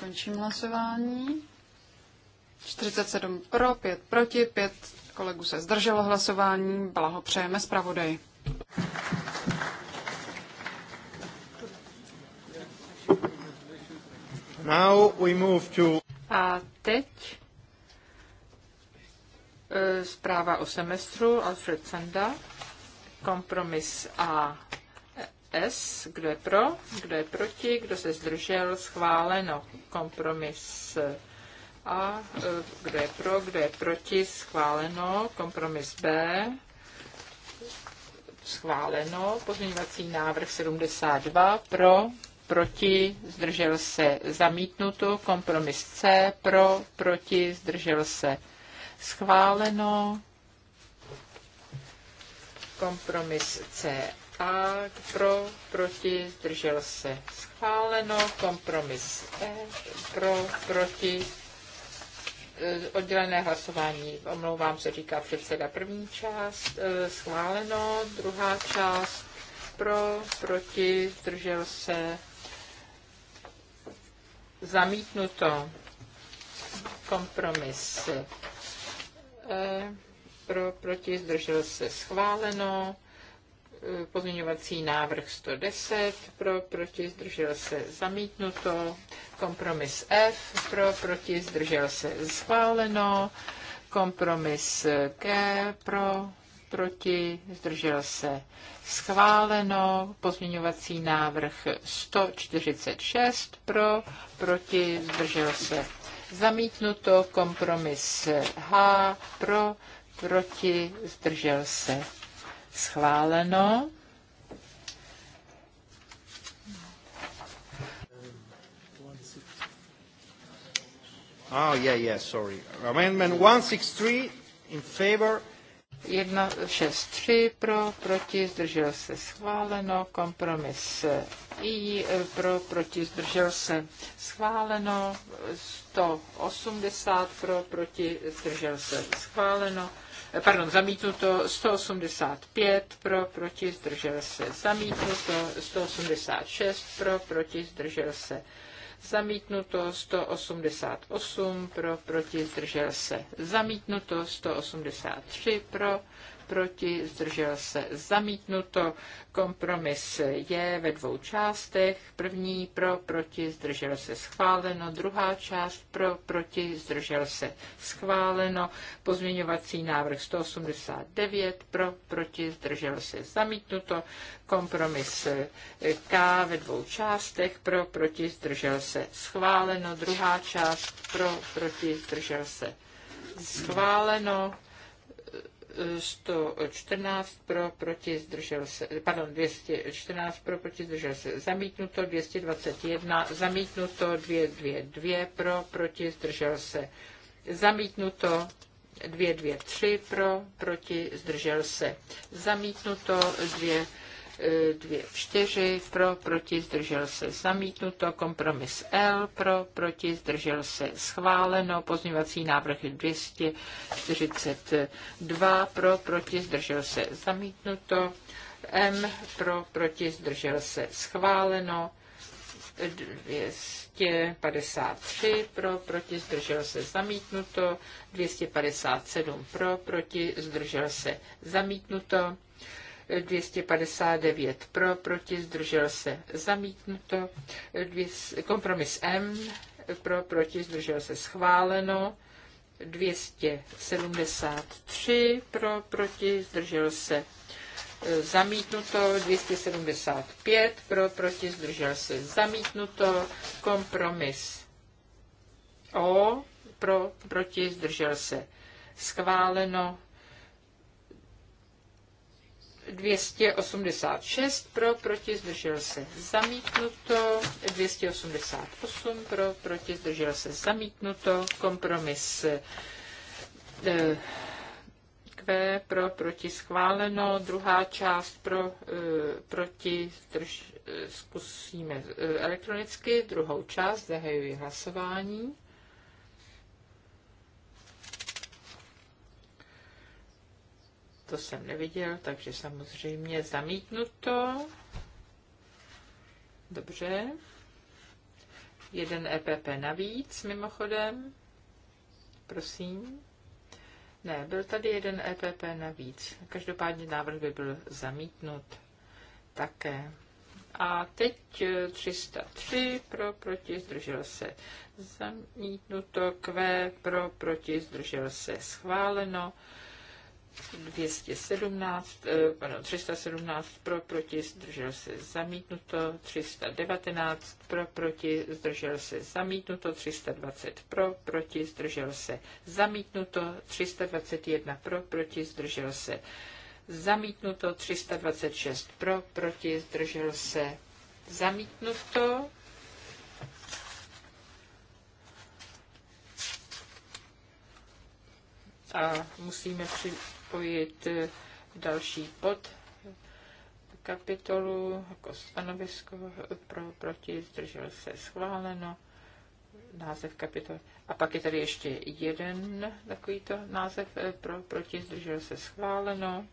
Končím hlasování. 47 pro, 5 proti, 5 kolegů se zdrželo hlasování. Blahopřejeme zpravodaji. Now we move to... A teď e, zpráva o semestru Alfred Sanda, kompromis A S, kdo je pro, kdo je proti, kdo se zdržel, schváleno. Kompromis A, e, kdo je pro, kdo je proti, schváleno. Kompromis B, schváleno. Pozměňovací návrh 72, pro, proti, zdržel se zamítnuto, kompromis C pro, proti, zdržel se schváleno, kompromis C. A. pro, proti, zdržel se schváleno, kompromis E pro, proti, e, oddělené hlasování, omlouvám se, říká předseda první část, e, schváleno, druhá část pro, proti, zdržel se Zamítnuto. Kompromis. E, pro, proti, zdržel se schváleno. E, pozměňovací návrh 110, pro, proti, zdržel se zamítnuto. Kompromis F, pro, proti, zdržel se schváleno. Kompromis G, pro, proti, zdržel se schváleno, pozměňovací návrh 146 pro, proti, zdržel se zamítnuto, kompromis H pro, proti, zdržel se schváleno. Oh, yeah, yeah, sorry. Amendment 163 in favor 1, 6, 3 pro, proti, zdržel se schváleno, kompromis I pro, proti, zdržel se schváleno, 180 pro, proti, zdržel se schváleno, eh, pardon, zamítnuto 185 pro, proti, zdržel se zamítnuto, 186 pro, proti, zdržel se zamítnuto 188 pro, proti zdržel se, zamítnuto 183 pro, proti, zdržel se zamítnuto. Kompromis je ve dvou částech. První pro, proti, zdržel se schváleno. Druhá část pro, proti, zdržel se schváleno. Pozměňovací návrh 189 pro, proti, zdržel se zamítnuto. Kompromis K ve dvou částech pro, proti, zdržel se schváleno. Druhá část pro, proti, zdržel se schváleno. 114 pro, proti zdržel se, pardon, 214 pro, proti zdržel se, zamítnuto, 221, zamítnuto, 222 pro, proti zdržel se, zamítnuto, 223 pro, proti zdržel se, zamítnuto, 2 dvě čtyři pro, proti, zdržel se zamítnuto, kompromis L, pro, proti, zdržel se schváleno, pozměňovací návrh 242, pro, proti, zdržel se zamítnuto, M, pro, proti, zdržel se schváleno, 253 pro, proti, zdržel se zamítnuto, 257 pro, proti, zdržel se zamítnuto, 259 pro, proti, zdržel se zamítnuto, kompromis M pro, proti, zdržel se schváleno, 273 pro, proti, zdržel se zamítnuto, 275 pro, proti, zdržel se zamítnuto, kompromis O pro, proti, zdržel se schváleno, 286 pro, proti, zdržel se zamítnuto. 288 pro, proti, zdržel se zamítnuto. Kompromis eh, Q pro, proti, schváleno. Druhá část pro, eh, proti, zdrž, eh, zkusíme elektronicky. Druhou část zahajuji hlasování. to jsem neviděl, takže samozřejmě to. Dobře. Jeden EPP navíc, mimochodem. Prosím. Ne, byl tady jeden EPP navíc. Každopádně návrh by byl zamítnut také. A teď 303 eh, pro, proti, zdržel se zamítnuto, Q pro, proti, zdržel se schváleno. 217, eh, pardon, 317 pro, proti, zdržel se zamítnuto, 319 pro, proti, zdržel se zamítnuto, 320 pro, proti, zdržel se zamítnuto, 321 pro, proti, zdržel se zamítnuto, 326 pro, proti, zdržel se zamítnuto, a musíme při zapojit eh, další pod kapitolu jako stanovisko eh, pro, proti, zdržel se schváleno, název kapitoly. A pak je tady ještě jeden takovýto název eh, pro, proti, zdržel se schváleno.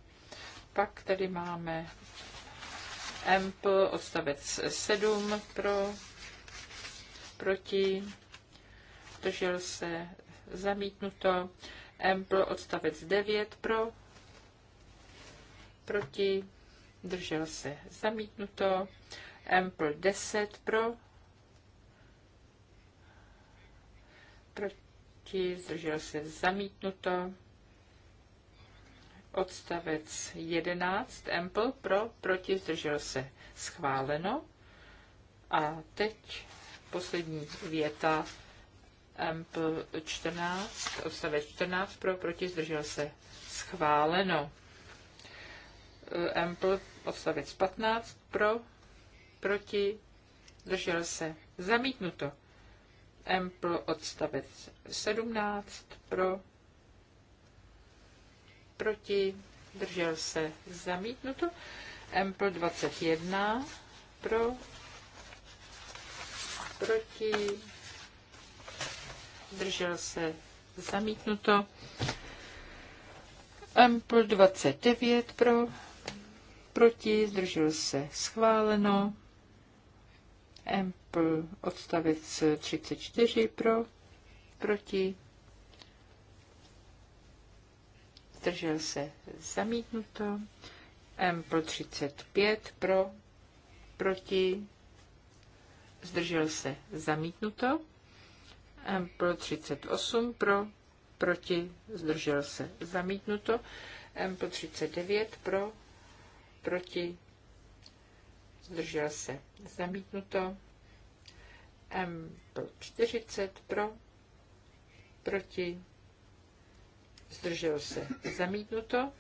Pak tady máme MP odstavec 7 pro, proti, zdržel se zamítnuto. Empl odstavec 9 pro, proti, držel se zamítnuto. Empl 10 pro, proti, zdržel se zamítnuto. Odstavec 11 Empl pro, proti, zdržel se schváleno. A teď poslední věta mp 14, odstavec 14 pro, proti, zdržel se schváleno. Eh, MP odstavec 15 pro, proti, zdržel se zamítnuto. MP odstavec 17 pro, proti, zdržel se zamítnuto. MP 21 pro, proti, zdržel se, zamítnuto. Ample 29 pro, proti, zdržel se, schváleno. Ample odstavec 34 pro, proti, zdržel se, zamítnuto. Ample 35 pro, proti, zdržel se, zamítnuto pro 38 pro, proti, zdržel se, zamítnuto. pro 39 pro, proti, zdržel se, zamítnuto. pro 40 pro, proti, zdržel se, zamítnuto.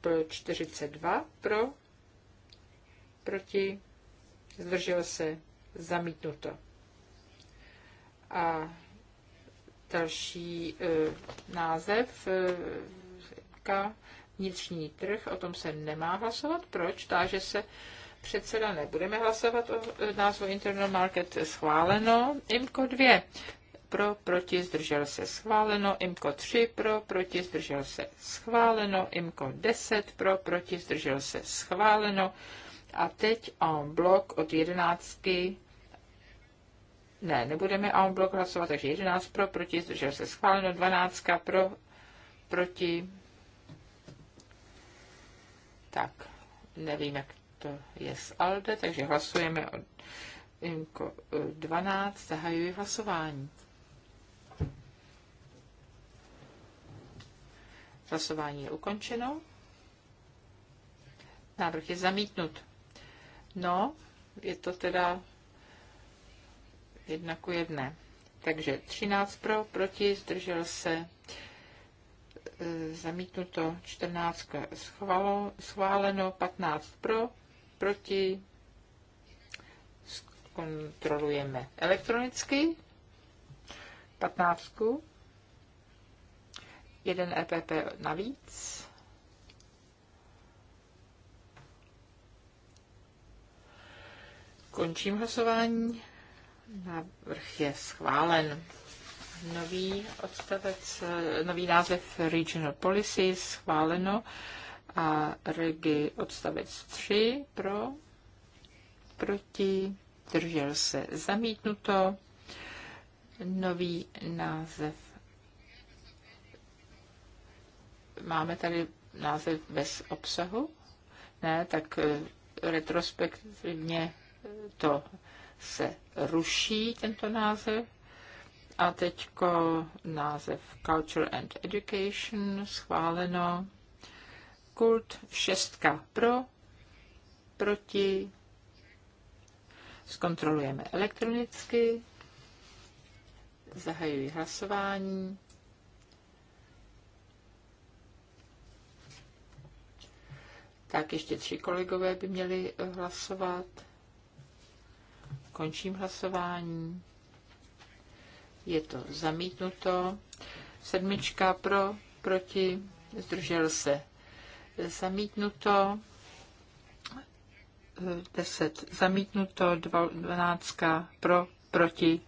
pro 42 pro, proti, zdržel se, zamítnuto. A další e, název e, K vnitřní trh, o tom se nemá hlasovat. Proč? Táže se předseda, nebudeme hlasovat o e, názvu Internal Market schváleno. IMCO 2 pro, proti, zdržel se schváleno. IMCO 3 pro, proti, zdržel se schváleno. IMCO 10 pro, proti, zdržel se schváleno. A teď en blok od 11 ne, nebudeme on blok hlasovat, takže 11 pro, proti, že se schváleno, 12 pro, proti. Tak, nevím, jak to je s ALDE, takže hlasujeme o IMCO 12, e, zahajuji hlasování. Hlasování je ukončeno. Návrh je zamítnut. No, je to teda Jedna ku jedné. Takže 13 pro, proti, zdržel se, e, zamítnuto 14 schvalo, schváleno, 15 pro, proti, kontrolujeme elektronicky, 15, 1 EPP navíc, končím hlasování, Návrh je schválen. Nový odstavec, nový název Regional Policy schváleno a regi odstavec 3 pro, proti, držel se zamítnuto. Nový název. Máme tady název bez obsahu? Ne, tak eh, retrospektivně to se ruší tento název a teď název Culture and Education schváleno. Kult šestka pro, proti, zkontrolujeme elektronicky, zahajuji hlasování. Tak ještě tři kolegové by měli hlasovat. Končím hlasování. Je to zamítnuto. Sedmička pro, proti, zdržel se. Zamítnuto. 10 zamítnuto, 12 pro, proti.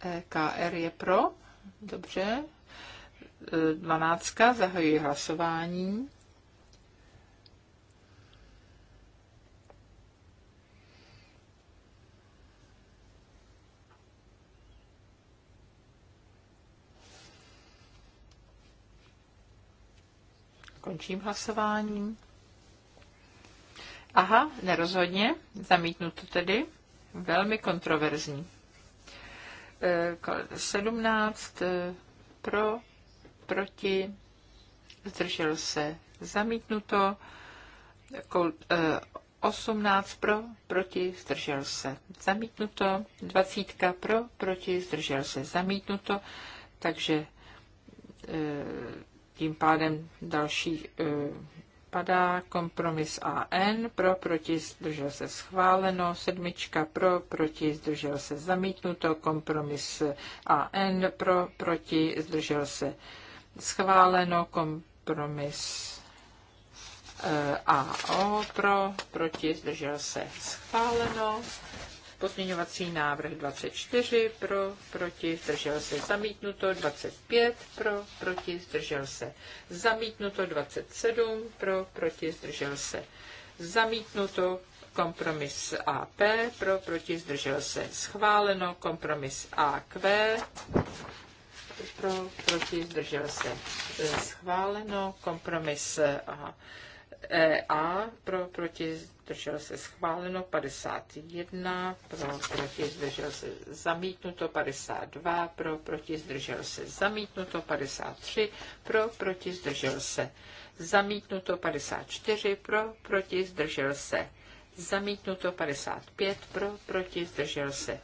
E KR je pro, dobře. 12 e, zahajuji hlasování. Končím hlasováním. Aha, nerozhodně, zamítnuto tedy, velmi kontroverzní. 17 eh, eh, pro, proti, zdržel se, zamítnuto, 18 eh, pro, proti, zdržel se, zamítnuto, 20 pro, proti, zdržel se, zamítnuto, takže tím pádem další e, padá kompromis AN, pro, proti, zdržel se schváleno, sedmička pro, proti, zdržel se zamítnuto, kompromis AN, pro, proti, zdržel se schváleno, kompromis e, AO, pro, proti, zdržel se schváleno, Pozměňovací návrh 24 pro, proti, zdržel se zamítnuto, 25 pro, proti, zdržel se zamítnuto, 27 pro, proti, zdržel se zamítnuto, kompromis AP pro, proti, zdržel se schváleno, kompromis AQ pro, proti, zdržel se schváleno, kompromis AQ EA pro, proti, zdržel se schváleno, 51, pro, proti, zdržel se zamítnuto, 52, pro, proti, zdržel se zamítnuto, 53, pro, proti, zdržel se zamítnuto, 54, pro, proti, zdržel se zamítnuto, 55, pro, proti, zdržel se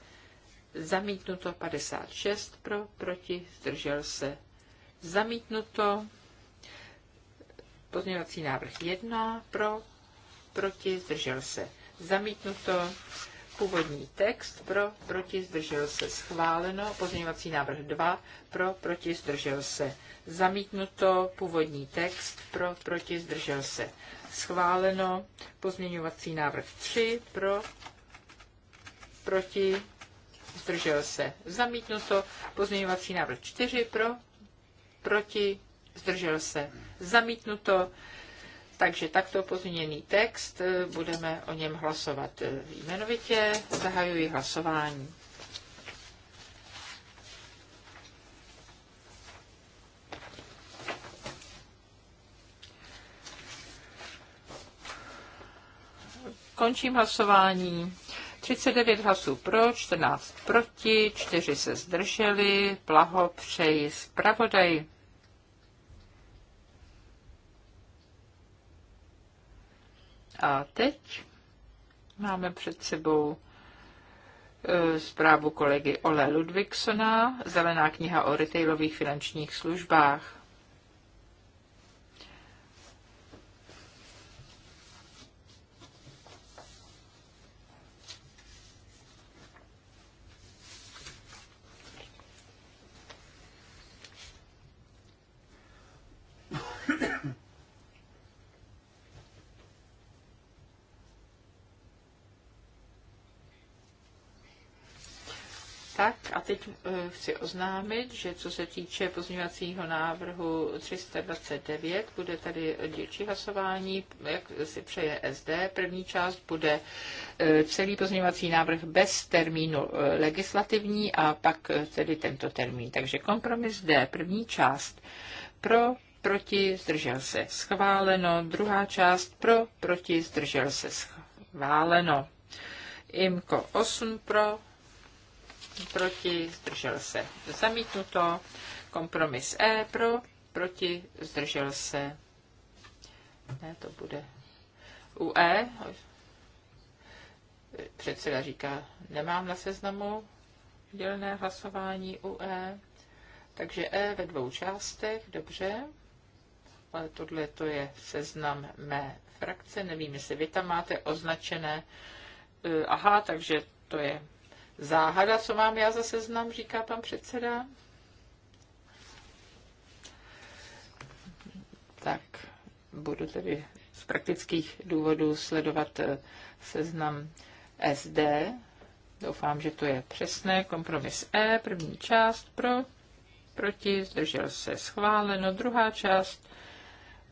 zamítnuto, 56, pro, proti, zdržel se zamítnuto, Pozměňovací návrh 1 pro, proti, zdržel se. Zamítnuto. Původní text pro, proti, zdržel se. Schváleno. Pozměňovací návrh 2 pro, proti, zdržel se. Zamítnuto. Původní text pro, proti, zdržel se. Schváleno. Pozměňovací návrh 3 pro, proti, zdržel se. Zamítnuto. Pozměňovací návrh 4 pro, proti, zdržel se, zamítnuto. Takže takto pozměněný text, e, budeme o něm hlasovat e, jmenovitě. Zahajuji hlasování. Končím hlasování. 39 hlasů pro, 14 proti, 4 se zdrželi. Plaho přeji zpravodaj. A teď máme před sebou e, zprávu kolegy Ole Ludvigsona, Zelená kniha o retailových finančních službách. teď eh, chci oznámit, že co se týče pozměňovacího návrhu 329, bude tady dílčí hlasování, jak si přeje SD. První část bude eh, celý pozměňovací návrh bez termínu eh, legislativní a pak tedy tento termín. Takže kompromis D, první část pro proti, zdržel se, schváleno. Druhá část pro, proti, zdržel se, schváleno. IMKO 8 pro, proti, zdržel se zamítnuto, kompromis E pro, proti, zdržel se, ne, to bude u E, předseda říká, nemám na seznamu dělené hlasování u E, takže E ve dvou částech, dobře, ale tohle to je seznam mé frakce, nevím, jestli vy tam máte označené, eh, aha, takže to je Záhada, co mám já za znám, říká pan předseda. Tak budu tedy z praktických důvodů sledovat eh, seznam SD. Doufám, že to je přesné. Kompromis E, první část pro, proti, zdržel se, schváleno. Druhá část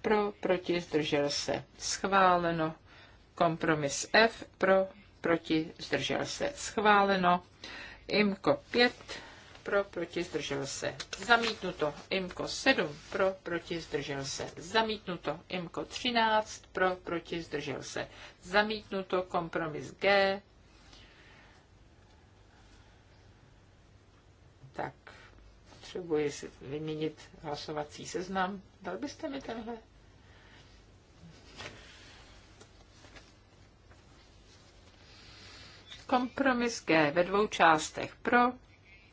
pro, proti, zdržel se, schváleno. Kompromis F pro, proti, zdržel se, schváleno. IMKO 5, pro, proti, zdržel se, zamítnuto. IMKO 7, pro, proti, zdržel se, zamítnuto. IMKO 13, pro, proti, zdržel se, zamítnuto. Kompromis G. Tak, potřebuji si vyměnit hlasovací seznam. Dal byste mi tenhle? Kompromis G ve dvou částech pro,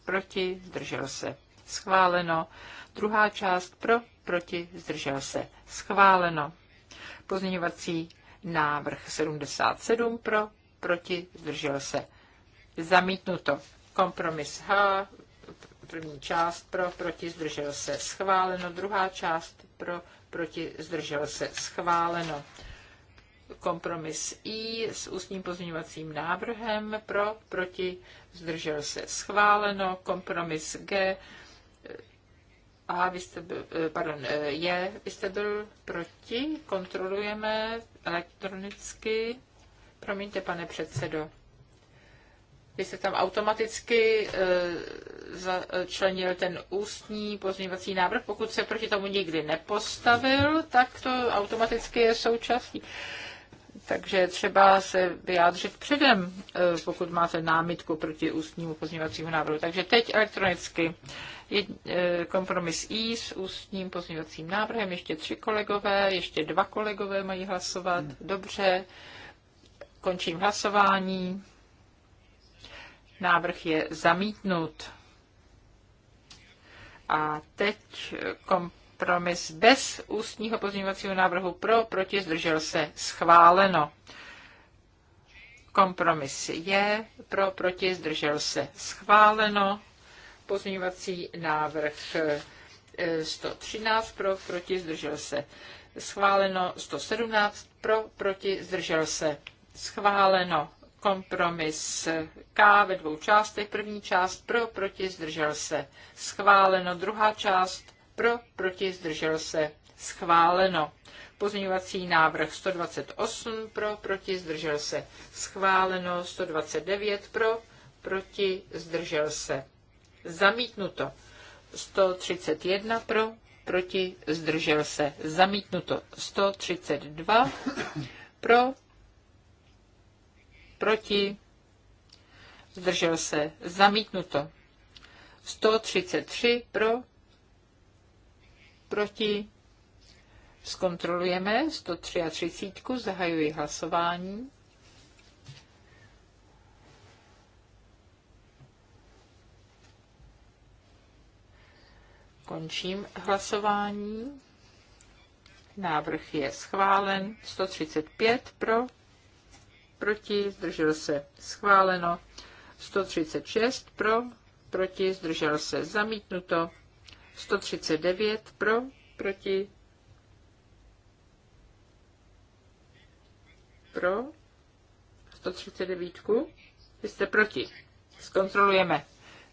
proti, zdržel se. Schváleno. Druhá část pro, proti, zdržel se. Schváleno. Pozměňovací návrh 77 pro, proti, zdržel se. Zamítnuto. Kompromis H, první část pro, proti, zdržel se. Schváleno. Druhá část pro, proti, zdržel se. Schváleno. Kompromis I s ústním pozměňovacím návrhem pro, proti, zdržel se schváleno. Kompromis G a vy jste byl, eh, pardon, eh, je, vy jste byl proti, kontrolujeme elektronicky. Promiňte, pane předsedo. Vy jste tam automaticky eh, začlenil ten ústní pozměňovací návrh. Pokud se proti tomu nikdy nepostavil, tak to automaticky je součástí. Takže třeba se vyjádřit předem, eh, pokud máte námitku proti ústnímu pozměňovacímu návrhu. Takže teď elektronicky eh, kompromis I s ústním pozměňovacím návrhem. Ještě tři kolegové, ještě dva kolegové mají hlasovat. Hmm. Dobře, končím hlasování. Návrh je zamítnut. A teď kompromis kompromis bez ústního pozměňovacího návrhu pro, proti, zdržel se, schváleno. Kompromis je pro, proti, zdržel se, schváleno. Pozměňovací návrh 113 eh, pro, proti, zdržel se, schváleno. 117 pro, proti, zdržel se, schváleno kompromis eh, K ve dvou částech. První část pro, proti, zdržel se. Schváleno. Druhá část pro, proti, zdržel se, schváleno. Pozměňovací návrh 128 pro, proti, zdržel se, schváleno. 129 pro, proti, zdržel se, zamítnuto. 131 pro, proti, zdržel se, zamítnuto. 132 pro, proti, zdržel se, zamítnuto. 133 pro, proti. Zkontrolujeme 133, zahajuji hlasování. Končím hlasování. Návrh je schválen. 135 pro, proti, zdržel se schváleno. 136 pro, proti, zdržel se zamítnuto. 139 pro, proti, pro, 139. Vy jste proti. Zkontrolujeme.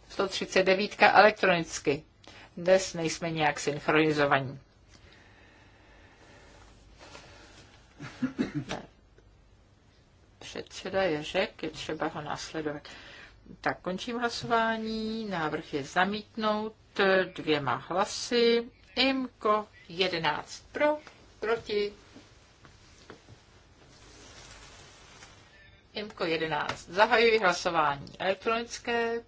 139 elektronicky. Dnes nejsme nějak synchronizovaní. Předseda je řek, je třeba ho následovat. Tak končím hlasování. Návrh je zamítnout. Eh, dvěma hlasy. Imko 11 pro, proti. Imko 11. Zahajuji hlasování elektronické.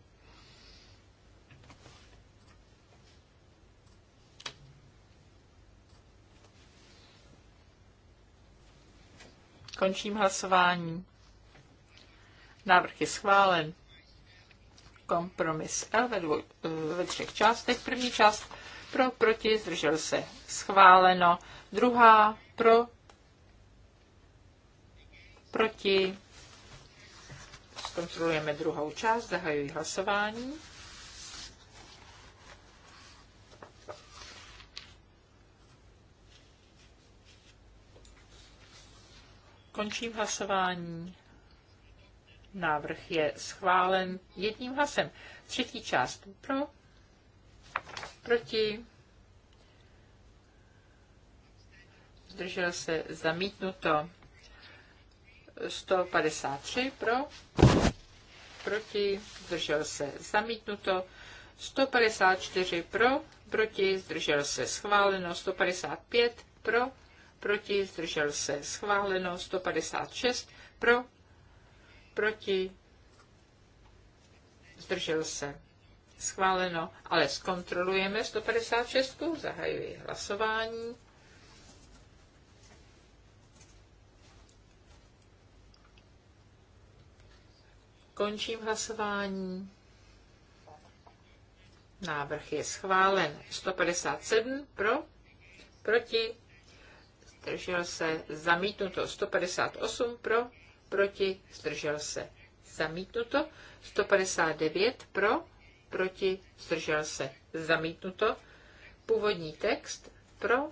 Končím hlasování. Návrh je schválen. Kompromis L ve, dvou, ve třech částech. První část pro, proti, zdržel se, schváleno. Druhá pro, proti. Zkontrolujeme druhou část, zahajuji hlasování. Končím hlasování. Návrh je schválen jedním hlasem. Třetí část pro, proti, zdržel se zamítnuto. 153 pro, proti, zdržel se zamítnuto. 154 pro, proti, zdržel se schváleno. 155 pro, proti, zdržel se schváleno. 156 pro, proti, zdržel se, schváleno, ale zkontrolujeme 156, zahajuji hlasování. Končím hlasování. Návrh je schválen. 157 pro, proti, zdržel se, zamítnuto 158 pro, proti, zdržel se. Zamítnuto. 159 pro, proti, zdržel se. Zamítnuto. Původní text pro,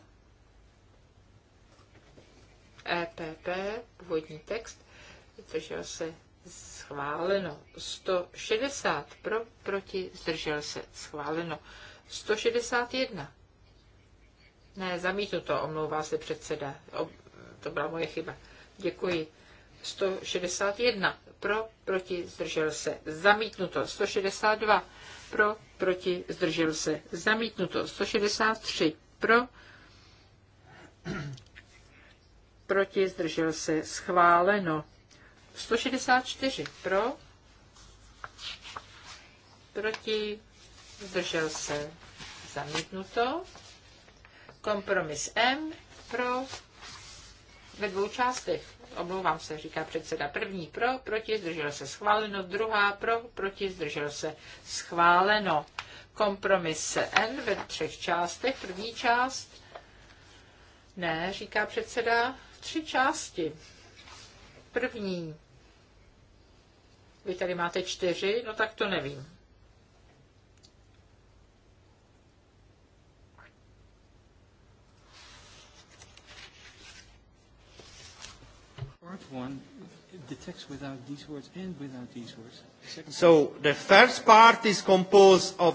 EPP, původní text, zdržel se schváleno. 160 pro, proti, zdržel se schváleno. 161. Ne, zamítnuto, omlouvá se předseda. O, to byla moje chyba. Děkuji. 161 pro, proti, zdržel se, zamítnuto. 162 pro, proti, zdržel se, zamítnuto. 163 pro, proti, zdržel se, schváleno. 164 pro, proti, zdržel se, zamítnuto. Kompromis M pro, ve dvou částech omlouvám se, říká předseda. První pro, proti, zdržel se schváleno. Druhá pro, proti, zdržel se schváleno. Kompromis N ve třech částech. První část. Ne, říká předseda. V tři části. První. Vy tady máte čtyři, no tak to nevím. part one, the text without these words and without these words. So the first part is composed of...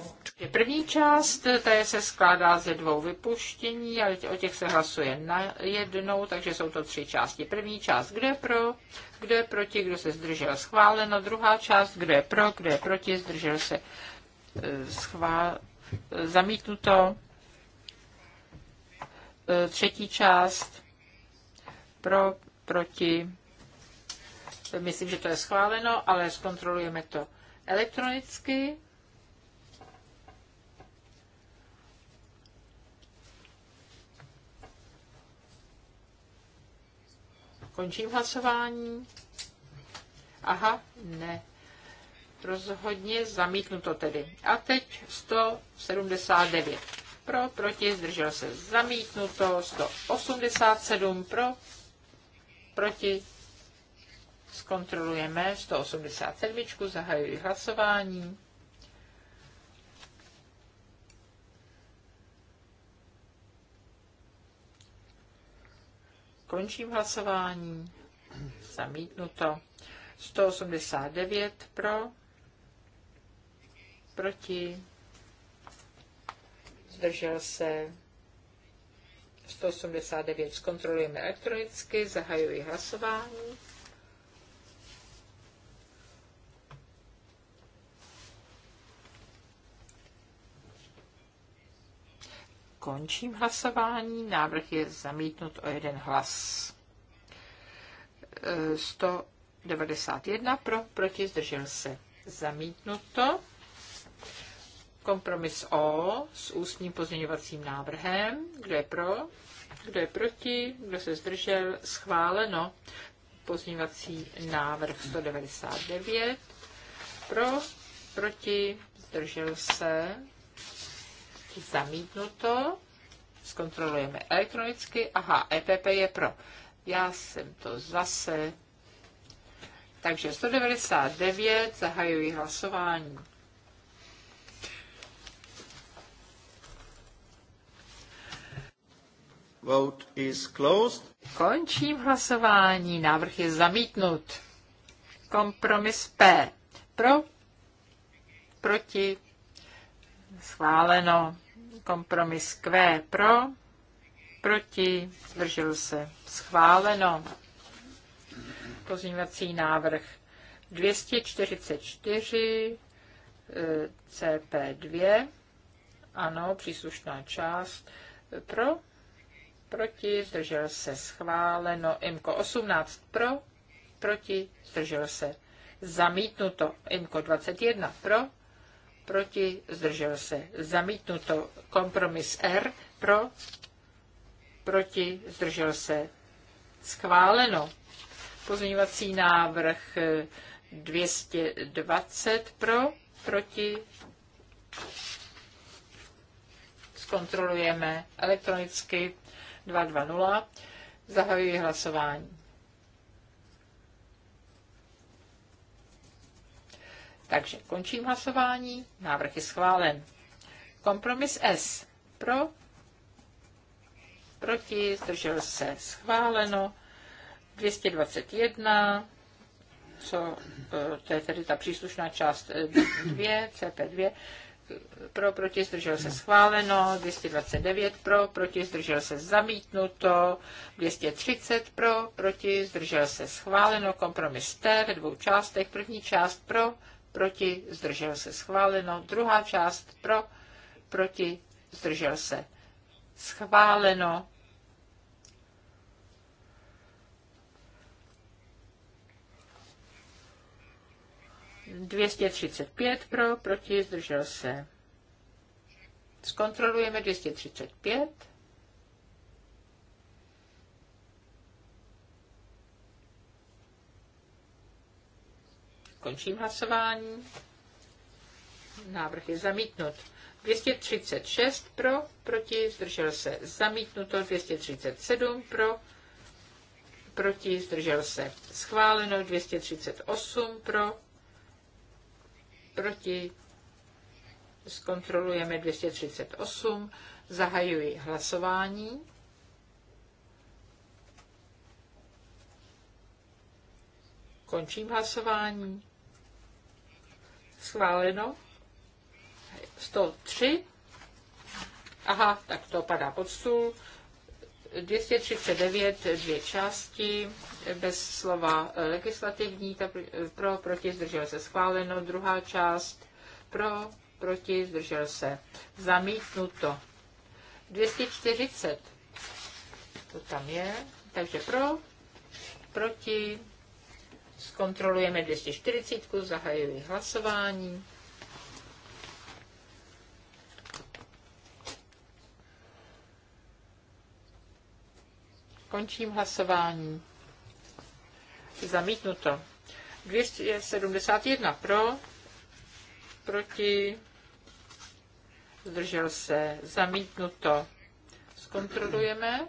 První část, ta je se skládá ze dvou vypuštění, a o těch se hlasuje na jednou, takže jsou to tři části. První část, kdo je pro, kdo je proti, kdo se zdržel schváleno. Druhá část, kdo je pro, kdo je proti, zdržel se eh, schvál... Eh, zamítnuto. Eh, třetí část, pro, proti. Myslím, že to je schváleno, ale zkontrolujeme to elektronicky. Končím hlasování. Aha, ne. Rozhodně zamítnu to tedy. A teď 179. Pro, proti, zdržel se zamítnuto. 187 pro, proti. Zkontrolujeme 187. Zahajuji hlasování. Končím hlasování. Zamítnuto. 189 pro, proti, zdržel se 189 zkontrolujeme elektronicky, zahajuji hlasování. Končím hlasování, návrh je zamítnut o jeden hlas. 191 e, pro, proti, zdržel se. Zamítnuto. Kompromis O s ústním pozměňovacím návrhem. Kdo je pro? Kdo je proti? Kdo se zdržel? Schváleno. Pozměňovací návrh 199. Pro? Proti? Zdržel se? Zamítnuto. Zkontrolujeme elektronicky. Aha, EPP je pro. Já jsem to zase. Takže 199, zahajuji hlasování. Vote is closed. Končím hlasování. Návrh je zamítnut. Kompromis P. Pro, proti, schváleno. Kompromis Q. Pro, proti, zdržel se. Schváleno. Pozměňovací návrh 244 eh, CP2. Ano, příslušná část. Pro, proti, zdržel se schváleno. Imko 18 pro, proti, zdržel se zamítnuto. Imko 21 pro, proti, zdržel se zamítnuto. Kompromis R pro, proti, zdržel se schváleno. Pozměňovací návrh 220 pro, proti, zkontrolujeme elektronicky 220. Zahajuji hlasování. Takže končím hlasování. Návrh je schválen. Kompromis S. Pro. Proti. Zdržel se. Schváleno. 221. Co, eh, to je tedy ta příslušná část 2, eh, CP2 pro, proti, zdržel se schváleno, 229 pro, proti, zdržel se zamítnuto, 230 pro, proti, zdržel se schváleno, kompromis T ve dvou částech, první část pro, proti, zdržel se schváleno, druhá část pro, proti, zdržel se schváleno, 235 pro, proti, zdržel se. Zkontrolujeme 235. Končím hlasování. Návrh je zamítnut. 236 pro, proti, zdržel se. Zamítnuto 237 pro, proti, zdržel se. Schváleno 238 pro, proti, zkontrolujeme 238, zahajuji hlasování. Končím hlasování. Schváleno. 103. Aha, tak to padá pod stůl. 239, dvě části, bez slova eh, legislativní, ta eh, pro, proti, zdržel se schváleno, druhá část, pro, proti, zdržel se zamítnuto. 240, to tam je, takže pro, proti, zkontrolujeme 240, zahajuji hlasování. Končím hlasování. Zamítnuto. 271 pro, proti, zdržel se, zamítnuto. Zkontrolujeme.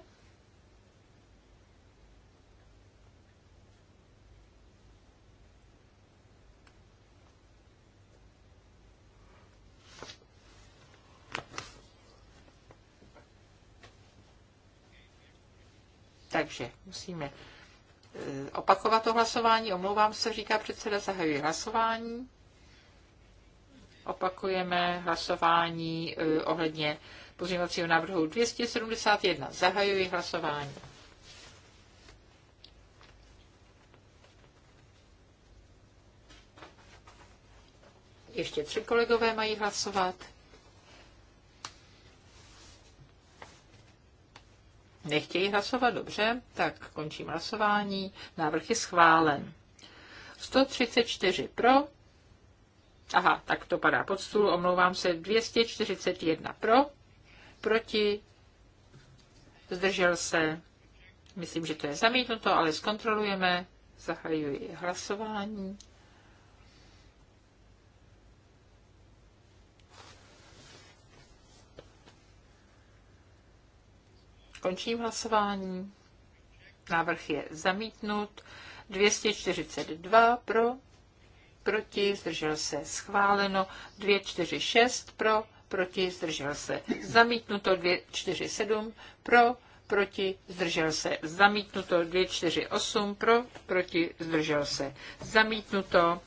Takže musíme eh, opakovat to hlasování. Omlouvám se, říká předseda, zahajuji hlasování. Opakujeme hlasování eh, ohledně pozměňovacího návrhu 271. Zahajuji hlasování. Ještě tři kolegové mají hlasovat. Nechtějí hlasovat, dobře, tak končím hlasování. Návrh je schválen. 134 pro. Aha, tak to padá pod stůl, omlouvám se. 241 pro, proti, zdržel se. Myslím, že to je zamítnuto, ale zkontrolujeme. Zahajuji hlasování. Končím hlasování. Návrh je zamítnut. 242 pro, proti, zdržel se schváleno. 246 pro, proti, zdržel se zamítnuto. 247 pro, proti, zdržel se zamítnuto. 248 pro, proti, zdržel se zamítnuto.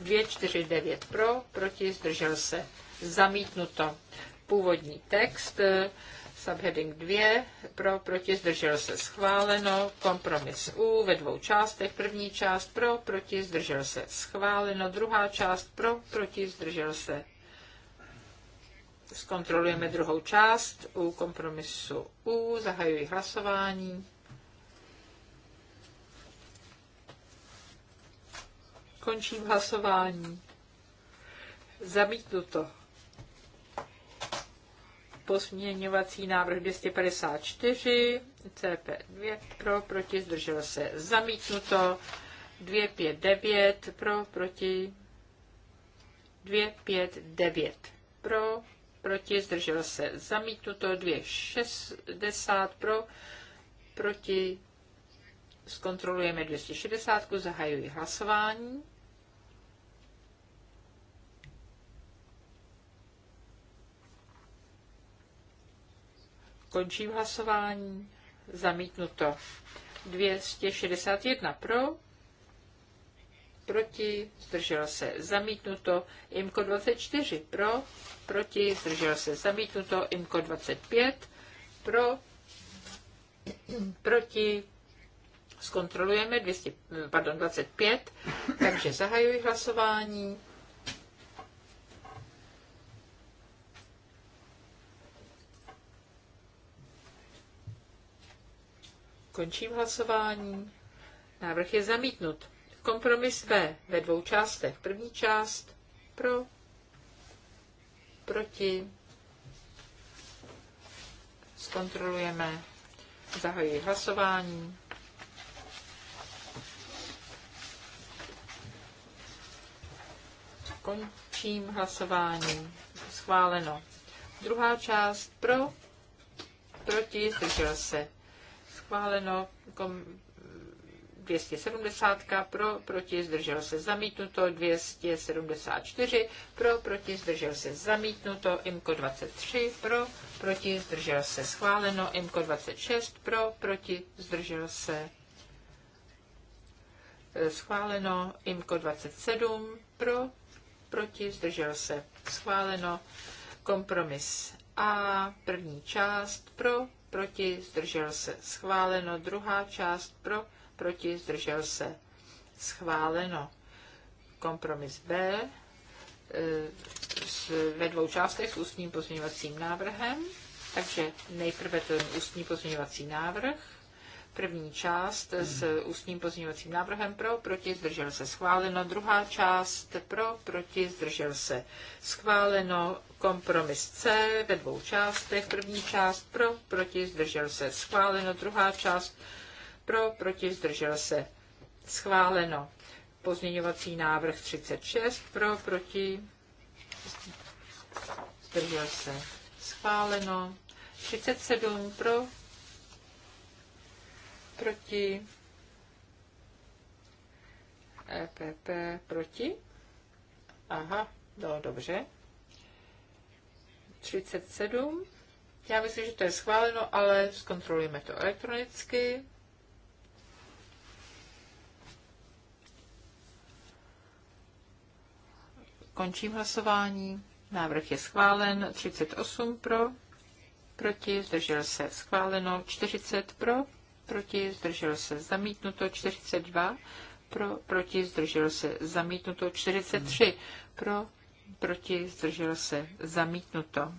249 pro, proti, zdržel se zamítnuto. Původní text Subheading 2 pro, proti, zdržel se schváleno. Kompromis U ve dvou částech. První část pro, proti, zdržel se schváleno. Druhá část pro, proti, zdržel se. Zkontrolujeme druhou část u kompromisu U. Zahajuji hlasování. Končím hlasování. Zamítnuto. Pozměňovací návrh 254, CP2 pro, proti, zdržel se zamítnuto. 259 pro, proti, 259 pro, proti, zdržel se zamítnuto. 260 pro, proti, zkontrolujeme 260, zahajuji hlasování. Končím hlasování. Zamítnuto. 261 pro, proti, Zdrželo se, zamítnuto. IMKO 24 pro, proti, Zdrželo se, zamítnuto. IMKO 25 pro, proti, zkontrolujeme 200, pardon, 25, takže zahajuji hlasování. Končím hlasování. Návrh je zamítnut. Kompromis B ve dvou částech. První část pro, proti. Zkontrolujeme. Zahajuji hlasování. Končím hlasování. Schváleno. Druhá část pro, proti, zdržel se schváleno, kom 270 pro, proti, zdržel se zamítnuto, 274 pro, proti, zdržel se zamítnuto, IMCO 23 pro, proti, zdržel se schváleno, IMCO 26 pro, proti, zdržel se e, schváleno, IMCO 27 pro, proti, zdržel se schváleno, kompromis A, první část pro, proti, zdržel se, schváleno. Druhá část pro, proti, zdržel se, schváleno. Kompromis B e, ve dvou částech s ústním pozměňovacím návrhem. Takže nejprve ten ústní pozměňovací návrh. První část s ústním pozměňovacím návrhem pro, proti, zdržel se schváleno. Druhá část pro, proti, zdržel se schváleno. Kompromis C ve dvou částech. První část pro, proti, zdržel se schváleno. Druhá část pro, proti, zdržel se schváleno. Pozměňovací návrh 36 pro, proti, zdržel se schváleno. 37 pro, proti, EPP proti. Aha, no dobře. 37. Já myslím, že to je schváleno, ale zkontrolujeme to elektronicky. Končím hlasování. Návrh je schválen. 38 pro, proti, zdržel se schváleno. 40 pro, proti, zdrželo se zamítnuto 42, pro, proti, zdrželo se zamítnuto 43, pro, proti, zdrželo se zamítnuto.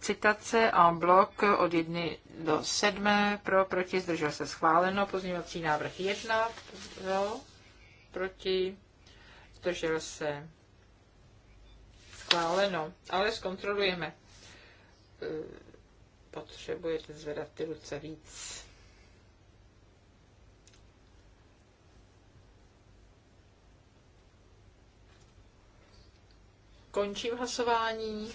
Citace en blok od 1 do 7, pro, proti, zdrželo se schváleno, pozměňovací návrh 1, pro, proti, zdrželo se schváleno, ale zkontrolujeme. Potřebujete zvedat ty ruce víc. Končím hlasování.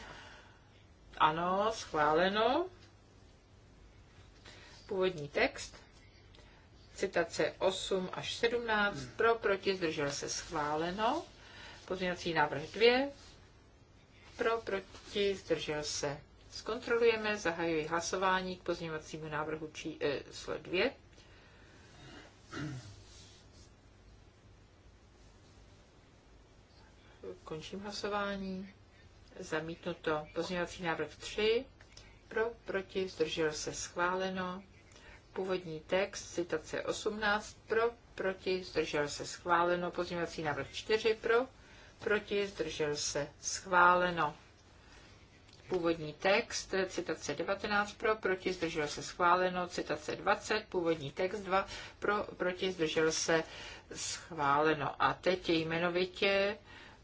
Ano, schváleno. Původní text. Citace 8 až 17. Pro, proti, zdržel se schváleno. Pozměňovací návrh 2. Pro, proti, zdržel se. Zkontrolujeme, zahajuji hlasování k pozměňovacímu návrhu číslo eh, e, 2. Končím hlasování. Zamítnuto. Pozměňovací návrh 3. Pro, proti, zdržel se schváleno. Původní text, citace 18. Pro, proti, zdržel se schváleno. Pozměňovací návrh 4. Pro, proti, zdržel se schváleno. Původní text, citace 19 pro, proti, zdržel se schváleno, citace 20, původní text 2 pro, proti, zdržel se schváleno. A teď je jmenovitě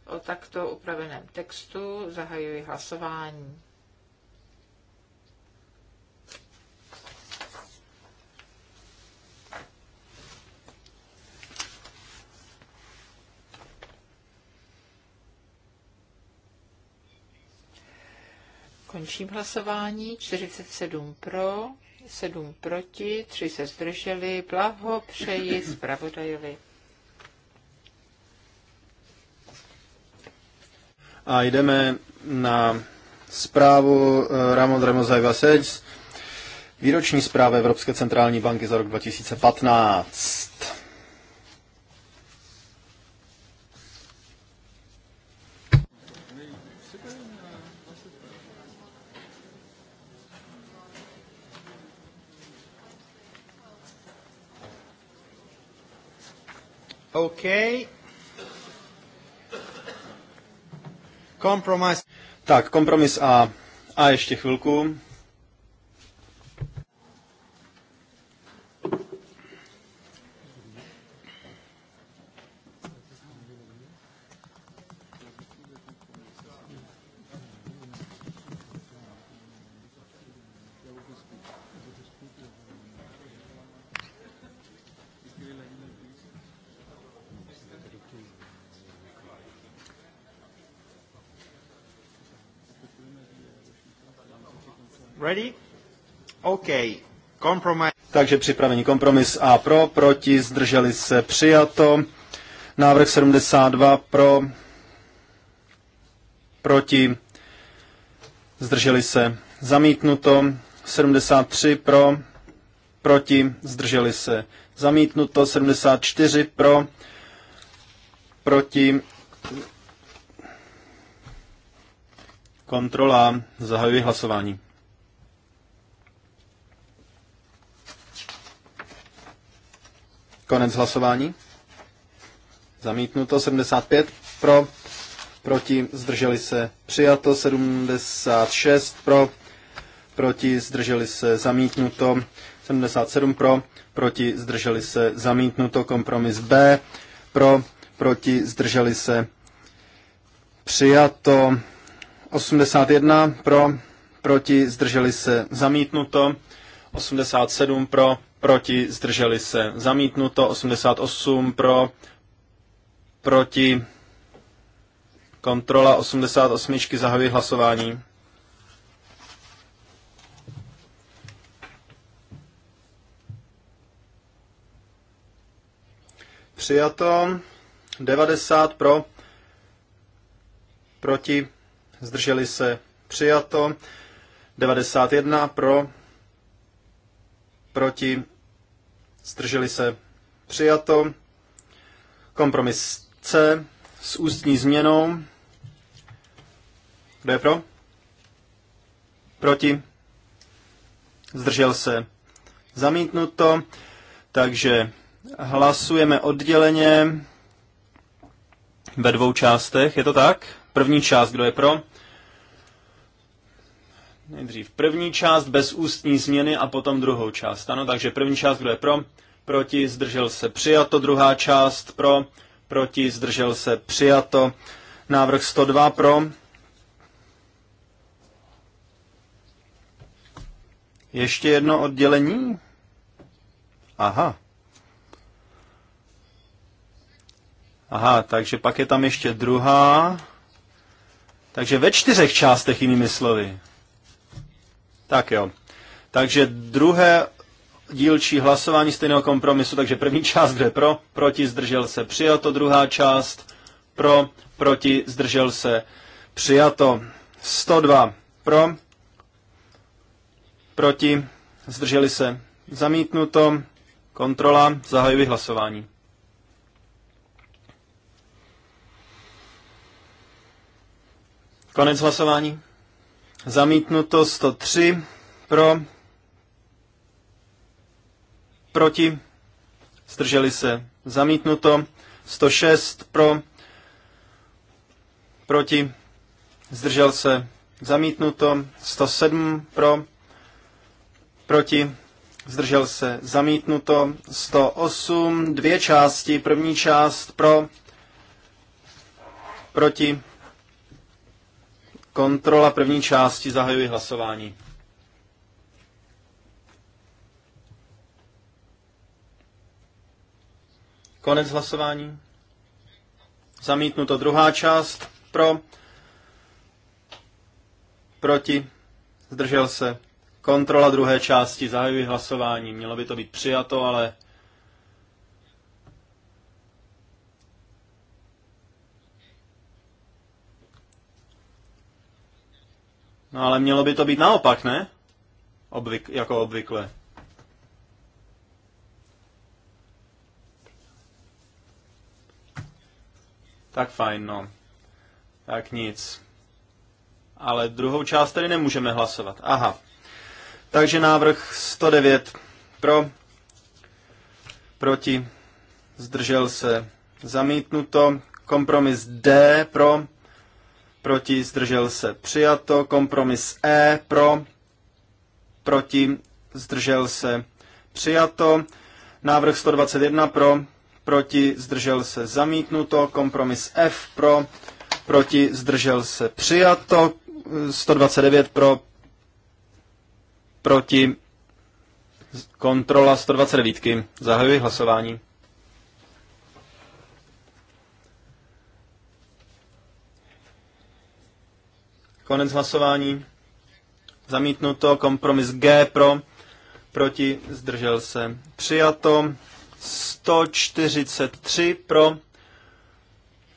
o takto upraveném textu. Zahajuji hlasování. Končím hlasování. 47 pro, 7 proti, 3 se zdrželi. Blaho přeji zpravodajovi. A jdeme na zprávu eh, Ramon Remozaj Vasec, výroční zpráva Evropské centrální banky za rok 2015. Okay. Kompromis. Tak, kompromis A. A ještě chvilku. Ready? Compromise. Takže připravený kompromis A pro, proti, zdrželi se, přijato. Návrh 72 pro, proti, zdrželi se, zamítnuto. 73 pro, proti, zdrželi se, zamítnuto. 74 pro, proti, kontrola, zahajuji hlasování. Konec hlasování. Zamítnuto 75 pro, proti zdrželi se přijato 76 pro, proti zdrželi se zamítnuto 77 pro, proti zdrželi se zamítnuto kompromis B pro, proti zdrželi se přijato 81 pro, proti zdrželi se zamítnuto 87 pro, proti, zdrželi se. Zamítnuto 88 pro, proti, kontrola 88, zahajuji hlasování. Přijato 90 pro, proti, zdrželi se. Přijato 91 pro, proti, zdrželi se, přijato. Kompromis C s ústní změnou. Kdo je pro? Proti? Zdržel se. Zamítnuto. Takže hlasujeme odděleně ve dvou částech. Je to tak? První část, kdo je pro? Nejdřív první část bez ústní změny a potom druhou část. Ano, takže první část, kdo je pro, proti, zdržel se přijato, druhá část pro, proti, zdržel se přijato. Návrh 102 pro. Ještě jedno oddělení? Aha. Aha, takže pak je tam ještě druhá. Takže ve čtyřech částech, jinými slovy. Tak jo. Takže druhé dílčí hlasování stejného kompromisu, takže první část, kde pro, proti, zdržel se, přijato, druhá část, pro, proti, zdržel se, přijato, 102, pro, proti, zdrželi se, zamítnuto, kontrola, zahajuji hlasování. Konec hlasování. Zamítnuto 103 pro, proti, zdrželi se. Zamítnuto 106 pro, proti, zdržel se. Zamítnuto 107 pro, proti, zdržel se. Zamítnuto 108, dvě části, první část pro, proti, Kontrola první části, zahajuji hlasování. Konec hlasování. Zamítnuto druhá část. Pro. Proti. Zdržel se. Kontrola druhé části. Zahajuji hlasování. Mělo by to být přijato, ale No ale mělo by to být naopak, ne? Obvyk, jako obvykle. Tak fajn, no. Tak nic. Ale druhou část tedy nemůžeme hlasovat. Aha. Takže návrh 109 pro, proti, zdržel se, zamítnuto, kompromis D pro, proti, zdržel se, přijato. Kompromis E, pro, proti, zdržel se, přijato. Návrh 121 pro, proti, zdržel se, zamítnuto. Kompromis F pro, proti, zdržel se, přijato. 129 pro, proti, kontrola 129. Zahajuji hlasování. Konec hlasování. Zamítnuto. Kompromis G pro. Proti. Zdržel se. Přijato. 143 pro.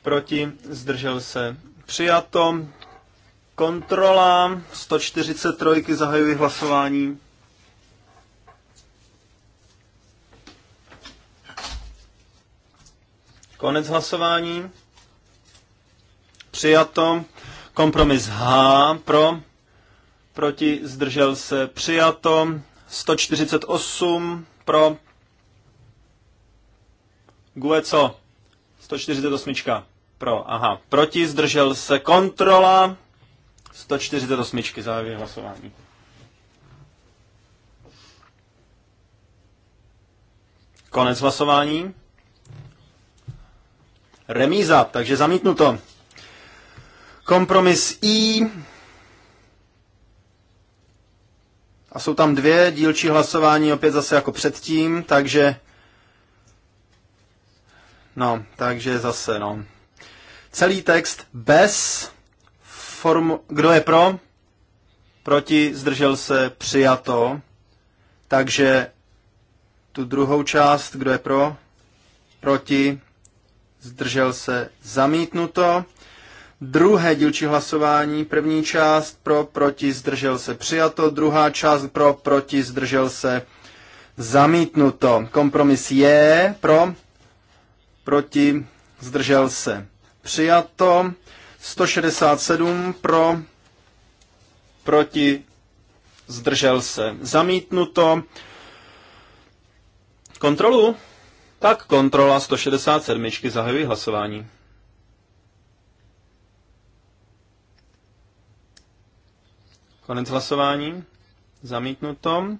Proti. Zdržel se. Přijato. Kontrola. 143. Zahajuji hlasování. Konec hlasování. Přijato. Kompromis H pro, proti, zdržel se, přijato. 148 pro, Gue co? 148 pro, aha. Proti, zdržel se, kontrola. 148 závěr hlasování. Konec hlasování. Remíza, takže zamítnuto. Kompromis I. A jsou tam dvě dílčí hlasování, opět zase jako předtím, takže... No, takže zase, no. Celý text bez formu... Kdo je pro? Proti, zdržel se, přijato. Takže tu druhou část, kdo je pro? Proti, zdržel se, zamítnuto. Druhé dílčí hlasování, první část pro, proti, zdržel se přijato, druhá část pro, proti, zdržel se zamítnuto. Kompromis je pro, proti, zdržel se přijato, 167 pro, proti, zdržel se zamítnuto. Kontrolu? Tak kontrola 167. Zahajuji hlasování. Konec hlasování. Zamítnuto.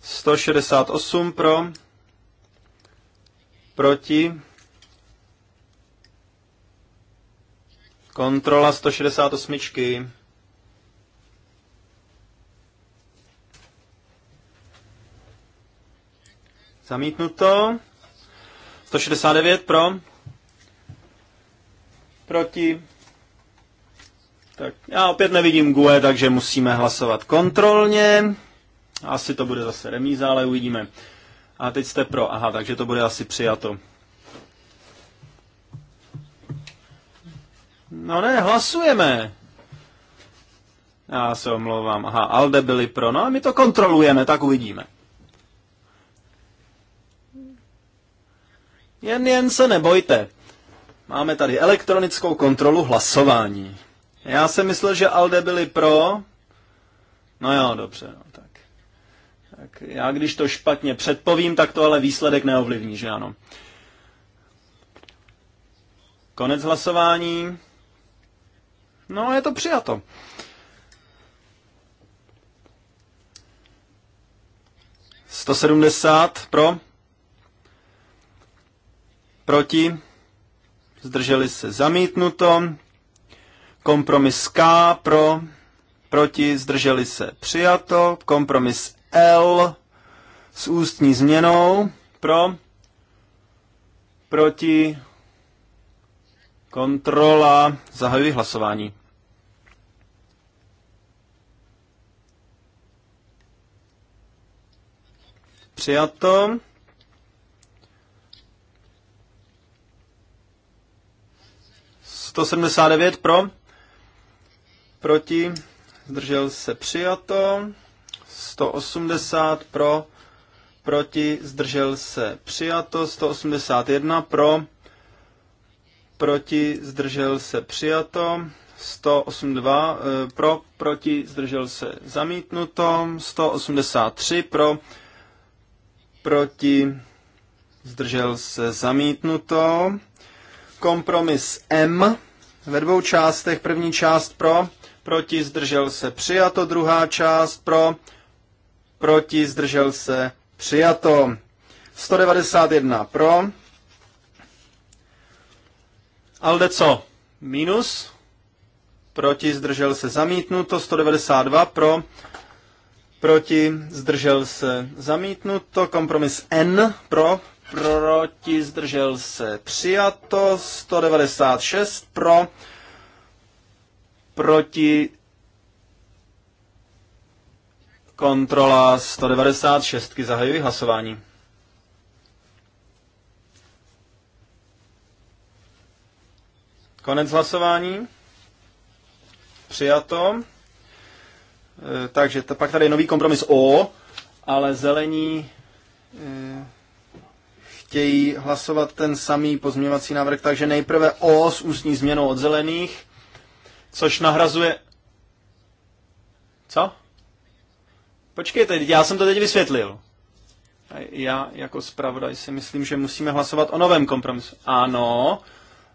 168 pro. Proti. Kontrola 168. Zamítnuto. 169 pro. Proti. Tak já opět nevidím GUE, takže musíme hlasovat kontrolně. Asi to bude zase remíza, ale uvidíme. A teď jste pro. Aha, takže to bude asi přijato. No ne, hlasujeme. Já se omlouvám. Aha, Alde byli pro. No a my to kontrolujeme, tak uvidíme. Jen, jen se nebojte. Máme tady elektronickou kontrolu hlasování. Já jsem myslel, že Alde byli pro. No jo, dobře, no tak. tak. Já když to špatně předpovím, tak to ale výsledek neovlivní, že ano. Konec hlasování. No, je to přijato. Sto sedmdesát pro. Proti. Zdrželi se zamítnuto. Kompromis K pro, proti, zdrželi se, přijato. Kompromis L s ústní změnou pro, proti, kontrola, zahajuji hlasování. Přijato. to sedmdesát pro proti, zdržel se přijato, 180 pro, proti, zdržel se přijato, 181 pro, proti, zdržel se přijato, 182 eh, pro, proti, zdržel se zamítnuto, 183 pro, proti, zdržel se zamítnuto, kompromis M ve dvou částech, první část pro, proti, zdržel se, přijato. Druhá část pro, proti, zdržel se, přijato. 191 pro. Alde co? Minus. Proti, zdržel se, zamítnuto. 192 pro, proti, zdržel se, zamítnuto. Kompromis N pro, proti, zdržel se, přijato. 196 pro, proti kontrola 196. Zahajuji hlasování. Konec hlasování. Přijato. E, takže to, pak tady je nový kompromis O, ale zelení e, chtějí hlasovat ten samý pozměňovací návrh, takže nejprve O s ústní změnou od zelených což nahrazuje... Co? Počkejte, já jsem to teď vysvětlil. Já jako zpravodaj si myslím, že musíme hlasovat o novém kompromisu. Ano,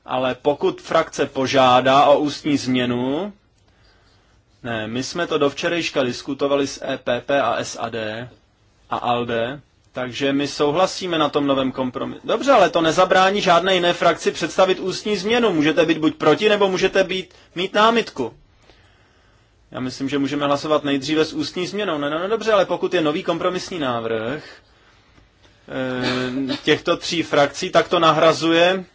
ale pokud frakce požádá o ústní změnu, ne, my jsme to do včerejška diskutovali s EPP a SAD a ALDE takže my souhlasíme na tom novém kompromisu. Dobře, ale to nezabrání žádné jiné frakci představit ústní změnu. Můžete být buď proti, nebo můžete být, mít námitku. Já myslím, že můžeme hlasovat nejdříve s ústní změnou. No, no, no dobře, ale pokud je nový kompromisní návrh e, těchto tří frakcí, tak to nahrazuje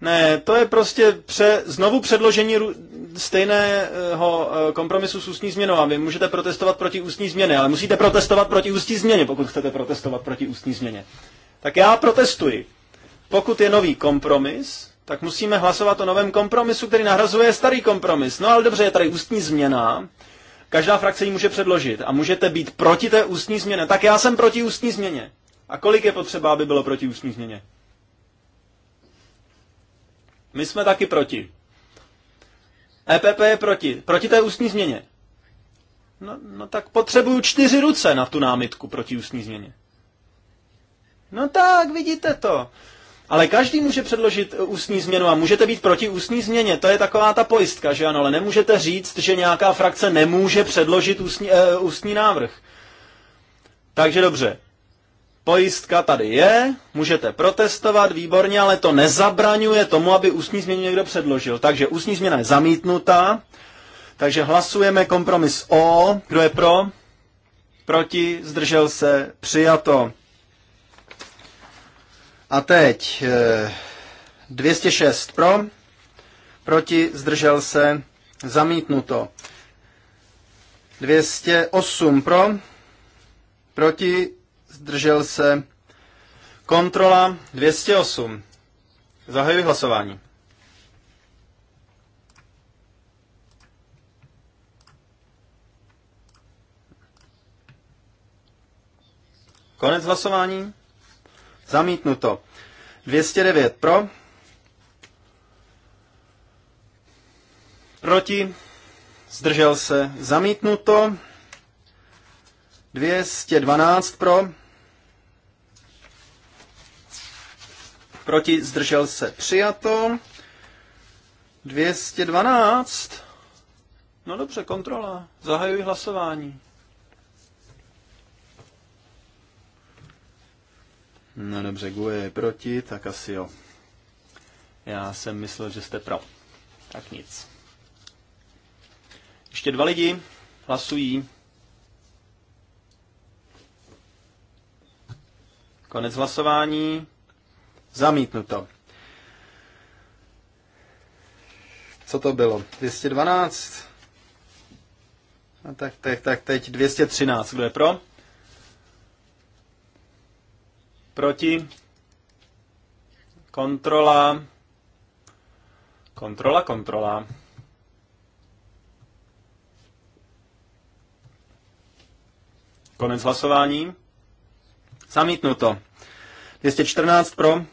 ne, to je prostě pře, znovu předložení stejného eh, kompromisu s ústní změnou a vy můžete protestovat proti ústní změně, ale musíte protestovat proti ústní změně, pokud chcete protestovat proti ústní změně. Tak já protestuji. Pokud je nový kompromis, tak musíme hlasovat o novém kompromisu, který nahrazuje starý kompromis. No ale dobře, je tady ústní změna, každá frakce ji může předložit a můžete být proti té ústní změně. Tak já jsem proti ústní změně. A kolik je potřeba, aby bylo proti ústní změně? My jsme taky proti. EPP je proti. Proti té ústní změně. No, no tak potřebuju čtyři ruce na tu námitku proti ústní změně. No tak, vidíte to. Ale každý může předložit ústní změnu a můžete být proti ústní změně. To je taková ta pojistka, že ano, ale nemůžete říct, že nějaká frakce nemůže předložit ústní, e, ústní návrh. Takže dobře. Pojistka tady je, můžete protestovat, výborně, ale to nezabraňuje tomu, aby ústní změnu někdo předložil. Takže ústní změna je zamítnutá, takže hlasujeme kompromis O. Kdo je pro? Proti? Zdržel se? Přijato. A teď 206 eh, pro, proti, zdržel se, zamítnuto. 208 pro, proti, zdržel se. Kontrola 208. Zahajuji hlasování. Konec hlasování. Zamítnuto. 209 pro. Proti. Zdržel se. Zamítnuto. 212 pro. proti, zdržel se, přijato. 212. No dobře, kontrola. Zahajuji hlasování. No dobře, Guje je proti, tak asi jo. Já jsem myslel, že jste pro. Tak nic. Ještě dva lidi hlasují. Konec hlasování. Zamítnuto. Co to bylo? 212? A tak, tak, tak teď 213. Kdo je pro? Proti? Kontrola. Kontrola, kontrola. Konec hlasování. Zamítnuto. 214 pro,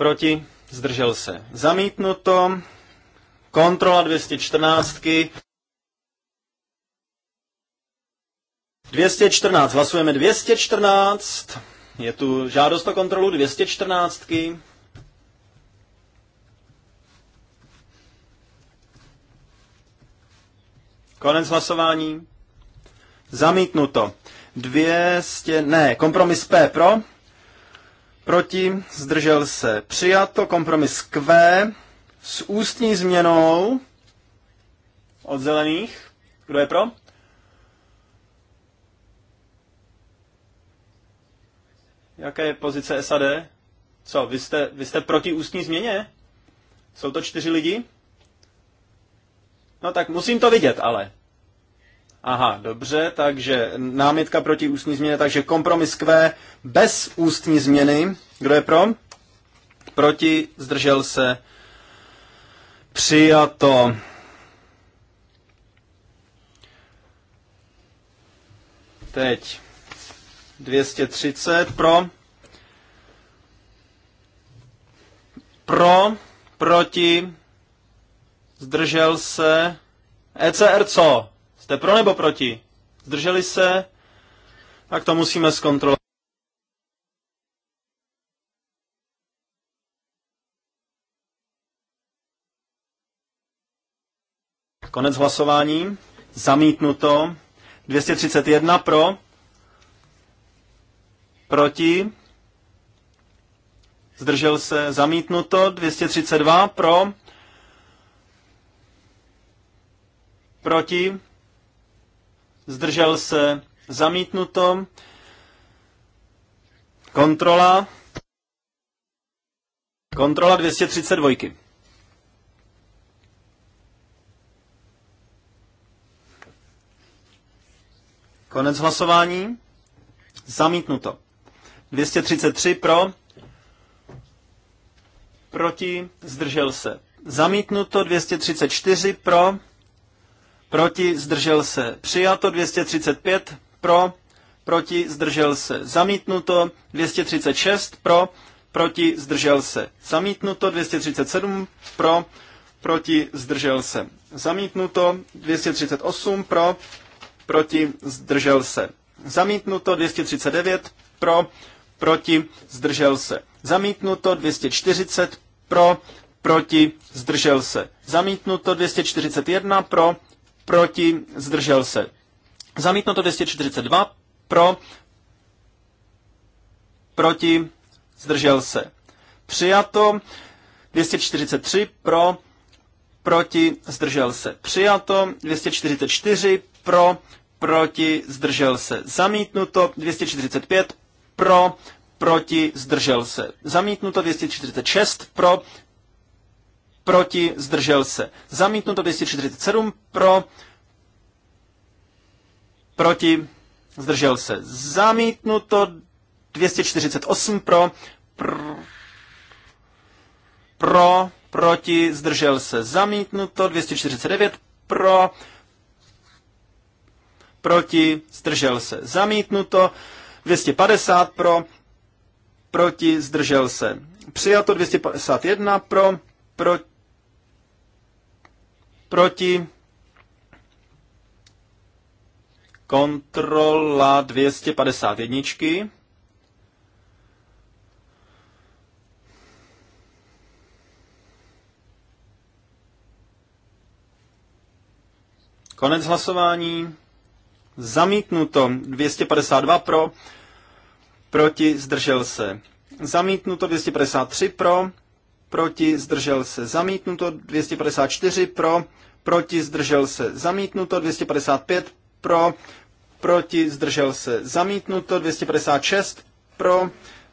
proti, zdržel se. Zamítnuto, kontrola 214. 214, hlasujeme 214. Je tu žádost o kontrolu 214. Konec hlasování. Zamítnuto. 200, ne, kompromis P pro, proti, zdržel se. Přijato kompromis Q s ústní změnou od zelených. Kdo je pro? Jaké je pozice SAD? Co, vy jste, vy jste proti ústní změně? Jsou to čtyři lidi? No tak musím to vidět, ale. Aha, dobře, takže námitka proti ústní změně, takže kompromis Q bez ústní změny. Kdo je pro? Proti, zdržel se, přijato. Teď 230 pro. Pro, proti, zdržel se. ECR co? Jste pro nebo proti? Zdrželi se? Tak to musíme zkontrolovat. Konec hlasování. Zamítnuto. 231 pro. Proti. Zdržel se. Zamítnuto. 232 pro. Proti zdržel se, zamítnuto. Kontrola. Kontrola 232. Konec hlasování. Zamítnuto. 233 pro. Proti. Zdržel se. Zamítnuto. 234 pro proti, zdržel se přijato, 235 pro, proti, zdržel se zamítnuto, 236 pro, proti, zdržel se zamítnuto, 237 pro, proti, zdržel se zamítnuto, 238 pro, proti, zdržel se zamítnuto, 239 pro, proti, zdržel se zamítnuto, 240 pro, proti, zdržel se. Zamítnuto 241 pro, proti, zdržel se. Zamítnuto 242, pro, proti, zdržel se. Přijato 243, pro, proti, zdržel se. Přijato 244, pro, proti, zdržel se. Zamítnuto 245, pro, proti, zdržel se. Zamítnuto 246, pro, proti, zdržel se. Zamítnuto 247 pro, proti, zdržel se. Zamítnuto 248 pro, pr, pro, proti, zdržel se. Zamítnuto 249 pro, proti, zdržel se. Zamítnuto 250 pro, proti, zdržel se. Přijato 251 pro, proti, Proti kontrola 251. Konec hlasování. Zamítnuto 252 pro, proti zdržel se. Zamítnuto 253 pro, proti, zdržel se, zamítnuto, 254 pro, proti, zdržel se, zamítnuto, 255 pro, proti, zdržel se, zamítnuto, 256 pro,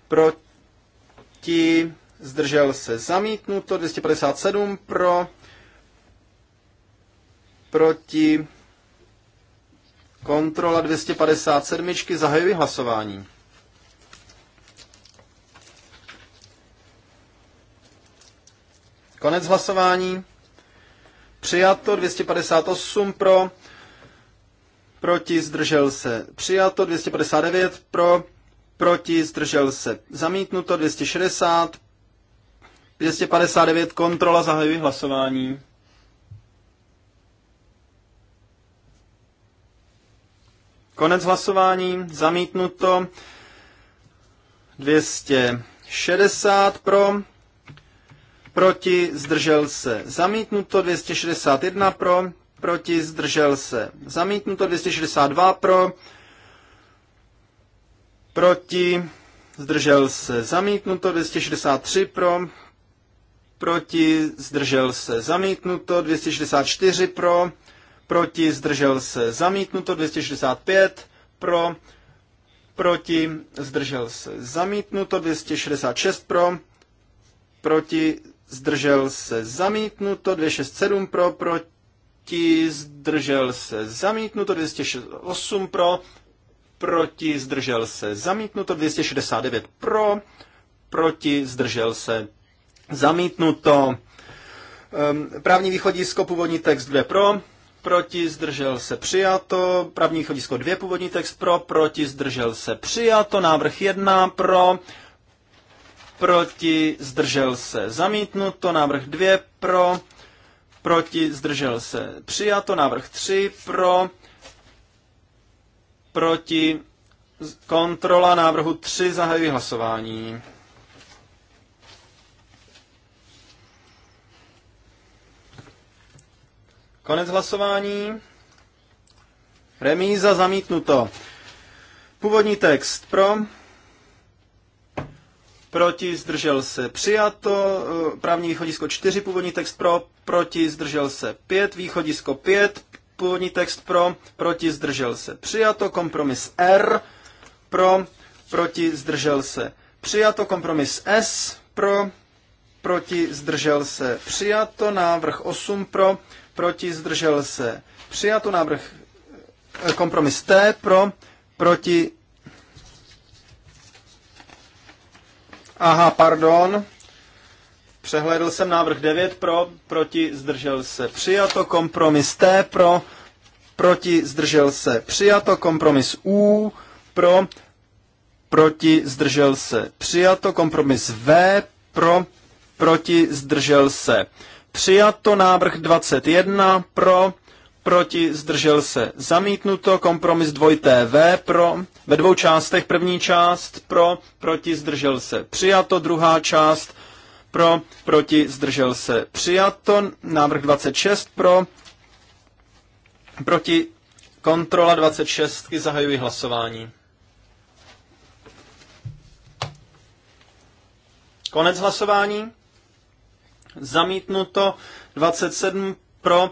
proti, zdržel se, zamítnuto, 257 pro, proti, kontrola 257, zahajuji hlasování. Konec hlasování. Přijato 258 pro, proti zdržel se. Přijato 259 pro, proti zdržel se. Zamítnuto 260, 259 kontrola zahajuji hlasování. Konec hlasování, zamítnuto 260 pro, proti, zdržel se, zamítnuto 261 pro, proti, zdržel se, zamítnuto 262 pro, proti, zdržel se, zamítnuto 263 pro, proti, zdržel se, zamítnuto 264 pro, proti, zdržel se, zamítnuto 265 pro, proti, zdržel se, zamítnuto 266 pro, proti, zdržel se zamítnuto, 267 pro, proti, zdržel se zamítnuto, 268 pro, proti, zdržel se zamítnuto, 269 pro, proti, zdržel se zamítnuto. Um, právní východisko, původní text 2 pro, proti, zdržel se přijato, právní východisko 2, původní text pro, proti, zdržel se přijato, návrh 1 pro, proti, zdržel se. Zamítnuto, návrh 2 pro, proti, zdržel se. Přijato, návrh 3 pro, proti, kontrola návrhu 3, zahajuji hlasování. Konec hlasování. Remíza zamítnuto. Původní text pro, proti, zdržel se, přijato, eh, právní východisko 4, původní text pro, proti, zdržel se, 5, východisko 5, původní text pro, proti, zdržel se, přijato, kompromis R, pro, proti, zdržel se, přijato, kompromis S, pro, proti, zdržel se, přijato, návrh 8 pro, proti, zdržel se, přijato, návrh eh, kompromis T pro, proti, Aha, pardon. Přehlédl jsem návrh 9 pro, proti, zdržel se. Přijato kompromis T pro, proti, zdržel se. Přijato kompromis U pro, proti, zdržel se. Přijato kompromis V pro, proti, zdržel se. Přijato návrh 21 pro, proti, zdržel se zamítnuto, kompromis dvojité V pro, ve dvou částech, první část pro, proti, zdržel se přijato, druhá část pro, proti, zdržel se přijato, návrh 26 pro, proti, kontrola 26, zahajuji hlasování. Konec hlasování. Zamítnuto 27 pro,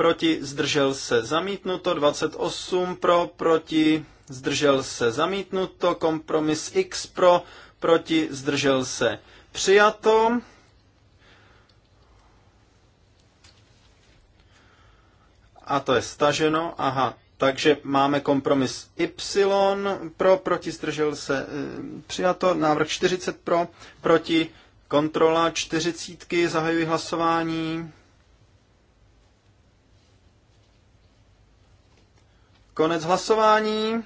proti, zdržel se zamítnuto, 28 pro, proti, zdržel se zamítnuto, kompromis X pro, proti, zdržel se přijato. A to je staženo, aha, takže máme kompromis Y pro, proti, zdržel se eh, přijato, návrh 40 pro, proti, kontrola 40, zahajuji hlasování. Konec hlasování.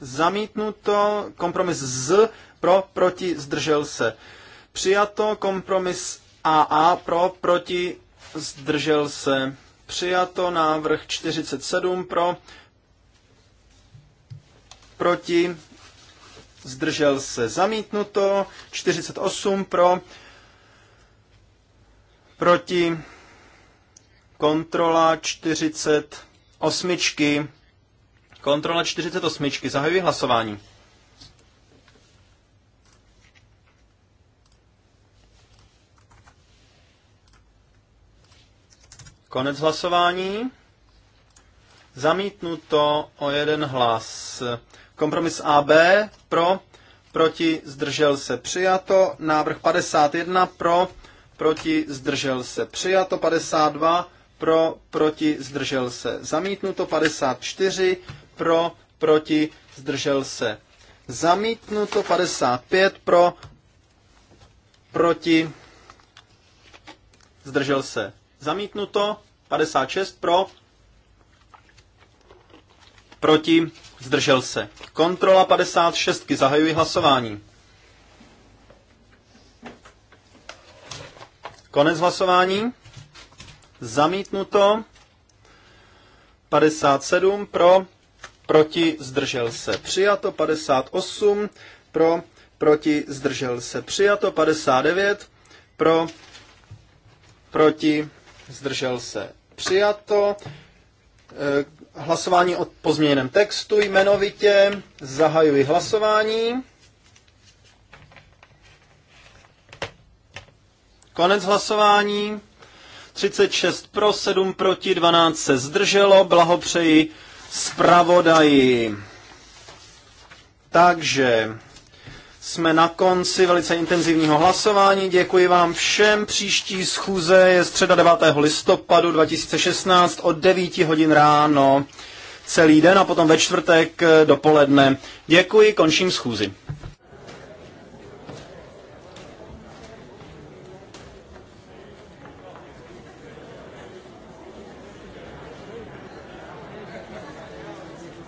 Zamítnuto. Kompromis z. Pro, proti, zdržel se. Přijato. Kompromis AA. Pro, proti, zdržel se. Přijato. Návrh 47. Pro, proti, zdržel se. Zamítnuto. 48. Pro, proti, kontrola 40 osmičky. Kontrola 48. Zahajuji hlasování. Konec hlasování. Zamítnuto o jeden hlas. Kompromis AB pro, proti, zdržel se přijato. Návrh 51 pro, proti, zdržel se přijato. 52 pro, proti, zdržel se. Zamítnuto 54, pro, proti, zdržel se. Zamítnuto 55, pro, proti, zdržel se. Zamítnuto 56, pro, proti, zdržel se. Kontrola 56, zahajuji hlasování. Konec hlasování. Zamítnuto. 57 pro, proti, zdržel se. Přijato. 58 pro, proti, zdržel se. Přijato. 59 pro, proti, zdržel se. Přijato. Eh, hlasování o pozměněném textu jmenovitě. Zahajuji hlasování. Konec hlasování. 36 pro, 7 proti, 12 se zdrželo. Blahopřeji zpravodaji. Takže jsme na konci velice intenzivního hlasování. Děkuji vám všem. Příští schůze je středa 9. listopadu 2016 od 9 hodin ráno celý den a potom ve čtvrtek dopoledne. Děkuji, končím schůzi.